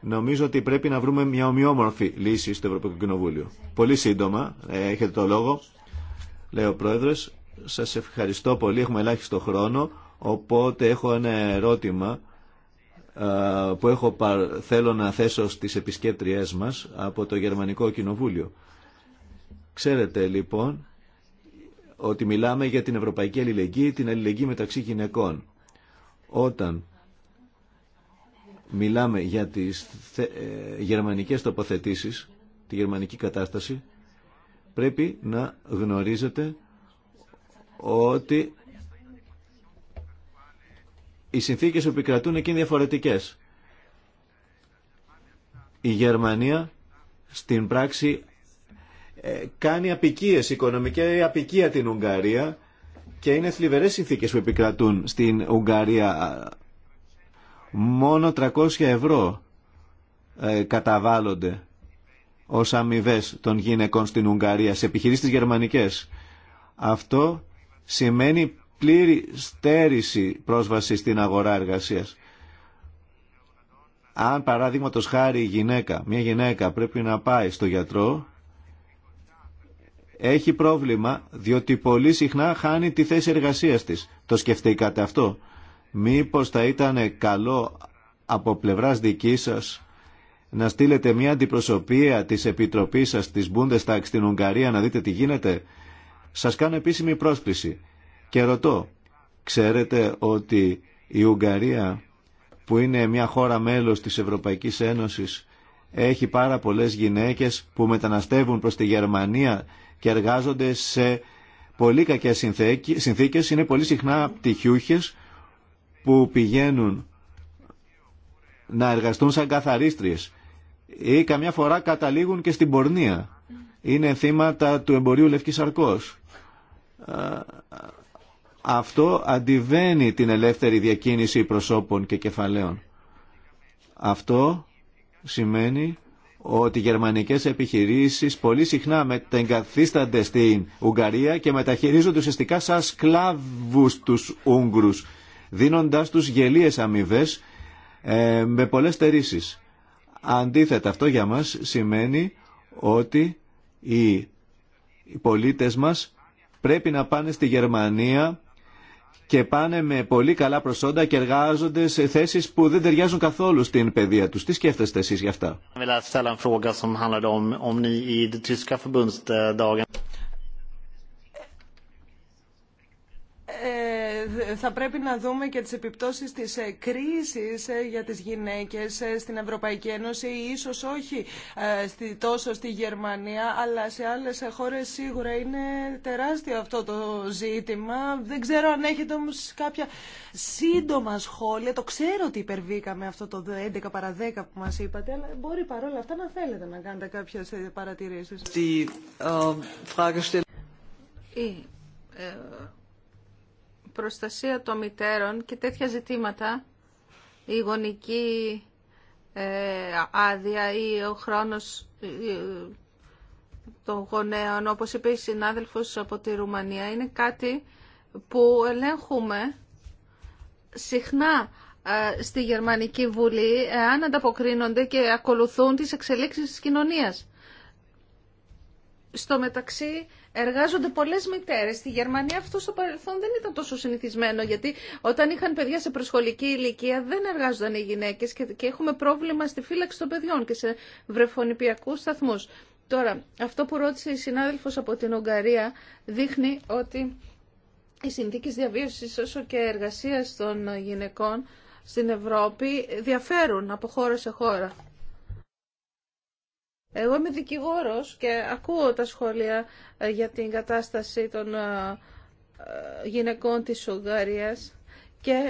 νομίζω ότι πρέπει να βρούμε μια ομοιόμορφη λύση στο Ευρωπαϊκό Κοινοβούλιο. Πολύ σύντομα, ε, έχετε το λόγο, λέει ο Πρόεδρος. Σας ευχαριστώ πολύ, έχουμε ελάχιστο χρόνο, οπότε έχω ένα ερώτημα που έχω, θέλω να θέσω στις επισκέπτριές μας από το Γερμανικό Κοινοβούλιο. Ξέρετε λοιπόν ότι μιλάμε για την ευρωπαϊκή αλληλεγγύη, την αλληλεγγύη μεταξύ γυναικών. Όταν μιλάμε για τις ε, γερμανικές τοποθετήσεις, τη γερμανική κατάσταση, πρέπει να γνωρίζετε ότι οι συνθήκες που επικρατούν εκεί είναι διαφορετικές. Η Γερμανία στην πράξη ε, κάνει απικίες, οικονομική απικία την Ουγγαρία και είναι θλιβερές συνθήκες που επικρατούν στην Ουγγαρία. Μόνο 300 ευρώ ε, καταβάλλονται ω αμοιβέ των γυναικών στην Ουγγαρία σε επιχειρήσεις γερμανικές. Αυτό σημαίνει πλήρη στέρηση πρόσβαση στην αγορά εργασίας. Αν παράδειγμα χάρη η γυναίκα, μια γυναίκα πρέπει να πάει στο γιατρό, έχει πρόβλημα διότι πολύ συχνά χάνει τη θέση εργασίας της. Το σκεφτήκατε αυτό. Μήπως θα ήταν καλό από πλευράς δικής σας να στείλετε μια αντιπροσωπεία της Επιτροπής σας της Bundestag στην Ουγγαρία να δείτε τι γίνεται. Σας κάνω επίσημη πρόσκληση και ρωτώ, ξέρετε ότι η Ουγγαρία που είναι μια χώρα μέλος της Ευρωπαϊκής Ένωσης έχει πάρα πολλές γυναίκες που μεταναστεύουν προς τη Γερμανία και εργάζονται σε πολύ κακές συνθήκες, είναι πολύ συχνά πτυχιούχες που πηγαίνουν να εργαστούν σαν καθαρίστριες ή καμιά φορά καταλήγουν και στην πορνεία. Είναι θύματα του εμπορίου λευκής αρκός. Ε, αυτό αντιβαίνει την ελεύθερη διακίνηση προσώπων και κεφαλαίων. Αυτό σημαίνει ότι οι γερμανικές επιχειρήσεις πολύ συχνά μετεγκαθίστανται στην Ουγγαρία και μεταχειρίζονται ουσιαστικά σαν σκλάβους τους Ούγγρους, δίνοντάς τους γελίες αμοιβέ ε, με πολλές στερήσεις. Αντίθετα, αυτό για μας σημαίνει ότι οι πολίτες μας πρέπει να πάνε στη Γερμανία και πάνε με πολύ καλά προσόντα και εργάζονται σε θέσεις που δεν ταιριάζουν καθόλου στην παιδεία τους. Τι σκέφτεστε εσείς γι' αυτά. θα πρέπει να δούμε και τις επιπτώσεις της ε, κρίσης ε, για τις γυναίκες ε, στην Ευρωπαϊκή Ένωση, Ή ίσως όχι τόσο στη Γερμανία, αλλά σε άλλες χώρες σίγουρα είναι τεράστιο αυτό το ζήτημα. Δεν ξέρω αν έχετε όμως κάποια σύντομα σχόλια. Το ξέρω ότι υπερβήκαμε αυτό το 11 παρα 10 που μας είπατε, αλλά μπορεί παρόλα αυτά να θέλετε να κάνετε κάποιες παρατηρήσεις προστασία των μητέρων και τέτοια ζητήματα, η γονική ε, άδεια ή ο χρόνος ε, των γονέων, όπως είπε η συνάδελφος από τη Ρουμανία, είναι κάτι που ελέγχουμε συχνά ε, στη Γερμανική Βουλή, εάν ανταποκρίνονται και ακολουθούν τις εξελίξεις της κοινωνίας. Στο μεταξύ, εργάζονται πολλές μητέρε. Στη Γερμανία αυτό στο παρελθόν δεν ήταν τόσο συνηθισμένο, γιατί όταν είχαν παιδιά σε προσχολική ηλικία δεν εργάζονταν οι γυναίκες και, έχουμε πρόβλημα στη φύλαξη των παιδιών και σε βρεφονιπιακούς σταθμού. Τώρα, αυτό που ρώτησε η συνάδελφος από την Ουγγαρία δείχνει ότι οι συνθήκε διαβίωση όσο και εργασία των γυναικών στην Ευρώπη διαφέρουν από χώρα σε χώρα. Εγώ είμαι δικηγόρος και ακούω τα σχόλια ε, για την κατάσταση των ε, ε, γυναικών της Ουγγαρίας και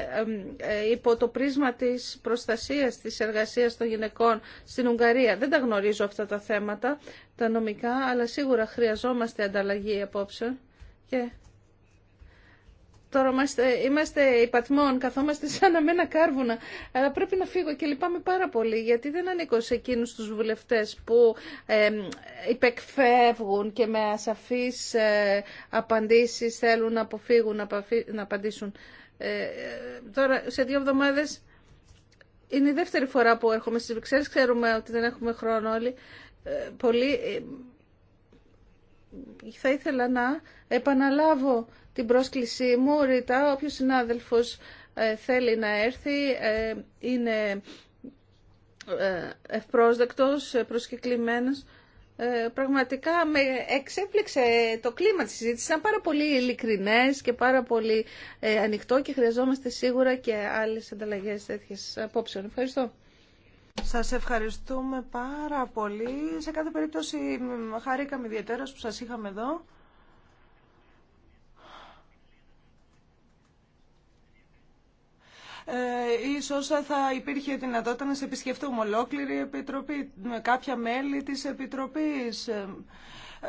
υπό το πρίσμα της προστασίας της εργασίας των γυναικών στην Ουγγαρία. Δεν τα γνωρίζω αυτά τα θέματα, τα νομικά, αλλά σίγουρα χρειαζόμαστε ανταλλαγή απόψε και Τώρα είμαστε, είμαστε καθόμαστε σαν αμένα κάρβουνα. Αλλά πρέπει να φύγω και λυπάμαι πάρα πολύ, γιατί δεν ανήκω σε εκείνους τους βουλευτές που ε, υπεκφεύγουν και με ασαφείς ε, απαντήσεις θέλουν να αποφύγουν να, να απαντήσουν. Ε, τώρα, σε δύο εβδομάδες, είναι η δεύτερη φορά που έρχομαι στις Βρυξέλλες, ξέρουμε ότι δεν έχουμε χρόνο όλοι, ε, πολύ θα ήθελα να επαναλάβω την πρόσκλησή μου ρητά. Όποιος συνάδελφος ε, θέλει να έρθει ε, είναι ε, ευπρόσδεκτος, προσκεκλημένος. Πραγματικά με εξέπληξε το κλίμα της συζήτησης. Ήταν πάρα πολύ ειλικρινές και πάρα πολύ ανοιχτό και χρειαζόμαστε σίγουρα και άλλες ανταλλαγές τέτοιες απόψεων. Ευχαριστώ. Σας ευχαριστούμε πάρα πολύ. Σε κάθε περίπτωση χαρήκαμε ιδιαίτερα που σας είχαμε εδώ. ε, ίσως θα υπήρχε δυνατότητα να σε επισκεφτούμε ολόκληρη η Επιτροπή, με κάποια μέλη της Επιτροπής. Ε,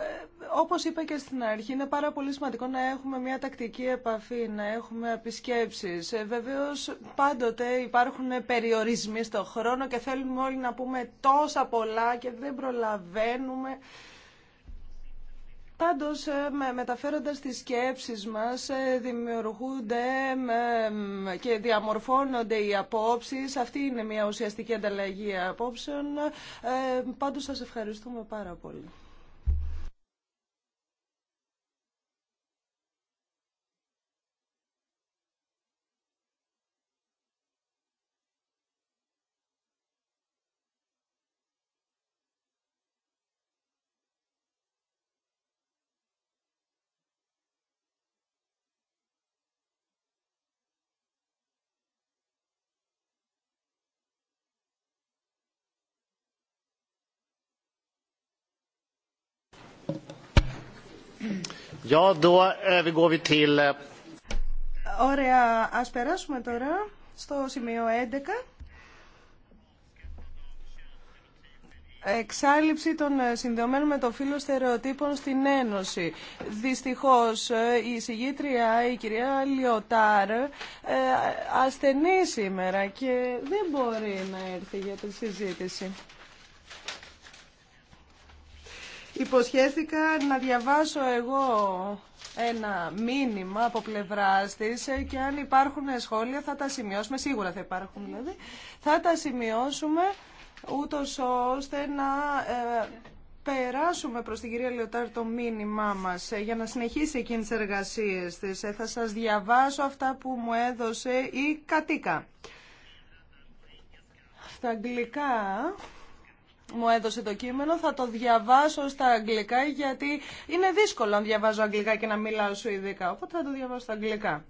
όπως είπα και στην αρχή, είναι πάρα πολύ σημαντικό να έχουμε μια τακτική επαφή, να έχουμε επισκέψεις. Ε, βεβαίως, πάντοτε υπάρχουν περιορισμοί στο χρόνο και θέλουμε όλοι να πούμε τόσα πολλά και δεν προλαβαίνουμε. Πάντως, ε, μεταφέροντας τις σκέψεις μας, δημιουργούνται και διαμορφώνονται οι απόψεις. Αυτή είναι μια ουσιαστική ανταλλαγή απόψεων. Πάντως, σας ευχαριστούμε πάρα πολύ. Eh, eh, Ωραία, ας περάσουμε τώρα στο σημείο 11. Εξάλληψη των ε, συνδεωμένων με το φύλλο στερεοτύπων στην Ένωση. Δυστυχώς ε, η συγγήτρια, η κυρία Λιωτάρ, ε, ασθενεί σήμερα και δεν μπορεί να έρθει για τη συζήτηση. Υποσχέθηκα να διαβάσω εγώ ένα μήνυμα από πλευρά τη και αν υπάρχουν σχόλια θα τα σημειώσουμε, σίγουρα θα υπάρχουν δηλαδή, θα τα σημειώσουμε ούτω ώστε να ε, περάσουμε προς την κυρία Λιωτάρ το μήνυμά μας ε, για να συνεχίσει εκείνη τις εργασίες της. Ε, θα σας διαβάσω αυτά που μου έδωσε η Κατίκα. Στα αγγλικά μου έδωσε το κείμενο. Θα το διαβάσω στα αγγλικά γιατί είναι δύσκολο να διαβάζω αγγλικά και να μιλάω σου ειδικά. Οπότε θα το διαβάσω στα αγγλικά.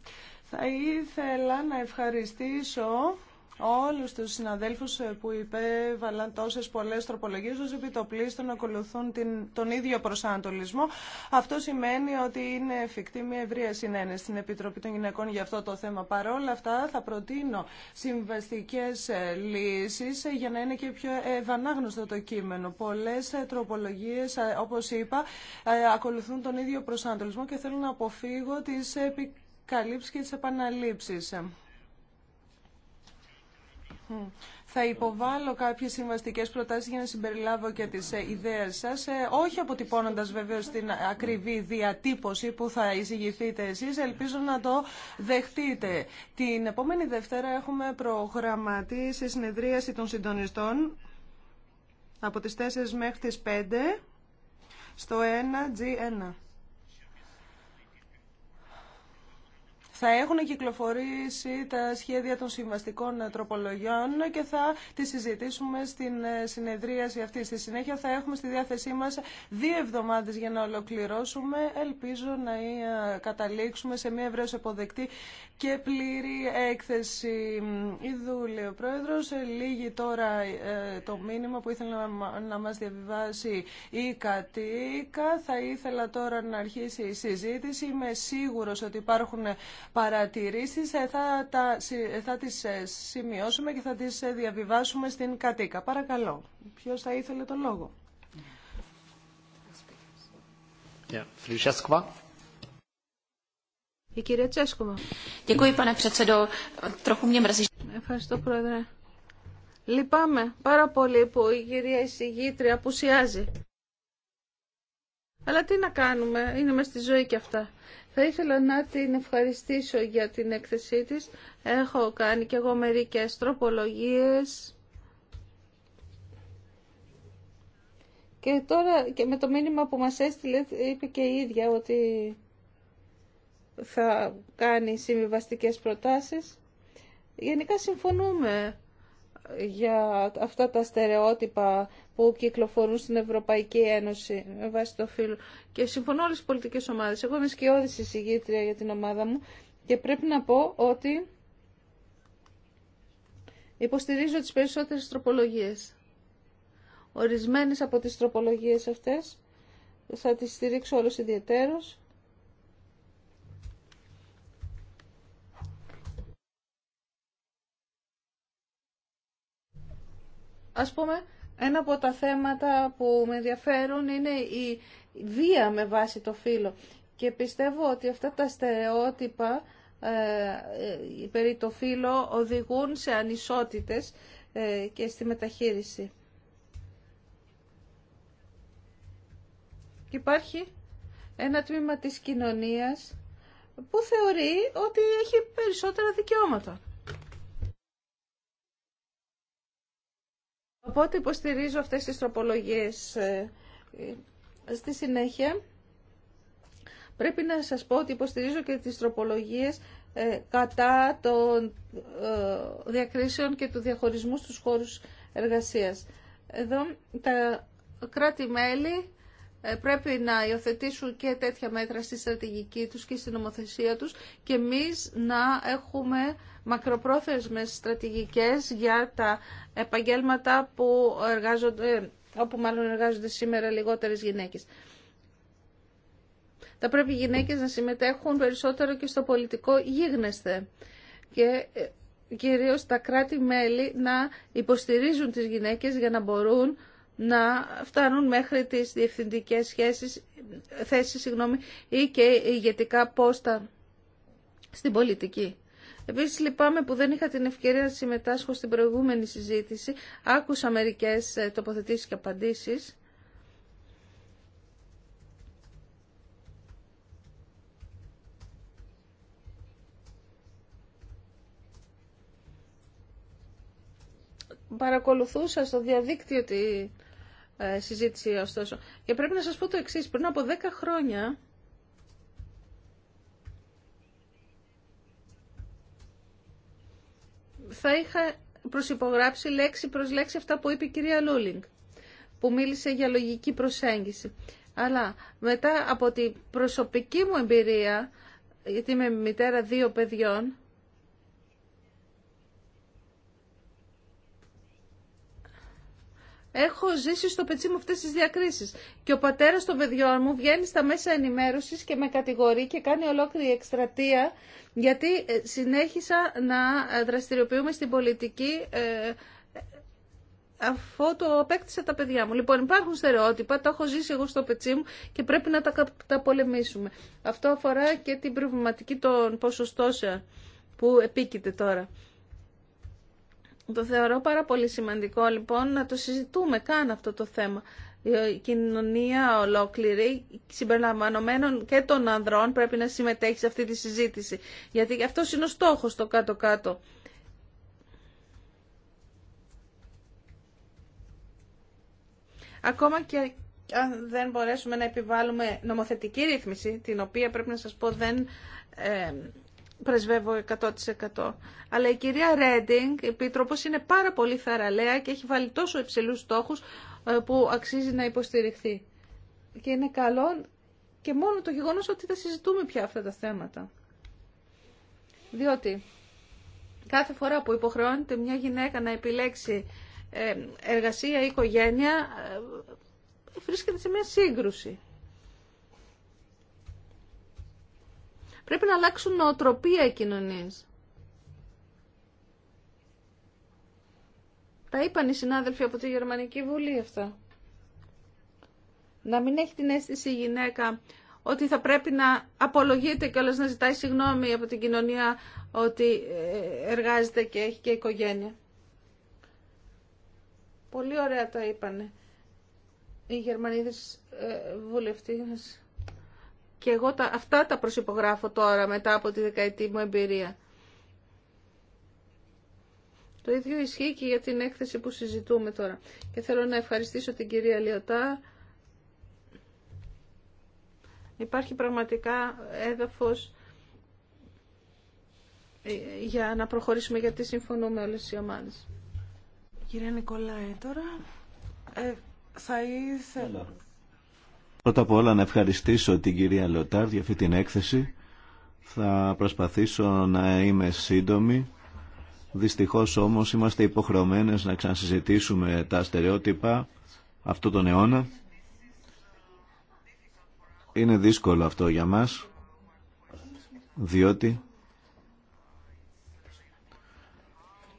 Θα ήθελα να ευχαριστήσω Όλου του συναδέλφου που υπέβαλαν τόσες πολλές τροπολογίες ως επιτοπλίστων ακολουθούν την, τον ίδιο προσανατολισμό. Αυτό σημαίνει ότι είναι εφικτή μια ευρεία συνένεση στην Επιτροπή των Γυναικών για αυτό το θέμα. Παρ' όλα αυτά θα προτείνω συμβαστικέ ε, λύσει για να είναι και πιο ευανάγνωστο το κείμενο. Πολλέ ε, τροπολογίε, ε, όπω είπα ακολουθούν τον ίδιο προσανατολισμό και θέλω να αποφύγω τις επικαλύψεις και τι επαναλήψει. Θα υποβάλω κάποιες συμβαστικέ προτάσεις για να συμπεριλάβω και τις ε, ιδέες σας, ε, όχι αποτυπώνοντα βεβαίω την ακριβή διατύπωση που θα εισηγηθείτε εσείς, ελπίζω να το δεχτείτε. Την επόμενη Δευτέρα έχουμε προγραμματίσει συνεδρίαση των συντονιστών από τις 4 μέχρι τις 5 στο 1G1. θα έχουν κυκλοφορήσει τα σχέδια των συμβαστικών τροπολογιών και θα τις συζητήσουμε στην ε, συνεδρίαση αυτή. Στη συνέχεια θα έχουμε στη διάθεσή μας δύο εβδομάδες για να ολοκληρώσουμε. Ελπίζω να ε, καταλήξουμε σε μια ευρέως αποδεκτή και πλήρη έκθεση. Η δούλη, ο Πρόεδρος, ε, λίγη τώρα το μήνυμα που ήθελε να μας διαβιβάσει η κατοίκα. Θα ήθελα τώρα να αρχίσει η συζήτηση. Είμαι σίγουρος ότι υπάρχουν παρατηρήσεις ε, θα, τα, ε, τις ε, σημειώσουμε και θα τις διαβιβάσουμε στην κατοίκα. Παρακαλώ, ποιος θα ήθελε τον λόγο. Η κυρία Τσέσκοβα. Ευχαριστώ, Πρόεδρε. Λυπάμαι πάρα πολύ που η κυρία εισηγήτρια απουσιάζει. Αλλά τι να κάνουμε, είναι μες στη ζωή και αυτά. Θα ήθελα να την ευχαριστήσω για την έκθεσή της. Έχω κάνει και εγώ μερικές τροπολογίες. Και τώρα και με το μήνυμα που μας έστειλε είπε και η ίδια ότι θα κάνει συμβιβαστικές προτάσεις. Γενικά συμφωνούμε για αυτά τα στερεότυπα που κυκλοφορούν στην Ευρωπαϊκή Ένωση με βάση το φύλλο. Και συμφωνώ όλες τις πολιτικές ομάδες. Εγώ είμαι σκιώδης εισηγήτρια για την ομάδα μου και πρέπει να πω ότι υποστηρίζω τις περισσότερες τροπολογίες. Ορισμένες από τις τροπολογίες αυτές θα τις στηρίξω όλους ιδιαίτερως Ας πούμε, ένα από τα θέματα που με ενδιαφέρουν είναι η βία με βάση το φύλλο. Και πιστεύω ότι αυτά τα στερεότυπα ε, ε περί το φύλλο οδηγούν σε ανισότητες ε, και στη μεταχείριση. Υπάρχει ένα τμήμα της κοινωνίας που θεωρεί ότι έχει περισσότερα δικαιώματα. Οπότε υποστηρίζω αυτές τις τροπολογίες. Ε, ε, στη συνέχεια, πρέπει να σας πω ότι υποστηρίζω και τις τροπολογίες ε, κατά των διακρίσεων και του διαχωρισμού στους χώρους εργασίας. Εδώ τα κράτη-μέλη πρέπει να υιοθετήσουν και τέτοια μέτρα στη στρατηγική τους και στην νομοθεσία τους και εμείς να έχουμε μακροπρόθεσμες στρατηγικές για τα επαγγέλματα που εργάζονται, όπου μάλλον εργάζονται σήμερα λιγότερες γυναίκες. Θα πρέπει οι γυναίκες να συμμετέχουν περισσότερο και στο πολιτικό γίγνεσθε και ε, κυρίως τα κράτη-μέλη να υποστηρίζουν τις γυναίκες για να μπορούν να φτάνουν μέχρι τις διευθυντικές σχέσεις, θέσεις συγγνώμη, ή και ηγετικά πόστα στην πολιτική. Επίσης λυπάμαι που δεν είχα την ευκαιρία να συμμετάσχω στην προηγούμενη συζήτηση. Άκουσα μερικές ε, τοποθετήσεις και απαντήσεις. Παρακολουθούσα στο διαδίκτυο τη ε, συζήτηση ωστόσο. Και πρέπει να σας πω το εξής. Πριν από 10 χρόνια θα είχα προσυπογράψει λέξη προς λέξη αυτά που είπε η κυρία Λούλινγκ, που μίλησε για λογική προσέγγιση. Αλλά μετά από την προσωπική μου εμπειρία, γιατί είμαι μητέρα δύο παιδιών, Έχω ζήσει στο πετσί μου αυτέ τι διακρίσεις. Και ο πατέρας των παιδιών μου βγαίνει στα μέσα ενημέρωσης και με κατηγορεί και κάνει ολόκληρη εκστρατεία γιατί ε, συνέχισα να ε, δραστηριοποιούμε στην πολιτική ε, αφού το απέκτησα τα παιδιά μου. Λοιπόν, υπάρχουν στερεότυπα, τα έχω ζήσει εγώ στο πετσί μου και πρέπει να τα, τα πολεμήσουμε. Αυτό αφορά και την προβληματική των ποσοστώσεων που επίκειται τώρα. Το θεωρώ πάρα πολύ σημαντικό λοιπόν να το συζητούμε καν αυτό το θέμα. Η κοινωνία ολόκληρη, συμπεριλαμβανομένων και των ανδρών, πρέπει να συμμετέχει σε αυτή τη συζήτηση. Γιατί αυτό είναι ο στόχος το κάτω-κάτω. Ακόμα και αν δεν μπορέσουμε να επιβάλλουμε νομοθετική ρύθμιση, την οποία πρέπει να σας πω δεν ε, πρεσβεύω 100%. Αλλά η κυρία Ρέντινγκ, η Επίτροπος, είναι πάρα πολύ θαραλέα και έχει βάλει τόσο υψηλού στόχους ε, που αξίζει να υποστηριχθεί. Και είναι καλό και μόνο το γεγονός ότι θα συζητούμε πια αυτά τα θέματα. Διότι κάθε φορά που υποχρεώνεται μια γυναίκα να επιλέξει ε, εργασία ή οικογένεια, ε, βρίσκεται σε μια σύγκρουση. Πρέπει να αλλάξουν νοοτροπία οι κοινωνίες. Τα είπαν οι συνάδελφοι από τη Γερμανική Βουλή αυτά. Να μην έχει την αίσθηση η γυναίκα ότι θα πρέπει να απολογείται και όλες να ζητάει συγγνώμη από την κοινωνία ότι ε, εργάζεται και έχει και οικογένεια. Πολύ ωραία τα είπανε οι Γερμανίδες ε, βουλευτές. Και εγώ τα, αυτά τα προσυπογράφω τώρα μετά από τη δεκαετή μου εμπειρία. Το ίδιο ισχύει και για την έκθεση που συζητούμε τώρα. Και θέλω να ευχαριστήσω την κυρία Λιωτά. Υπάρχει πραγματικά έδαφος ε, για να προχωρήσουμε γιατί συμφωνούμε όλες οι ομάδες. Κυρία Νικολάη, τώρα ε, θα ήθελα Πρώτα απ' όλα να ευχαριστήσω την κυρία Λεωτάρ για αυτή την έκθεση. Θα προσπαθήσω να είμαι σύντομη. Δυστυχώς όμως είμαστε υποχρεωμένες να ξανασυζητήσουμε τα στερεότυπα αυτού τον αιώνα. Είναι δύσκολο αυτό για μας, διότι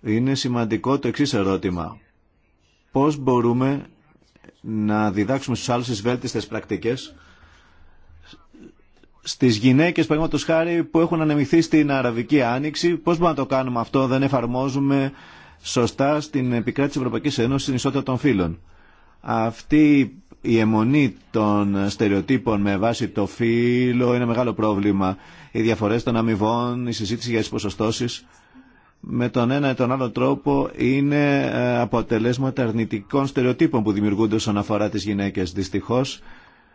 είναι σημαντικό το εξής ερώτημα. Πώς μπορούμε να διδάξουμε στους άλλους τις βέλτιστες πρακτικές στις γυναίκες παραδείγματος χάρη που έχουν ανεμιχθεί στην Αραβική Άνοιξη πώς μπορούμε να το κάνουμε αυτό δεν εφαρμόζουμε σωστά στην επικράτηση της Ευρωπαϊκής Ένωσης στην ισότητα των φύλων αυτή η αιμονή των στερεοτύπων με βάση το φύλλο είναι μεγάλο πρόβλημα οι διαφορές των αμοιβών, η συζήτηση για τις ποσοστώσεις με τον ένα ή τον άλλο τρόπο είναι ε, αποτελέσματα αρνητικών στερεοτύπων που δημιουργούνται όσον αφορά τις γυναίκες. Δυστυχώς,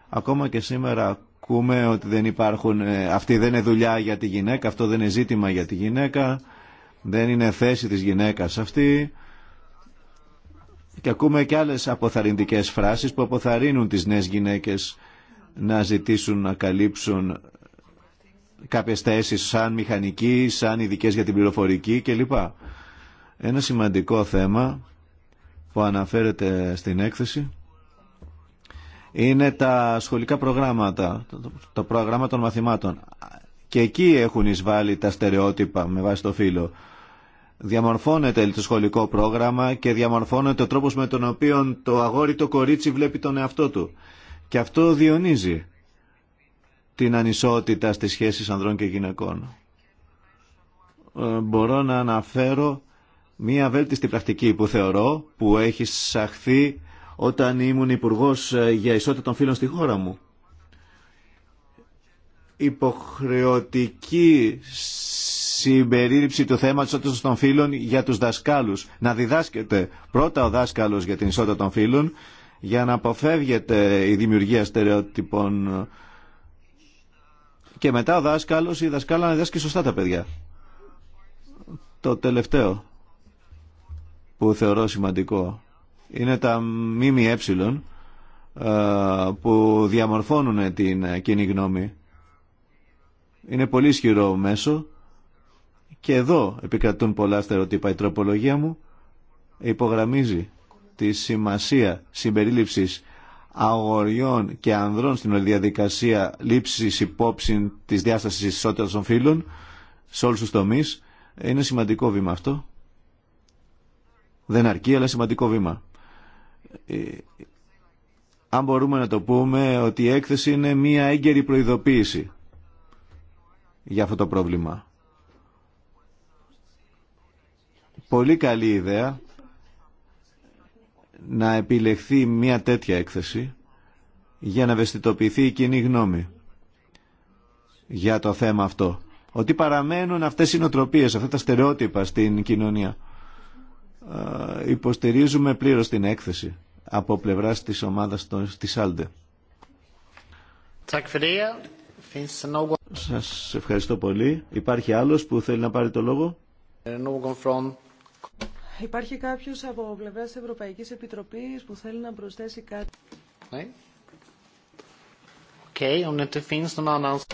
ακόμα και σήμερα ακούμε ότι δεν υπάρχουν, ε, αυτή δεν είναι δουλειά για τη γυναίκα, αυτό δεν είναι ζήτημα για τη γυναίκα, δεν είναι θέση της γυναίκας αυτή. Και ακούμε και άλλες αποθαρρυντικές φράσεις που αποθαρρύνουν τις νέες γυναίκες να ζητήσουν να καλύψουν Κάποιε θέσει σαν μηχανική, σαν ειδικέ για την πληροφορική κλπ. Ένα σημαντικό θέμα που αναφέρεται στην έκθεση είναι τα σχολικά προγράμματα, το πρόγραμμα των μαθημάτων. Και εκεί έχουν εισβάλει τα στερεότυπα με βάση το φύλλο. Διαμορφώνεται το σχολικό πρόγραμμα και διαμορφώνεται ο τρόπος με τον οποίο το αγόρι το κορίτσι βλέπει τον εαυτό του. Και αυτό διονύζει την ανισότητα στις σχέσεις ανδρών και γυναικών. Ε, μπορώ να αναφέρω μία βέλτιστη πρακτική που θεωρώ που έχει σαχθεί όταν ήμουν υπουργό ε, για ισότητα των φίλων στη χώρα μου. Υποχρεωτική συμπερίληψη του θέματος των φίλων για τους δασκάλους. Να διδάσκεται πρώτα ο δάσκαλος για την ισότητα των φίλων για να αποφεύγεται η δημιουργία στερεότυπων και μετά ο δάσκαλος ή η δασκάλα να διδάσκει σωστά τα παιδιά. Το τελευταίο που θεωρώ σημαντικό είναι τα ΜΜΕ ε, που διαμορφώνουν την κοινή γνώμη. Είναι πολύ ισχυρό μέσο και εδώ επικρατούν πολλά στερεότυπα. Η τροπολογία μου υπογραμμίζει τη σημασία συμπερίληψης αγοριών και ανδρών στην διαδικασία λήψης υπόψη της διάστασης ισότητα των φύλων σε όλου του τομεί. είναι σημαντικό βήμα αυτό. Δεν αρκεί, αλλά σημαντικό βήμα. Ε, αν μπορούμε να το πούμε ότι η έκθεση είναι μία έγκαιρη προειδοποίηση για αυτό το πρόβλημα. Πολύ καλή ιδέα να επιλεχθεί μια τέτοια έκθεση για να ευαισθητοποιηθεί η κοινή γνώμη για το θέμα αυτό. Ότι παραμένουν αυτές οι νοτροπίες, αυτά τα στερεότυπα στην κοινωνία. Ε, υποστηρίζουμε πλήρως την έκθεση από πλευράς της ομάδας της Άλντε. Σας ευχαριστώ πολύ. Υπάρχει άλλος που θέλει να πάρει το λόγο. Ε, Υπάρχει κάποιο από πλευρά τη Ευρωπαϊκή Επιτροπή που θέλει να προσθέσει κάτι. Ναι.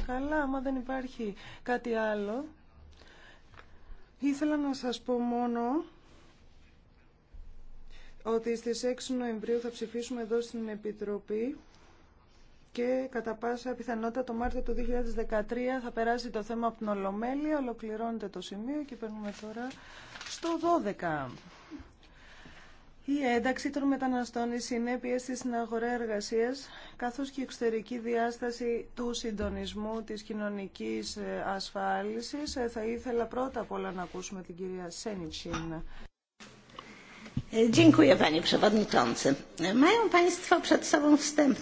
Καλά, άμα δεν υπάρχει κάτι άλλο. Ήθελα να σας πω μόνο ότι στις 6 Νοεμβρίου θα ψηφίσουμε εδώ στην Επιτροπή και κατά πάσα πιθανότητα το Μάρτιο του 2013 θα περάσει το θέμα από την Ολομέλεια. Ολοκληρώνεται το σημείο και παίρνουμε τώρα στο 12. Η ένταξη των μεταναστών, οι συνέπειε στην αγορά εργασία, καθώ και η εξωτερική διάσταση του συντονισμού τη κοινωνική ε, ασφάλιση, ε, θα ήθελα πρώτα απ' όλα να ακούσουμε την κυρία Σένιτσιν.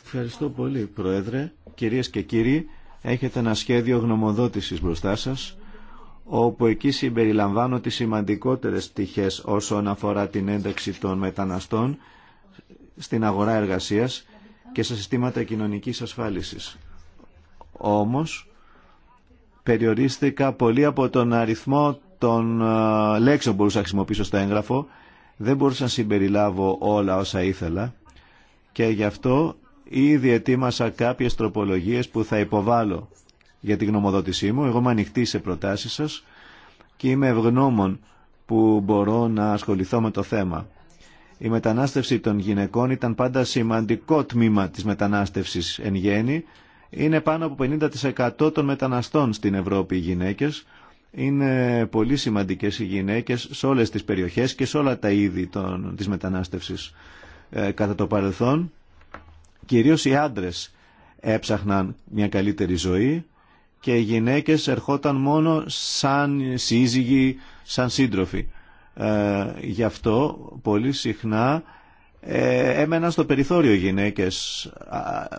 Ευχαριστώ πολύ, Πρόεδρε. Κυρίες και κύριοι, έχετε ένα σχέδιο γνωμοδότησης μπροστά σας, όπου εκεί συμπεριλαμβάνω τις σημαντικότερες πτυχές όσον αφορά την ένταξη των μεταναστών στην αγορά εργασίας και στα συστήματα κοινωνικής ασφάλισης. Όμως, περιορίστηκα πολύ από τον αριθμό των ε, λέξεων που μπορούσα να χρησιμοποιήσω στο έγγραφο δεν μπορούσα να συμπεριλάβω όλα όσα ήθελα και γι' αυτό ήδη ετοίμασα κάποιες τροπολογίες που θα υποβάλω για την γνωμοδότησή μου. Εγώ είμαι ανοιχτή σε προτάσεις σας και είμαι ευγνώμων που μπορώ να ασχοληθώ με το θέμα. Η μετανάστευση των γυναικών ήταν πάντα σημαντικό τμήμα της μετανάστευσης εν γέννη. Είναι πάνω από 50% των μεταναστών στην Ευρώπη οι γυναίκες είναι πολύ σημαντικές οι γυναίκες σε όλες τις περιοχές και σε όλα τα είδη των, της μετανάστευσης. Ε, κατά το παρελθόν, κυρίως οι άντρες έψαχναν μια καλύτερη ζωή και οι γυναίκες ερχόταν μόνο σαν σύζυγοι, σαν σύντροφοι. Ε, γι' αυτό πολύ συχνά ε, έμεναν στο περιθώριο γυναίκες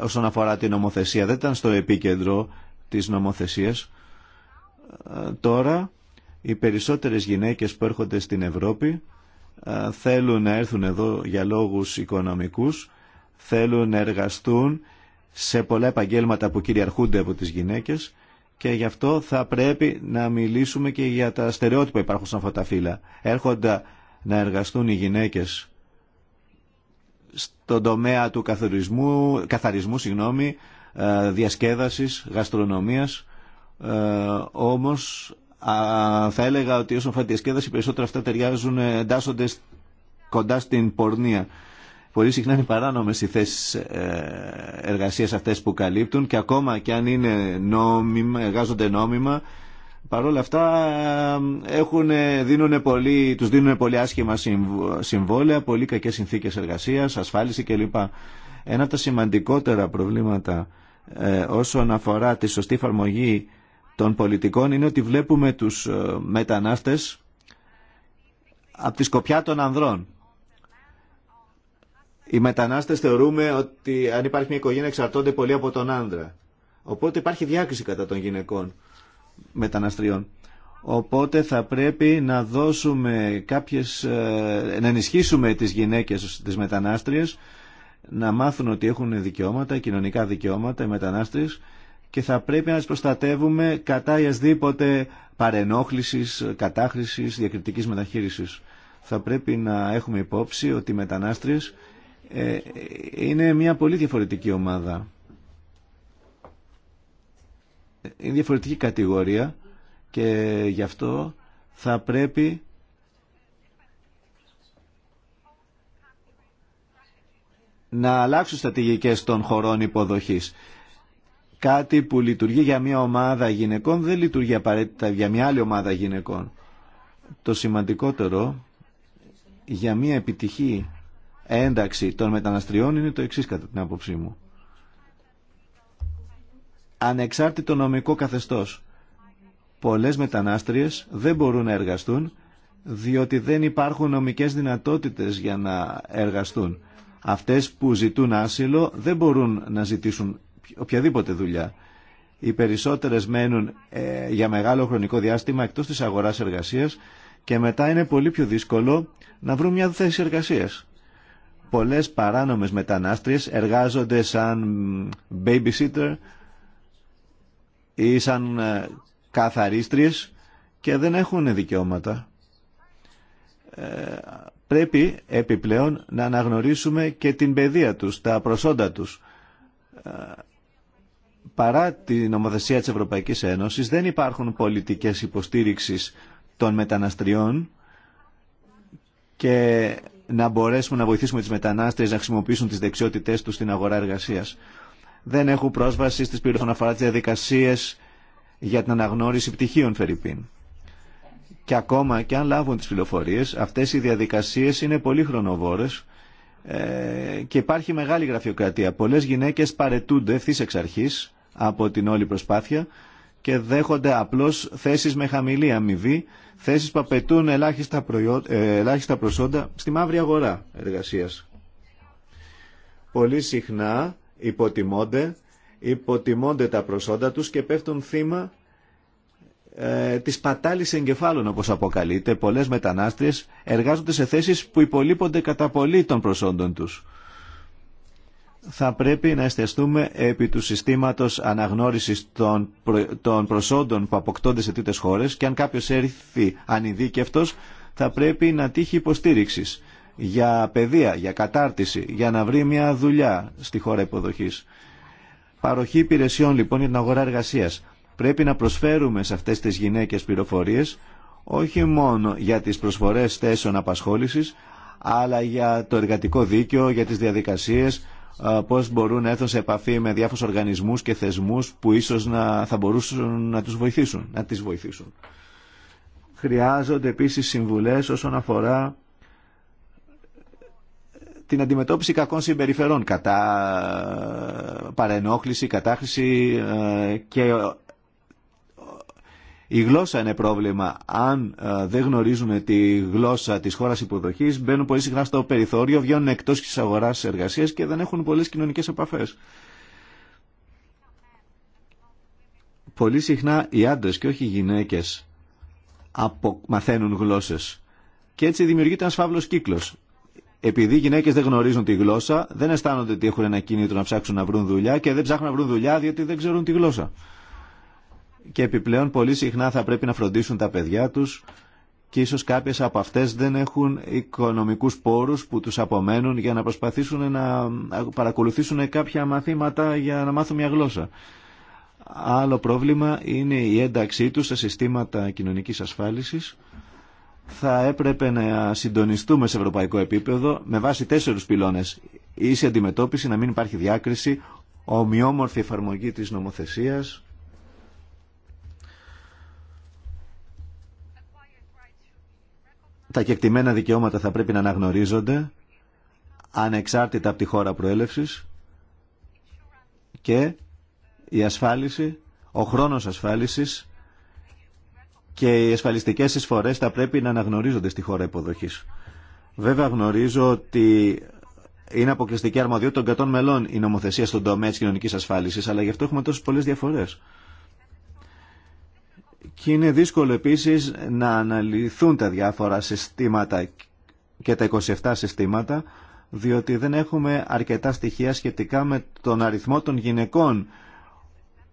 όσον αφορά την νομοθεσία. Δεν ήταν στο επίκεντρο της νομοθεσίας ε, τώρα οι περισσότερες γυναίκες που έρχονται στην Ευρώπη ε, θέλουν να έρθουν εδώ για λόγους οικονομικούς, θέλουν να εργαστούν σε πολλά επαγγέλματα που κυριαρχούνται από τις γυναίκες και γι' αυτό θα πρέπει να μιλήσουμε και για τα στερεότυπα που υπάρχουν σαν αυτά τα Έρχονται να εργαστούν οι γυναίκες στον τομέα του καθαρισμού, καθαρισμού συγγνώμη, ε, διασκέδασης, γαστρονομίας ε, όμως θα έλεγα ότι όσο αφορά τη διασκέδαση περισσότερα αυτά ταιριάζουν, ε, εντάσσονται κοντά στην πορνεία. Πολύ συχνά είναι παράνομε οι θέσεις ε, εργασία αυτές που καλύπτουν και ακόμα και αν είναι νόμιμα, εργάζονται νόμιμα, παρόλα αυτά έχουν, δίνουν πολύ, τους δίνουν πολύ άσχημα συμβόλαια, πολύ κακές συνθήκες εργασίας, ασφάλιση κλπ. Ένα από τα σημαντικότερα προβλήματα όσον αφορά τη σωστή εφαρμογή των πολιτικών είναι ότι βλέπουμε τους ε, μετανάστες από τη σκοπιά των ανδρών. Οι μετανάστες θεωρούμε ότι αν υπάρχει μια οικογένεια εξαρτώνται πολύ από τον άνδρα. Οπότε υπάρχει διάκριση κατά των γυναικών μεταναστριών. Οπότε θα πρέπει να δώσουμε κάποιες, ε, να ενισχύσουμε τις γυναίκες, τις μετανάστριες, να μάθουν ότι έχουν δικαιώματα, κοινωνικά δικαιώματα οι μετανάστριες και θα πρέπει να τις προστατεύουμε κατά ιασδήποτε παρενόχλησης, κατάχρησης, διακριτικής μεταχείρισης. Θα πρέπει να έχουμε υπόψη ότι οι μετανάστρες ε, είναι μια πολύ διαφορετική ομάδα. Είναι διαφορετική κατηγορία και γι' αυτό θα πρέπει να αλλάξουν στρατηγικές των χωρών υποδοχής κάτι που λειτουργεί για μια ομάδα γυναικών δεν λειτουργεί απαραίτητα για μια άλλη ομάδα γυναικών. Το σημαντικότερο για μια επιτυχή ένταξη των μεταναστριών είναι το εξή κατά την άποψή μου. Ανεξάρτητο νομικό καθεστώς. Πολλές μετανάστριες δεν μπορούν να εργαστούν διότι δεν υπάρχουν νομικές δυνατότητες για να εργαστούν. Αυτές που ζητούν άσυλο δεν μπορούν να ζητήσουν οποιαδήποτε δουλειά. Οι περισσότερες μένουν ε, για μεγάλο χρονικό διάστημα εκτός της αγοράς εργασίας και μετά είναι πολύ πιο δύσκολο να βρουν μια θέση εργασίας. Πολλές παράνομες μετανάστριες εργάζονται σαν babysitter ή σαν ε, καθαρίστριες και δεν έχουν δικαιώματα. Ε, πρέπει επιπλέον να αναγνωρίσουμε και την παιδεία τους, τα προσόντα τους παρά την νομοθεσία της Ευρωπαϊκής Ένωσης δεν υπάρχουν πολιτικές υποστήριξης των μεταναστριών και να μπορέσουμε να βοηθήσουμε τις μετανάστριες να χρησιμοποιήσουν τις δεξιότητές τους στην αγορά εργασίας. Δεν έχουν πρόσβαση στις πληροφορίες αφορά τις διαδικασίες για την αναγνώριση πτυχίων Φερρυπίν. Και ακόμα και αν λάβουν τις πληροφορίες, αυτές οι διαδικασίες είναι πολύ χρονοβόρες ε, και υπάρχει μεγάλη γραφειοκρατία. Πολλές γυναίκες παρετούνται ευθύ εξ αρχής από την όλη προσπάθεια και δέχονται απλώς θέσεις με χαμηλή αμοιβή, θέσεις που απαιτούν ελάχιστα, ε, ελάχιστα προσόντα στη μαύρη αγορά εργασίας. Πολύ συχνά υποτιμώνται, υποτιμώνται τα προσόντα τους και πέφτουν θύμα ε, της πατάλης εγκεφάλων όπως αποκαλείται. Πολλές μετανάστριες εργάζονται σε θέσεις που υπολείπονται κατά πολύ των προσόντων τους θα πρέπει να εστιαστούμε επί του συστήματος αναγνώρισης των, των προσόντων που αποκτώνται σε τρίτες χώρες και αν κάποιος έρθει ανειδίκευτος θα πρέπει να τύχει υποστήριξης για παιδεία, για κατάρτιση, για να βρει μια δουλειά στη χώρα υποδοχής. Παροχή υπηρεσιών λοιπόν για την αγορά εργασίας. Πρέπει να προσφέρουμε σε αυτές τις γυναίκες πληροφορίες όχι μόνο για τις προσφορές θέσεων απασχόλησης αλλά για το εργατικό δίκαιο, για τις διαδικασίες, πώς μπορούν να έρθουν σε επαφή με διάφορους οργανισμούς και θεσμούς που ίσως να, θα μπορούσαν να τους βοηθήσουν, να τις βοηθήσουν. Χρειάζονται επίσης συμβουλές όσον αφορά ε, την αντιμετώπιση κακών συμπεριφερών κατά ε, παρενόχληση, κατάχρηση ε, και η γλώσσα είναι πρόβλημα. Αν ε, δεν γνωρίζουν τη γλώσσα τη χώρα υποδοχή, μπαίνουν πολύ συχνά στο περιθώριο, βγαίνουν εκτό τη αγορά εργασία και δεν έχουν πολλέ κοινωνικέ επαφέ. Πολύ συχνά οι άντρε και όχι οι γυναίκε μαθαίνουν γλώσσε. Και έτσι δημιουργείται ένα φαύλο κύκλο. Επειδή οι γυναίκε δεν γνωρίζουν τη γλώσσα, δεν αισθάνονται ότι έχουν ένα κίνητρο να ψάξουν να βρουν δουλειά και δεν ψάχνουν να βρουν δουλειά διότι δεν ξέρουν τη γλώσσα και επιπλέον πολύ συχνά θα πρέπει να φροντίσουν τα παιδιά τους και ίσως κάποιες από αυτές δεν έχουν οικονομικούς πόρους που τους απομένουν για να προσπαθήσουν να παρακολουθήσουν κάποια μαθήματα για να μάθουν μια γλώσσα. Άλλο πρόβλημα είναι η ένταξή τους σε συστήματα κοινωνικής ασφάλισης. Θα έπρεπε να συντονιστούμε σε ευρωπαϊκό επίπεδο με βάση τέσσερους πυλώνες. Ίση αντιμετώπιση, να μην υπάρχει διάκριση, ομοιόμορφη εφαρμογή της νομοθεσίας, Τα κεκτημένα δικαιώματα θα πρέπει να αναγνωρίζονται ανεξάρτητα από τη χώρα προέλευσης και η ασφάλιση, ο χρόνος ασφάλισης και οι ασφαλιστικές εισφορές θα πρέπει να αναγνωρίζονται στη χώρα υποδοχής. Βέβαια γνωρίζω ότι είναι αποκλειστική αρμοδιότητα των κρατών μελών η νομοθεσία στον τομέα της κοινωνικής ασφάλισης, αλλά γι' αυτό έχουμε τόσες πολλές διαφορές. Και είναι δύσκολο επίσης να αναλυθούν τα διάφορα συστήματα και τα 27 συστήματα, διότι δεν έχουμε αρκετά στοιχεία σχετικά με τον αριθμό των γυναικών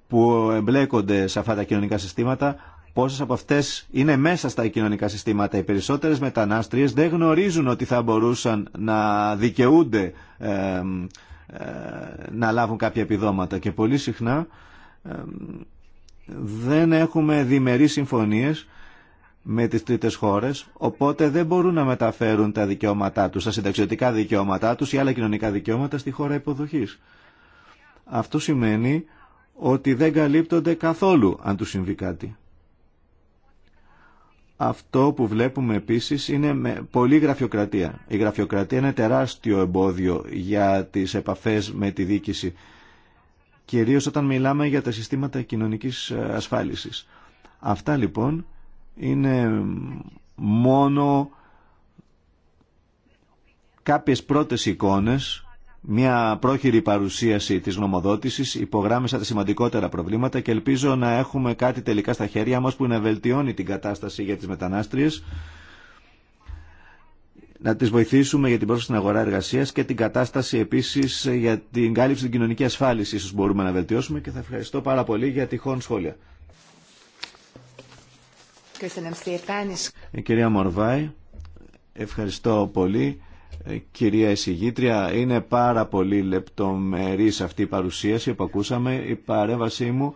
που εμπλέκονται σε αυτά τα κοινωνικά συστήματα, πόσε από αυτές είναι μέσα στα κοινωνικά συστήματα. Οι περισσότερες μετανάστριες δεν γνωρίζουν ότι θα μπορούσαν να δικαιούνται ε, να λάβουν κάποια επιδόματα και πολύ συχνά δεν έχουμε διμερεί συμφωνίες με τις τρίτες χώρες, οπότε δεν μπορούν να μεταφέρουν τα δικαιώματά τους, τα συνταξιωτικά δικαιώματά τους ή άλλα κοινωνικά δικαιώματα στη χώρα υποδοχής. Αυτό σημαίνει ότι δεν καλύπτονται καθόλου αν του συμβεί κάτι. Αυτό που βλέπουμε επίσης είναι με πολλή γραφειοκρατία. Η γραφειοκρατία είναι τεράστιο εμπόδιο για τις επαφές με τη δίκηση κυρίως όταν μιλάμε για τα συστήματα κοινωνικής ε, ασφάλισης. Αυτά λοιπόν είναι μόνο κάποιες πρώτες εικόνες, μια πρόχειρη παρουσίαση της νομοδότησης, υπογράμμισα τα σημαντικότερα προβλήματα και ελπίζω να έχουμε κάτι τελικά στα χέρια μας που να βελτιώνει την κατάσταση για τις μετανάστριες να τις βοηθήσουμε για την πρόσφαση στην αγορά εργασίας και την κατάσταση επίσης για την κάλυψη την κοινωνική ασφάλιση ίσως μπορούμε να βελτιώσουμε και θα ευχαριστώ πάρα πολύ για τυχόν σχόλια. Ε, κυρία Μορβάη, ευχαριστώ πολύ. Ε, κυρία Εισηγήτρια, είναι πάρα πολύ λεπτομερής αυτή η παρουσίαση που ακούσαμε. Η παρέμβασή μου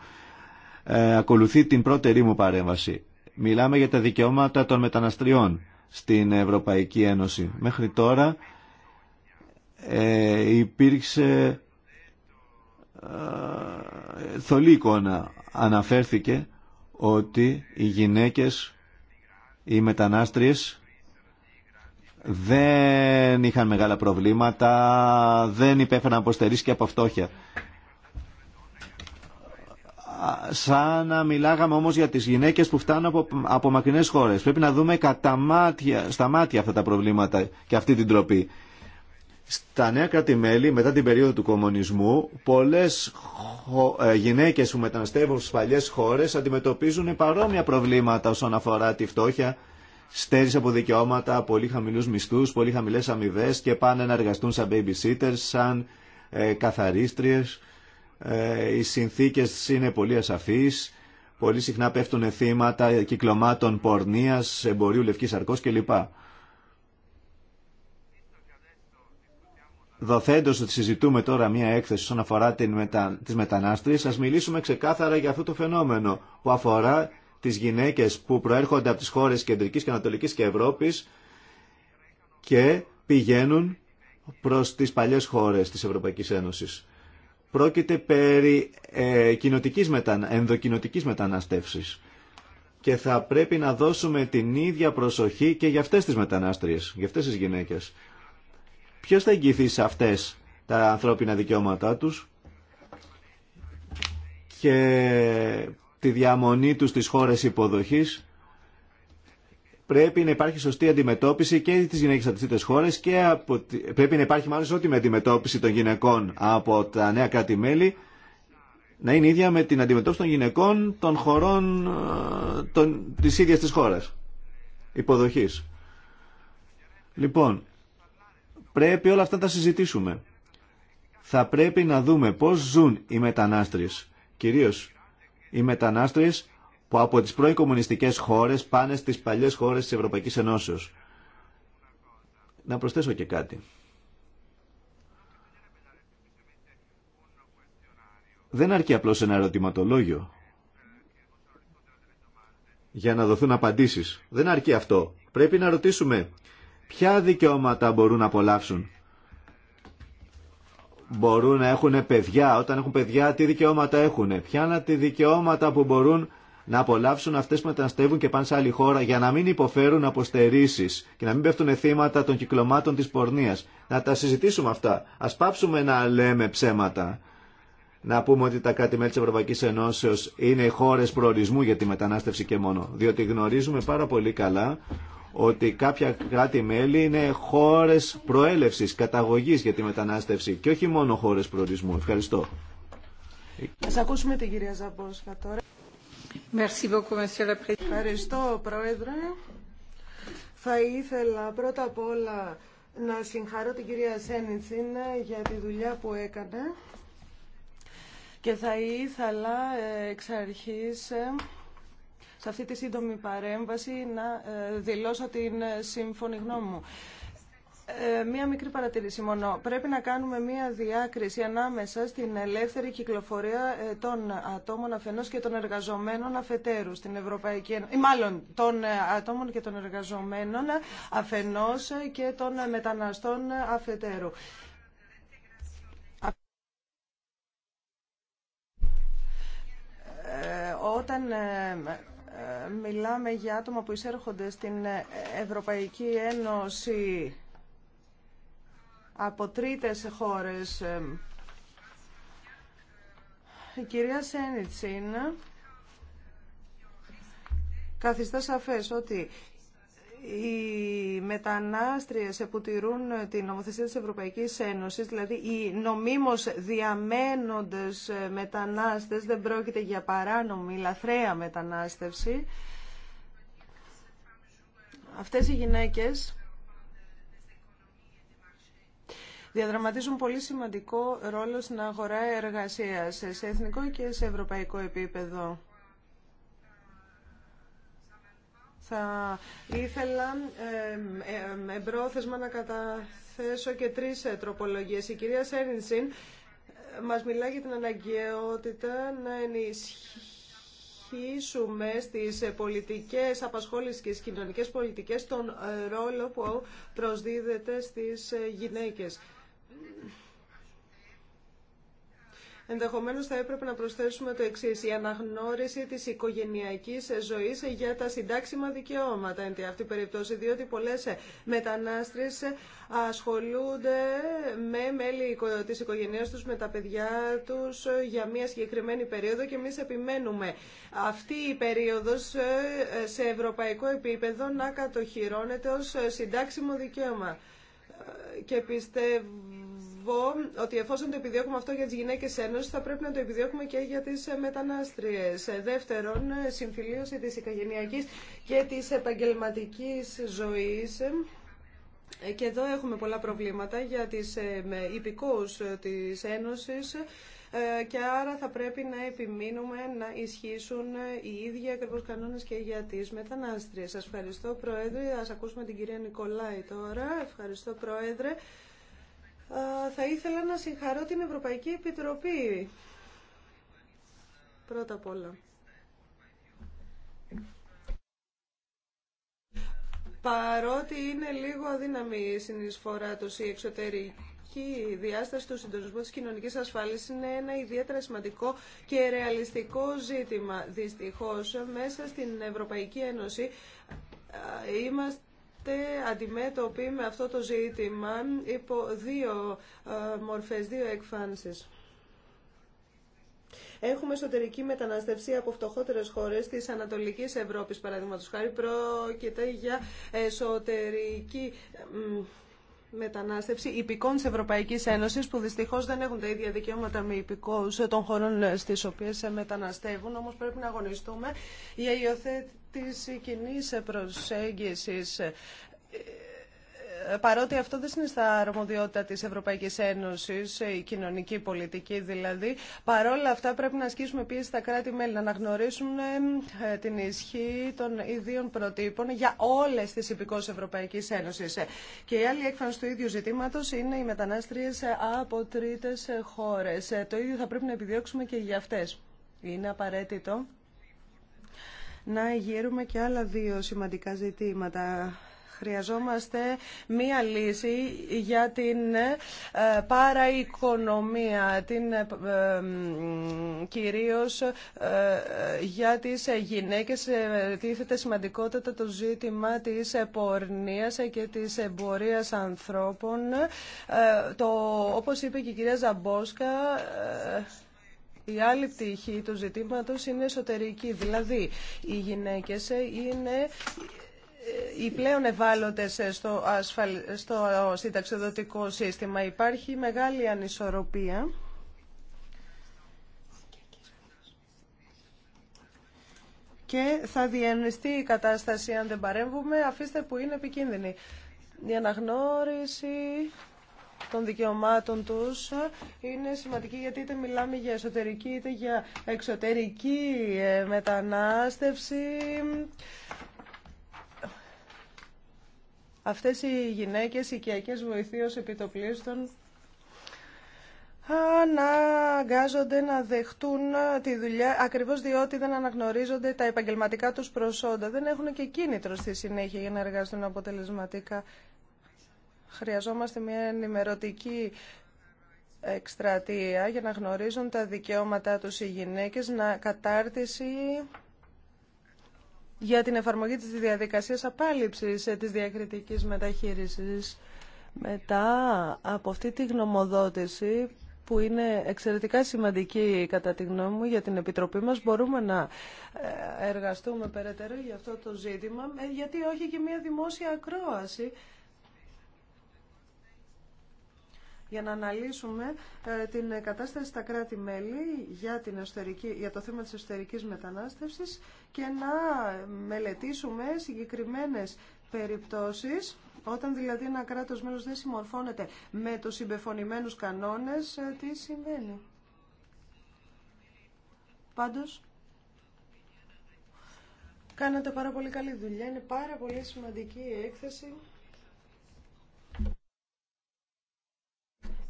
ε, ακολουθεί την πρώτερή μου παρέμβαση. Μιλάμε για τα δικαιώματα των μεταναστριών στην Ευρωπαϊκή Ένωση. Μέχρι τώρα ε, υπήρξε ε, θολή εικόνα. Αναφέρθηκε ότι οι γυναίκες, οι μετανάστριες δεν είχαν μεγάλα προβλήματα, δεν υπέφεραν αποστερείς και από φτώχεια σαν να μιλάγαμε όμως για τις γυναίκες που φτάνουν από, από μακρινές χώρες. Πρέπει να δούμε κατά μάτια, στα μάτια αυτά τα προβλήματα και αυτή την τροπή. Στα νέα κράτη-μέλη, μετά την περίοδο του κομμουνισμού, πολλές γυναίκε γυναίκες που μεταναστεύουν στις παλιές χώρες αντιμετωπίζουν παρόμοια προβλήματα όσον αφορά τη φτώχεια, στέρηση από δικαιώματα, πολύ χαμηλούς μισθούς, πολύ χαμηλές αμοιβέ και πάνε να εργαστούν σαν babysitters, σαν ε, καθαρίστριες ε, οι συνθήκες είναι πολύ ασαφείς, πολύ συχνά πέφτουν θύματα κυκλωμάτων πορνείας, εμπορίου λευκής αρκός κλπ. Δοθέντως ότι συζητούμε τώρα μία έκθεση όσον αφορά την μετα... τις μετανάστριες, ας μιλήσουμε ξεκάθαρα για αυτό το φαινόμενο που αφορά τις γυναίκες που προέρχονται από τις χώρες Κεντρικής και Ανατολικής και Ευρώπης και πηγαίνουν προς τις παλιές χώρες της Ευρωπαϊκής Ένωσης. Πρόκειται περί ε, κοινοτικής μετα... ενδοκοινοτικής μεταναστεύσης και θα πρέπει να δώσουμε την ίδια προσοχή και για αυτές τις μετανάστριες, για αυτές τις γυναίκες. Ποιος θα εγγυηθεί σε αυτές τα ανθρώπινα δικαιώματά τους και τη διαμονή τους στις χώρες υποδοχής πρέπει να υπάρχει σωστή αντιμετώπιση και τη γυναίκε από τι τρίτε χώρε και πρέπει να υπάρχει μάλλον με αντιμετώπιση των γυναικών από τα νέα κράτη-μέλη να είναι ίδια με την αντιμετώπιση των γυναικών των χωρών ε, τη ίδια τη χώρα υποδοχή. Λοιπόν, πρέπει όλα αυτά να τα συζητήσουμε. Θα πρέπει να δούμε πώς ζουν οι μετανάστρες, κυρίως οι μετανάστρες που από τις πρώην κομμουνιστικές χώρες πάνε στις παλιές χώρες της Ευρωπαϊκής Ενώσεως. Να προσθέσω και κάτι. Δεν αρκεί απλώς ένα ερωτηματολόγιο για να δοθούν απαντήσεις. Δεν αρκεί αυτό. Πρέπει να ρωτήσουμε ποια δικαιώματα μπορούν να απολαύσουν. Μπορούν να έχουν παιδιά. Όταν έχουν παιδιά, τι δικαιώματα έχουν. Ποια είναι τα δικαιώματα που μπορούν να απολαύσουν αυτέ που μεταναστεύουν και πάνε σε άλλη χώρα για να μην υποφέρουν από και να μην πέφτουν θύματα των κυκλωμάτων τη πορνεία. Να τα συζητήσουμε αυτά. Α πάψουμε να λέμε ψέματα. Να πούμε ότι τα κράτη-μέλη τη Ευρωπαϊκή Ενώσεω είναι χώρε προορισμού για τη μετανάστευση και μόνο. Διότι γνωρίζουμε πάρα πολύ καλά ότι κάποια κράτη-μέλη είναι χώρε προέλευση, καταγωγή για τη μετανάστευση και όχι μόνο χώρε προορισμού. Ευχαριστώ. Α ακούσουμε την κυρία Ζαμπόσκα τώρα. Ευχαριστώ, Πρόεδρε. Θα ήθελα πρώτα απ' όλα να συγχαρώ την κυρία Σένιτσιν για τη δουλειά που έκανε και θα ήθελα ε, εξ αρχής ε, σε αυτή τη σύντομη παρέμβαση να ε, δηλώσω την σύμφωνη γνώμη μου. Ε, μία μικρή παρατήρηση μόνο. Πρέπει να κάνουμε μία διάκριση ανάμεσα στην ελεύθερη κυκλοφορία ε, των ατόμων αφενός και των εργαζομένων αφετέρου στην Ευρωπαϊκή Ένωση. Ε, μάλλον των ατόμων και των εργαζομένων αφενός και των μεταναστών αφετέρου. Όταν μιλάμε για άτομα που εισέρχονται στην Ευρωπαϊκή Ένωση από τρίτες χώρες. Η κυρία Σένιτσιν καθιστά σαφές ότι οι μετανάστριες που τηρούν την νομοθεσία της Ευρωπαϊκής Ένωσης, δηλαδή οι νομίμως διαμένοντες μετανάστες, δεν πρόκειται για παράνομη, λαθρέα μετανάστευση. Αυτές οι γυναίκες διαδραματίζουν πολύ σημαντικό ρόλο στην αγορά εργασίας σε εθνικό και σε ευρωπαϊκό επίπεδο. Θα ήθελα εμπρόθεσμα να καταθέσω και τρεις ε, τροπολογίες. Η κυρία Σέρινσιν ε, μας μιλά για την αναγκαιότητα να ενισχύσουμε στις ε, πολιτικές απασχόλησης και στις κοινωνικές πολιτικές τον ρόλο που προσδίδεται στις γυναίκες. Ενδεχομένω θα έπρεπε να προσθέσουμε το εξή. Η αναγνώριση τη οικογενειακή ζωή για τα συντάξιμα δικαιώματα εν τη αυτή περίπτωση, διότι πολλέ μετανάστρε ασχολούνται με μέλη τη οικογένειά του, με τα παιδιά του για μια συγκεκριμένη περίοδο και εμεί επιμένουμε αυτή η περίοδο σε ευρωπαϊκό επίπεδο να κατοχυρώνεται ω συντάξιμο δικαίωμα. Και πιστεύω ότι εφόσον το επιδιώκουμε αυτό για τι γυναίκε Ένωση, θα πρέπει να το επιδιώκουμε και για τι μετανάστριες. Δεύτερον, συμφιλίωση τη οικογένειακή και τη επαγγελματική ζωή, Και εδώ έχουμε πολλά προβλήματα για τις ε, υπηκόους τη Ένωση, ε, και άρα θα πρέπει να επιμείνουμε να ισχύσουν οι ίδιοι ακριβώς κανόνες και για τις μετανάστριες. Σας ευχαριστώ Πρόεδρε. Ας ακούσουμε την κυρία Νικολάη τώρα. Ευχαριστώ Πρόεδρε θα ήθελα να συγχαρώ την Ευρωπαϊκή Επιτροπή. Πρώτα απ' όλα. Παρότι είναι λίγο αδύναμη η συνεισφορά του η εξωτερική διάσταση του συντονισμού της κοινωνικής ασφάλισης είναι ένα ιδιαίτερα σημαντικό και ρεαλιστικό ζήτημα. Δυστυχώς, μέσα στην Ευρωπαϊκή Ένωση είμαστε είμαστε αντιμέτωποι με αυτό το ζήτημα υπό δύο ε, μορφές, δύο εκφάνσεις. Έχουμε εσωτερική μεταναστευση από φτωχότερε χώρε τη Ανατολική Ευρώπη, παραδείγματο χάρη. Πρόκειται για εσωτερική μετανάστευση υπηκών της Ευρωπαϊκής Ένωσης που δυστυχώς δεν έχουν τα ίδια δικαιώματα με υπηκόους των χωρών στις οποίες μεταναστεύουν. Όμως πρέπει να αγωνιστούμε για υιοθέτηση κοινή προσέγγισης παρότι αυτό δεν είναι στα αρμοδιότητα της Ευρωπαϊκής Ένωσης, η κοινωνική πολιτική δηλαδή, παρόλα αυτά πρέπει να ασκήσουμε πίεση στα κράτη-μέλη, να αναγνωρίσουν ε, την ισχύ των ιδίων προτύπων για όλες τις υπηκόσεις Ευρωπαϊκής Ένωσης. Και η άλλη έκφανση του ίδιου ζητήματος είναι οι μετανάστριες από τρίτες χώρες. Ε, το ίδιο θα πρέπει να επιδιώξουμε και για αυτές. Είναι απαραίτητο να γύρουμε και άλλα δύο σημαντικά ζητήματα. Χρειαζόμαστε μία λύση για την ε, παραοικονομία, την, ε, κυρίως ε, για τις γυναίκες τίθεται σημαντικότατα το ζήτημα της πορνείας και της εμπορίας ανθρώπων. Το, όπως είπε και η κυρία Ζαμπόσκα, η άλλη πτυχή του ζητήματος είναι εσωτερική, δηλαδή οι γυναίκες είναι οι πλέον ευάλωτες στο, ασφαλ... στο συνταξιδοτικό σύστημα. Υπάρχει μεγάλη ανισορροπία. Και θα διενεστεί η κατάσταση αν δεν παρέμβουμε. Αφήστε που είναι επικίνδυνη. Η αναγνώριση των δικαιωμάτων τους είναι σημαντική γιατί είτε μιλάμε για εσωτερική είτε για εξωτερική ε, μετανάστευση Αυτές οι γυναίκες οικιακές βοηθείως επιτοπλίστων αναγκάζονται να δεχτούν τη δουλειά ακριβώς διότι δεν αναγνωρίζονται τα επαγγελματικά τους προσόντα. Δεν έχουν και κίνητρο στη συνέχεια για να εργαστούν αποτελεσματικά. Χρειαζόμαστε μια ενημερωτική εκστρατεία για να γνωρίζουν τα δικαιώματά τους οι γυναίκες, να κατάρτιση για την εφαρμογή της διαδικασίας απάλληψης ε, της διακριτικής μεταχείρισης. Μετά από αυτή τη γνωμοδότηση που είναι εξαιρετικά σημαντική κατά τη γνώμη μου για την Επιτροπή μας. Μπορούμε να ε, εργαστούμε περαιτέρω για αυτό το ζήτημα, ε, γιατί όχι και μια δημόσια ακρόαση για να αναλύσουμε ε, την κατάσταση στα κράτη-μέλη για, την για το θέμα της εσωτερικής μετανάστευσης και να μελετήσουμε συγκεκριμένες περιπτώσεις όταν δηλαδή ένα κράτος μέλος δεν συμμορφώνεται με τους συμπεφωνημένους κανόνες, ε, τι συμβαίνει. Πάντως, κάνετε πάρα πολύ καλή δουλειά, είναι πάρα πολύ σημαντική η έκθεση.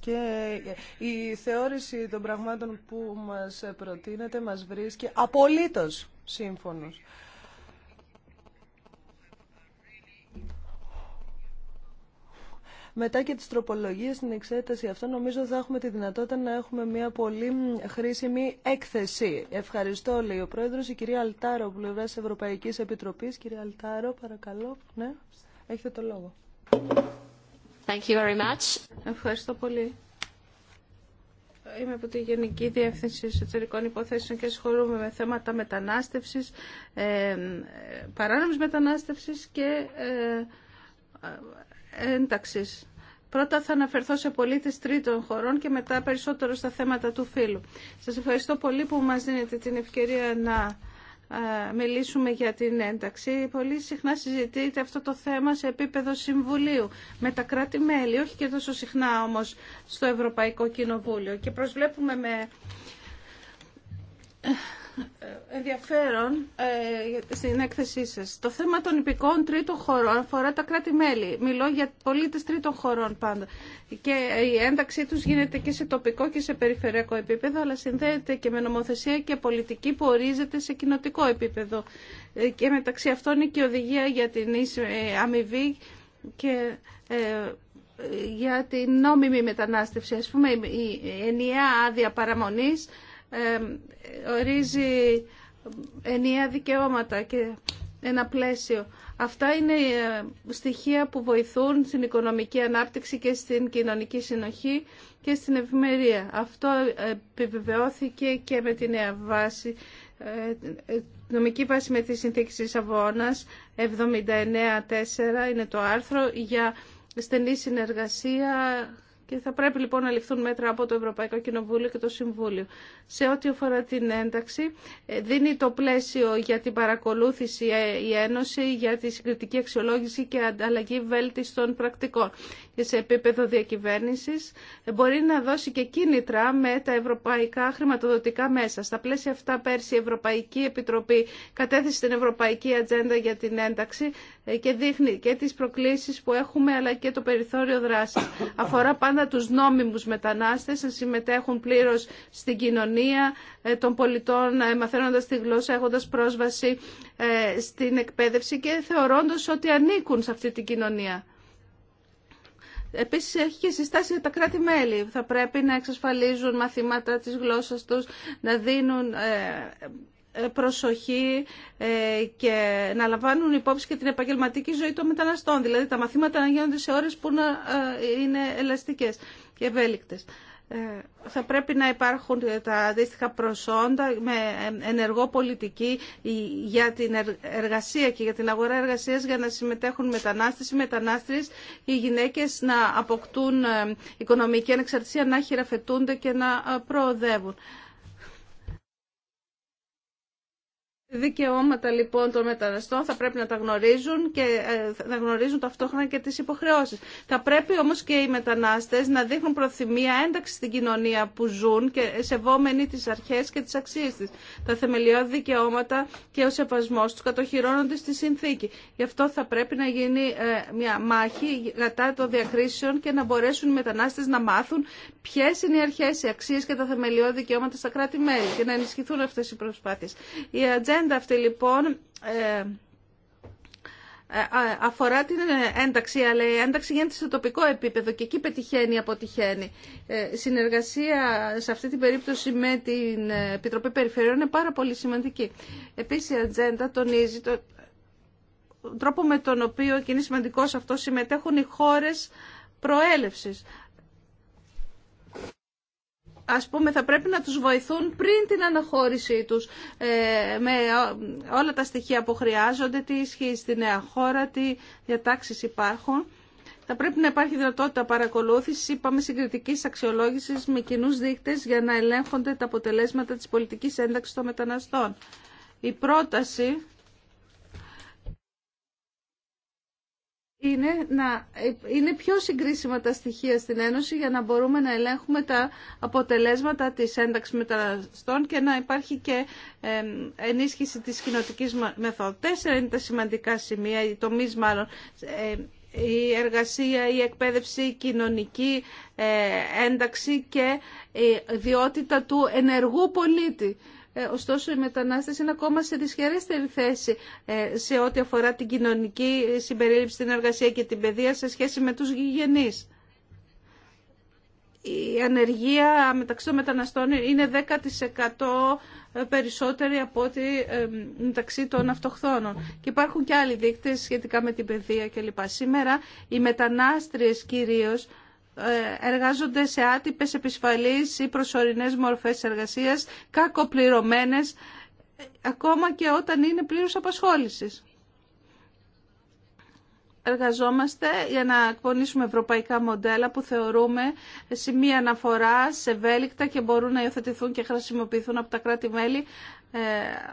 και η θεώρηση των πραγμάτων που μας προτείνεται μας βρίσκει απολύτως σύμφωνος. Μετά και τις τροπολογίες στην εξέταση αυτό νομίζω θα έχουμε τη δυνατότητα να έχουμε μια πολύ χρήσιμη έκθεση. Ευχαριστώ λέει ο Πρόεδρος, η κυρία Αλτάρο, πλευράς Ευρωπαϊκής Επιτροπής. Κυρία Αλτάρο, παρακαλώ, ναι, έχετε το λόγο. Ευχαριστώ πολύ. Είμαι από τη Γενική Διεύθυνση Εσωτερικών Υποθέσεων και ασχολούμαι με θέματα μετανάστευσης, ε, παράνομης μετανάστευσης και ε, ε, ένταξης. Πρώτα θα αναφερθώ σε πολίτες τρίτων χωρών και μετά περισσότερο στα θέματα του φύλου. Σας ευχαριστώ πολύ που μας δίνετε την ευκαιρία να ε, μιλήσουμε για την ένταξη, πολύ συχνά συζητείται αυτό το θέμα σε επίπεδο συμβουλίου με τα κράτη-μέλη, όχι και τόσο συχνά όμως στο Ευρωπαϊκό Κοινοβούλιο. Και προσβλέπουμε με ενδιαφέρον ε, στην έκθεσή σας. Το θέμα των υπηκών τρίτων χωρών αφορά τα κράτη-μέλη. Μιλώ για πολίτες τρίτων χωρών πάντα. Και η ένταξή τους γίνεται και σε τοπικό και σε περιφερειακό επίπεδο, αλλά συνδέεται και με νομοθεσία και πολιτική που ορίζεται σε κοινοτικό επίπεδο. Ε, και μεταξύ αυτών είναι και η οδηγία για την ε, αμοιβή και ε, για την νόμιμη μετανάστευση. Ας πούμε, η ενιαία άδεια παραμονής ορίζει ενιαία δικαιώματα και ένα πλαίσιο. Αυτά είναι ε, στοιχεία που βοηθούν στην οικονομική ανάπτυξη και στην κοινωνική συνοχή και στην ευημερία. Αυτό ε, επιβεβαιώθηκε και με την νέα βάση, ε, νομική βάση με τη συνθήκη της Αβώνας 79.4 είναι το άρθρο για στενή συνεργασία και θα πρέπει λοιπόν να ληφθούν μέτρα από το Ευρωπαϊκό Κοινοβούλιο και το Συμβούλιο. Σε ό,τι αφορά την ένταξη, ε, δίνει το πλαίσιο για την παρακολούθηση ε, η Ένωση, για τη συγκριτική αξιολόγηση και ανταλλαγή βέλτιστων πρακτικών. Και σε επίπεδο διακυβέρνηση ε, μπορεί να δώσει και κίνητρα με τα ευρωπαϊκά χρηματοδοτικά μέσα. Στα πλαίσια αυτά, πέρσι η Ευρωπαϊκή Επιτροπή κατέθεσε την Ευρωπαϊκή Ατζέντα για την ένταξη ε, και δείχνει και τις προκλήσεις που έχουμε αλλά και το περιθώριο δράσης. Αφορά πάντα τους νόμιμους μετανάστες να συμμετέχουν πλήρως στην κοινωνία ε, των πολιτών ε, μαθαίνοντας τη γλώσσα, έχοντας πρόσβαση στην εκπαίδευση και θεωρώντας ότι ανήκουν σε αυτή την κοινωνία. Επίσης έχει και συστάσει για τα κράτη-μέλη. Θα πρέπει να εξασφαλίζουν μαθήματα τη γλώσσα τους, να δίνουν προσοχή ε, και να λαμβάνουν υπόψη και την επαγγελματική ζωή των μεταναστών. Δηλαδή τα μαθήματα να γίνονται σε ώρες που ε, είναι ελαστικές και ευέλικτες. Ε, θα πρέπει να υπάρχουν τα αντίστοιχα προσόντα με ενεργό πολιτική για την εργασία και για την αγορά εργασίας για να συμμετέχουν μετανάστες ή μετανάστριες οι γυναίκες να αποκτούν οικονομική ανεξαρτησία, να χειραφετούνται και να προοδεύουν. Δικαιώματα λοιπόν των μεταναστών θα πρέπει να τα γνωρίζουν και ε, να γνωρίζουν ταυτόχρονα και τις υποχρεώσεις. Θα πρέπει όμως και οι μετανάστες να δείχνουν προθυμία ένταξη στην κοινωνία που ζουν και σεβόμενοι τις αρχές και τις αξίες της. Τα θεμελιώδη δικαιώματα και ο σεβασμός τους κατοχυρώνονται στη συνθήκη. Γι' αυτό θα πρέπει να γίνει ε, μια μάχη κατά των διακρίσεων και να μπορέσουν οι μετανάστες να μάθουν ποιε είναι οι αρχές, οι αξίες και τα θεμελιώδη δικαιώματα στα κράτη-μέλη και να ενισχυθούν αυτές οι προσπάθειε. Η ατζέντα αυτή λοιπόν ε, ε, αφορά την ένταξη, αλλά η ένταξη γίνεται σε τοπικό επίπεδο και εκεί πετυχαίνει, αποτυχαίνει. Ε, συνεργασία σε αυτή την περίπτωση με την Επιτροπή Περιφερειών είναι πάρα πολύ σημαντική. Επίσης η ατζέντα τονίζει τον τρόπο με τον οποίο, και είναι σημαντικό αυτό, συμμετέχουν οι χώρες προέλευσης ας πούμε, θα πρέπει να τους βοηθούν πριν την αναχώρησή τους ε, με όλα τα στοιχεία που χρειάζονται, τι ισχύει στη νέα χώρα, τι διατάξεις υπάρχουν. Θα πρέπει να υπάρχει δυνατότητα παρακολούθηση, είπαμε, συγκριτική αξιολόγηση με κοινού δείχτες για να ελέγχονται τα αποτελέσματα της πολιτικής ένταξης των μεταναστών. Η πρόταση είναι να είναι πιο συγκρίσιμα τα στοιχεία στην Ένωση για να μπορούμε να ελέγχουμε τα αποτελέσματα της ένταξης μεταναστών και να υπάρχει και ενίσχυση της κοινοτικής μεθόδου. Τέσσερα είναι τα σημαντικά σημεία, οι τομείς μάλλον, η εργασία, η εκπαίδευση, η κοινωνική ε, ένταξη και η ιδιότητα του ενεργού πολίτη. Ε, ωστόσο οι μετανάστες είναι ακόμα σε δυσχερέστερη θέση ε, σε ό,τι αφορά την κοινωνική συμπερίληψη, την εργασία και την παιδεία σε σχέση με τους γηγενείς. Η ανεργία μεταξύ των μεταναστών είναι 10% ε, περισσότερη από ό,τι μεταξύ των αυτοχθόνων. Και υπάρχουν και άλλοι δείκτες σχετικά με την παιδεία κλπ. Σήμερα οι μετανάστριες κυρίως ε, εργάζονται σε άτυπες επισφαλείς ή προσωρινές μορφές εργασίας, κακοπληρωμένες, ακόμα και όταν είναι πλήρους απασχόλησης. Εργαζόμαστε για να εκπονήσουμε ευρωπαϊκά μοντέλα που θεωρούμε σημεία αναφορά ευέλικτα και μπορούν να υιοθετηθούν και χρησιμοποιηθούν από τα κράτη-μέλη ε,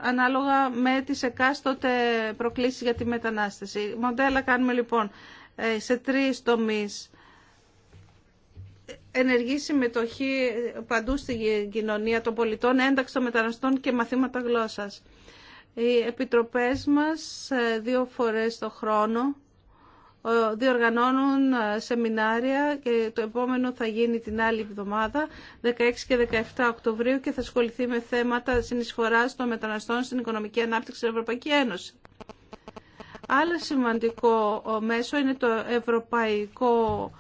ανάλογα με τις εκάστοτε προκλήσεις για τη μετανάστευση. Μοντέλα κάνουμε λοιπόν ε, σε τρεις τομείς ενεργή συμμετοχή παντού στη κοινωνία των πολιτών, ένταξη των μεταναστών και μαθήματα γλώσσας. Οι επιτροπές μας ε, δύο φορές το χρόνο ε, διοργανώνουν ε, σεμινάρια και το επόμενο θα γίνει την άλλη εβδομάδα, 16 και 17 Οκτωβρίου και θα ασχοληθεί με θέματα συνεισφοράς των μεταναστών στην οικονομική ανάπτυξη της Ευρωπαϊκή Ένωση. Άλλο σημαντικό μέσο είναι το Ευρωπαϊκό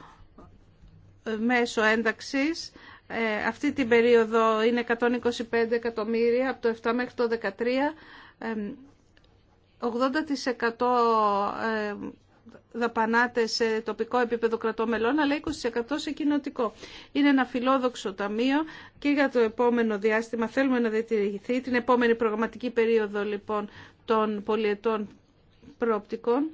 μέσο ένταξης. Ε, αυτή την περίοδο είναι 125 εκατομμύρια από το 7 μέχρι το 13. 80% ε, δαπανάται σε τοπικό επίπεδο κρατόμελών, αλλά 20% σε κοινοτικό. Είναι ένα φιλόδοξο ταμείο και για το επόμενο διάστημα θέλουμε να διατηρηθεί την επόμενη προγραμματική περίοδο λοιπόν των πολιετών προοπτικών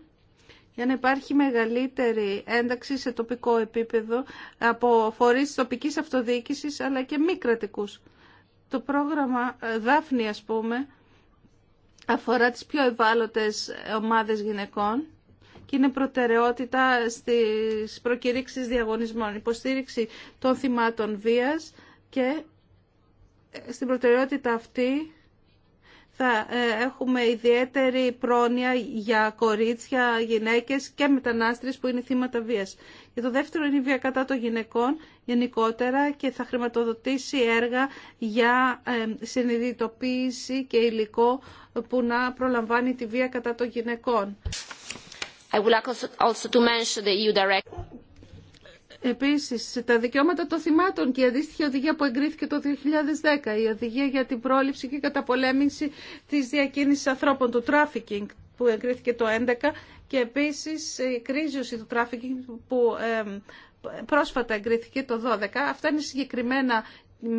για να υπάρχει μεγαλύτερη ένταξη σε τοπικό επίπεδο από φορείς τοπικής αυτοδιοίκησης αλλά και μη κρατικούς. Το πρόγραμμα ε, Δάφνη, ας πούμε, αφορά τις πιο ευάλωτες ε, ομάδες γυναικών και είναι προτεραιότητα στις προκηρύξεις διαγωνισμών, υποστήριξη των θυμάτων βίας και ε, στην προτεραιότητα αυτή θα ε, έχουμε ιδιαίτερη πρόνοια για κορίτσια, γυναίκες και μετανάστριες που είναι θύματα βίας. Και το δεύτερο είναι η βία κατά των γυναικών γενικότερα και θα χρηματοδοτήσει έργα για ε, συνειδητοποίηση και υλικό που να προλαμβάνει τη βία κατά των γυναικών. I also to e Επίσης, τα δικαιώματα των θυμάτων και η αντίστοιχη οδηγία που εγκρίθηκε το 2010, η οδηγία για την πρόληψη και καταπολέμηση της διακίνησης ανθρώπων, του τράφικινγκ που εγκρίθηκε το 2011 και επίσης η κρίζωση του τράφικινγκ που ε, πρόσφατα εγκρίθηκε το 2012. Αυτά είναι συγκεκριμένα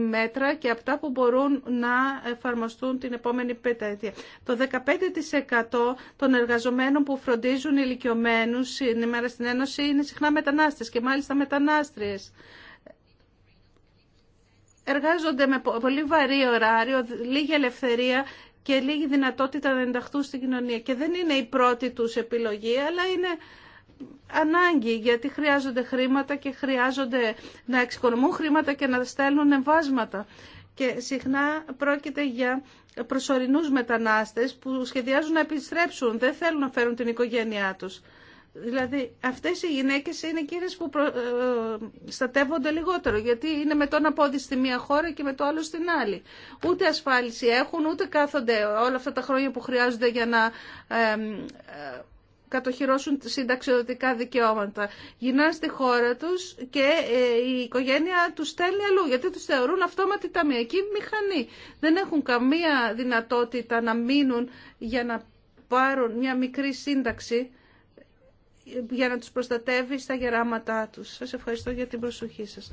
μέτρα και αυτά που μπορούν να εφαρμοστούν την επόμενη πενταετία. Το 15% των εργαζομένων που φροντίζουν ηλικιωμένου σήμερα στην Ένωση είναι συχνά μετανάστες και μάλιστα μετανάστριες. Εργάζονται με πολύ βαρύ ωράριο, λίγη ελευθερία και λίγη δυνατότητα να ενταχθούν στην κοινωνία. Και δεν είναι η πρώτη τους επιλογή, αλλά είναι ανάγκη γιατί χρειάζονται χρήματα και χρειάζονται να εξοικονομούν χρήματα και να στέλνουν εμβάσματα. Και συχνά πρόκειται για προσωρινούς μετανάστες που σχεδιάζουν να επιστρέψουν, δεν θέλουν να φέρουν την οικογένειά τους. Δηλαδή αυτές οι γυναίκες είναι κύριες που ε, στατεύονται λιγότερο γιατί είναι με τον πόδι στη μία χώρα και με το άλλο στην άλλη. Ούτε ασφάλιση έχουν, ούτε κάθονται όλα αυτά τα χρόνια που χρειάζονται για να ε, ε, κατοχυρώσουν συνταξιδοτικά δικαιώματα. Γυρνάνε στη χώρα τους και ε, η οικογένεια τους στέλνει αλλού, γιατί τους θεωρούν αυτόματη ταμιακή μηχανή. Δεν έχουν καμία δυνατότητα να μείνουν για να πάρουν μια μικρή σύνταξη ε, για να τους προστατεύει στα γεράματά τους. Σας ευχαριστώ για την προσοχή σας.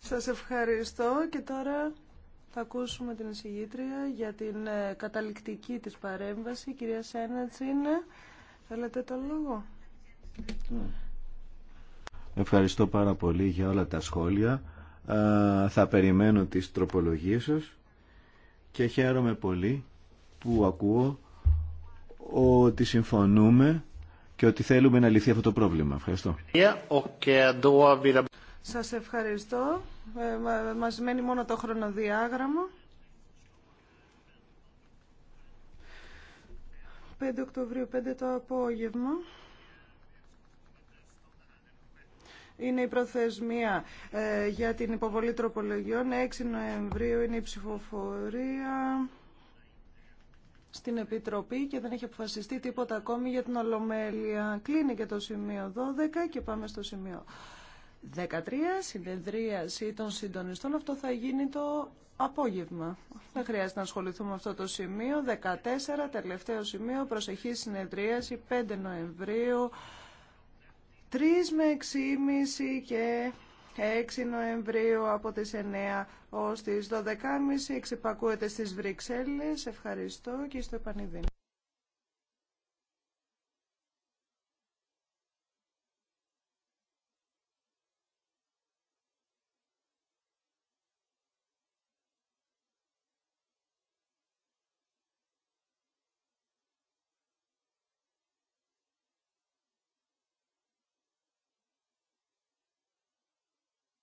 Σας ευχαριστώ και τώρα θα ακούσουμε την εισηγήτρια για την ε, καταληκτική της παρέμβαση. Κυρία κυρία είναι θέλετε το λόγο. Ευχαριστώ πάρα πολύ για όλα τα σχόλια. Θα περιμένω τις τροπολογίες σας και χαίρομαι πολύ που ακούω ότι συμφωνούμε και ότι θέλουμε να λυθεί αυτό το πρόβλημα. Ευχαριστώ. Σας ευχαριστώ ε, μας μένει μόνο το χρονοδιάγραμμα. 5 Οκτωβρίου, 5 το απόγευμα. Είναι η προθεσμία ε, για την υποβολή τροπολογιών. 6 Νοεμβρίου είναι η ψηφοφορία στην Επιτροπή και δεν έχει αποφασιστεί τίποτα ακόμη για την Ολομέλεια. Κλείνει και το σημείο 12 και πάμε στο σημείο 13 συνεδρίαση των συντονιστών. Αυτό θα γίνει το απόγευμα. Δεν χρειάζεται να ασχοληθούμε με αυτό το σημείο. 14 τελευταίο σημείο προσεχή συνεδρίαση 5 Νοεμβρίου 3 με 6,5 και 6 Νοεμβρίου από τις 9 ως τις 12.30 εξυπακούεται στις Βρυξέλλες. Ευχαριστώ και στο επανειδήμα.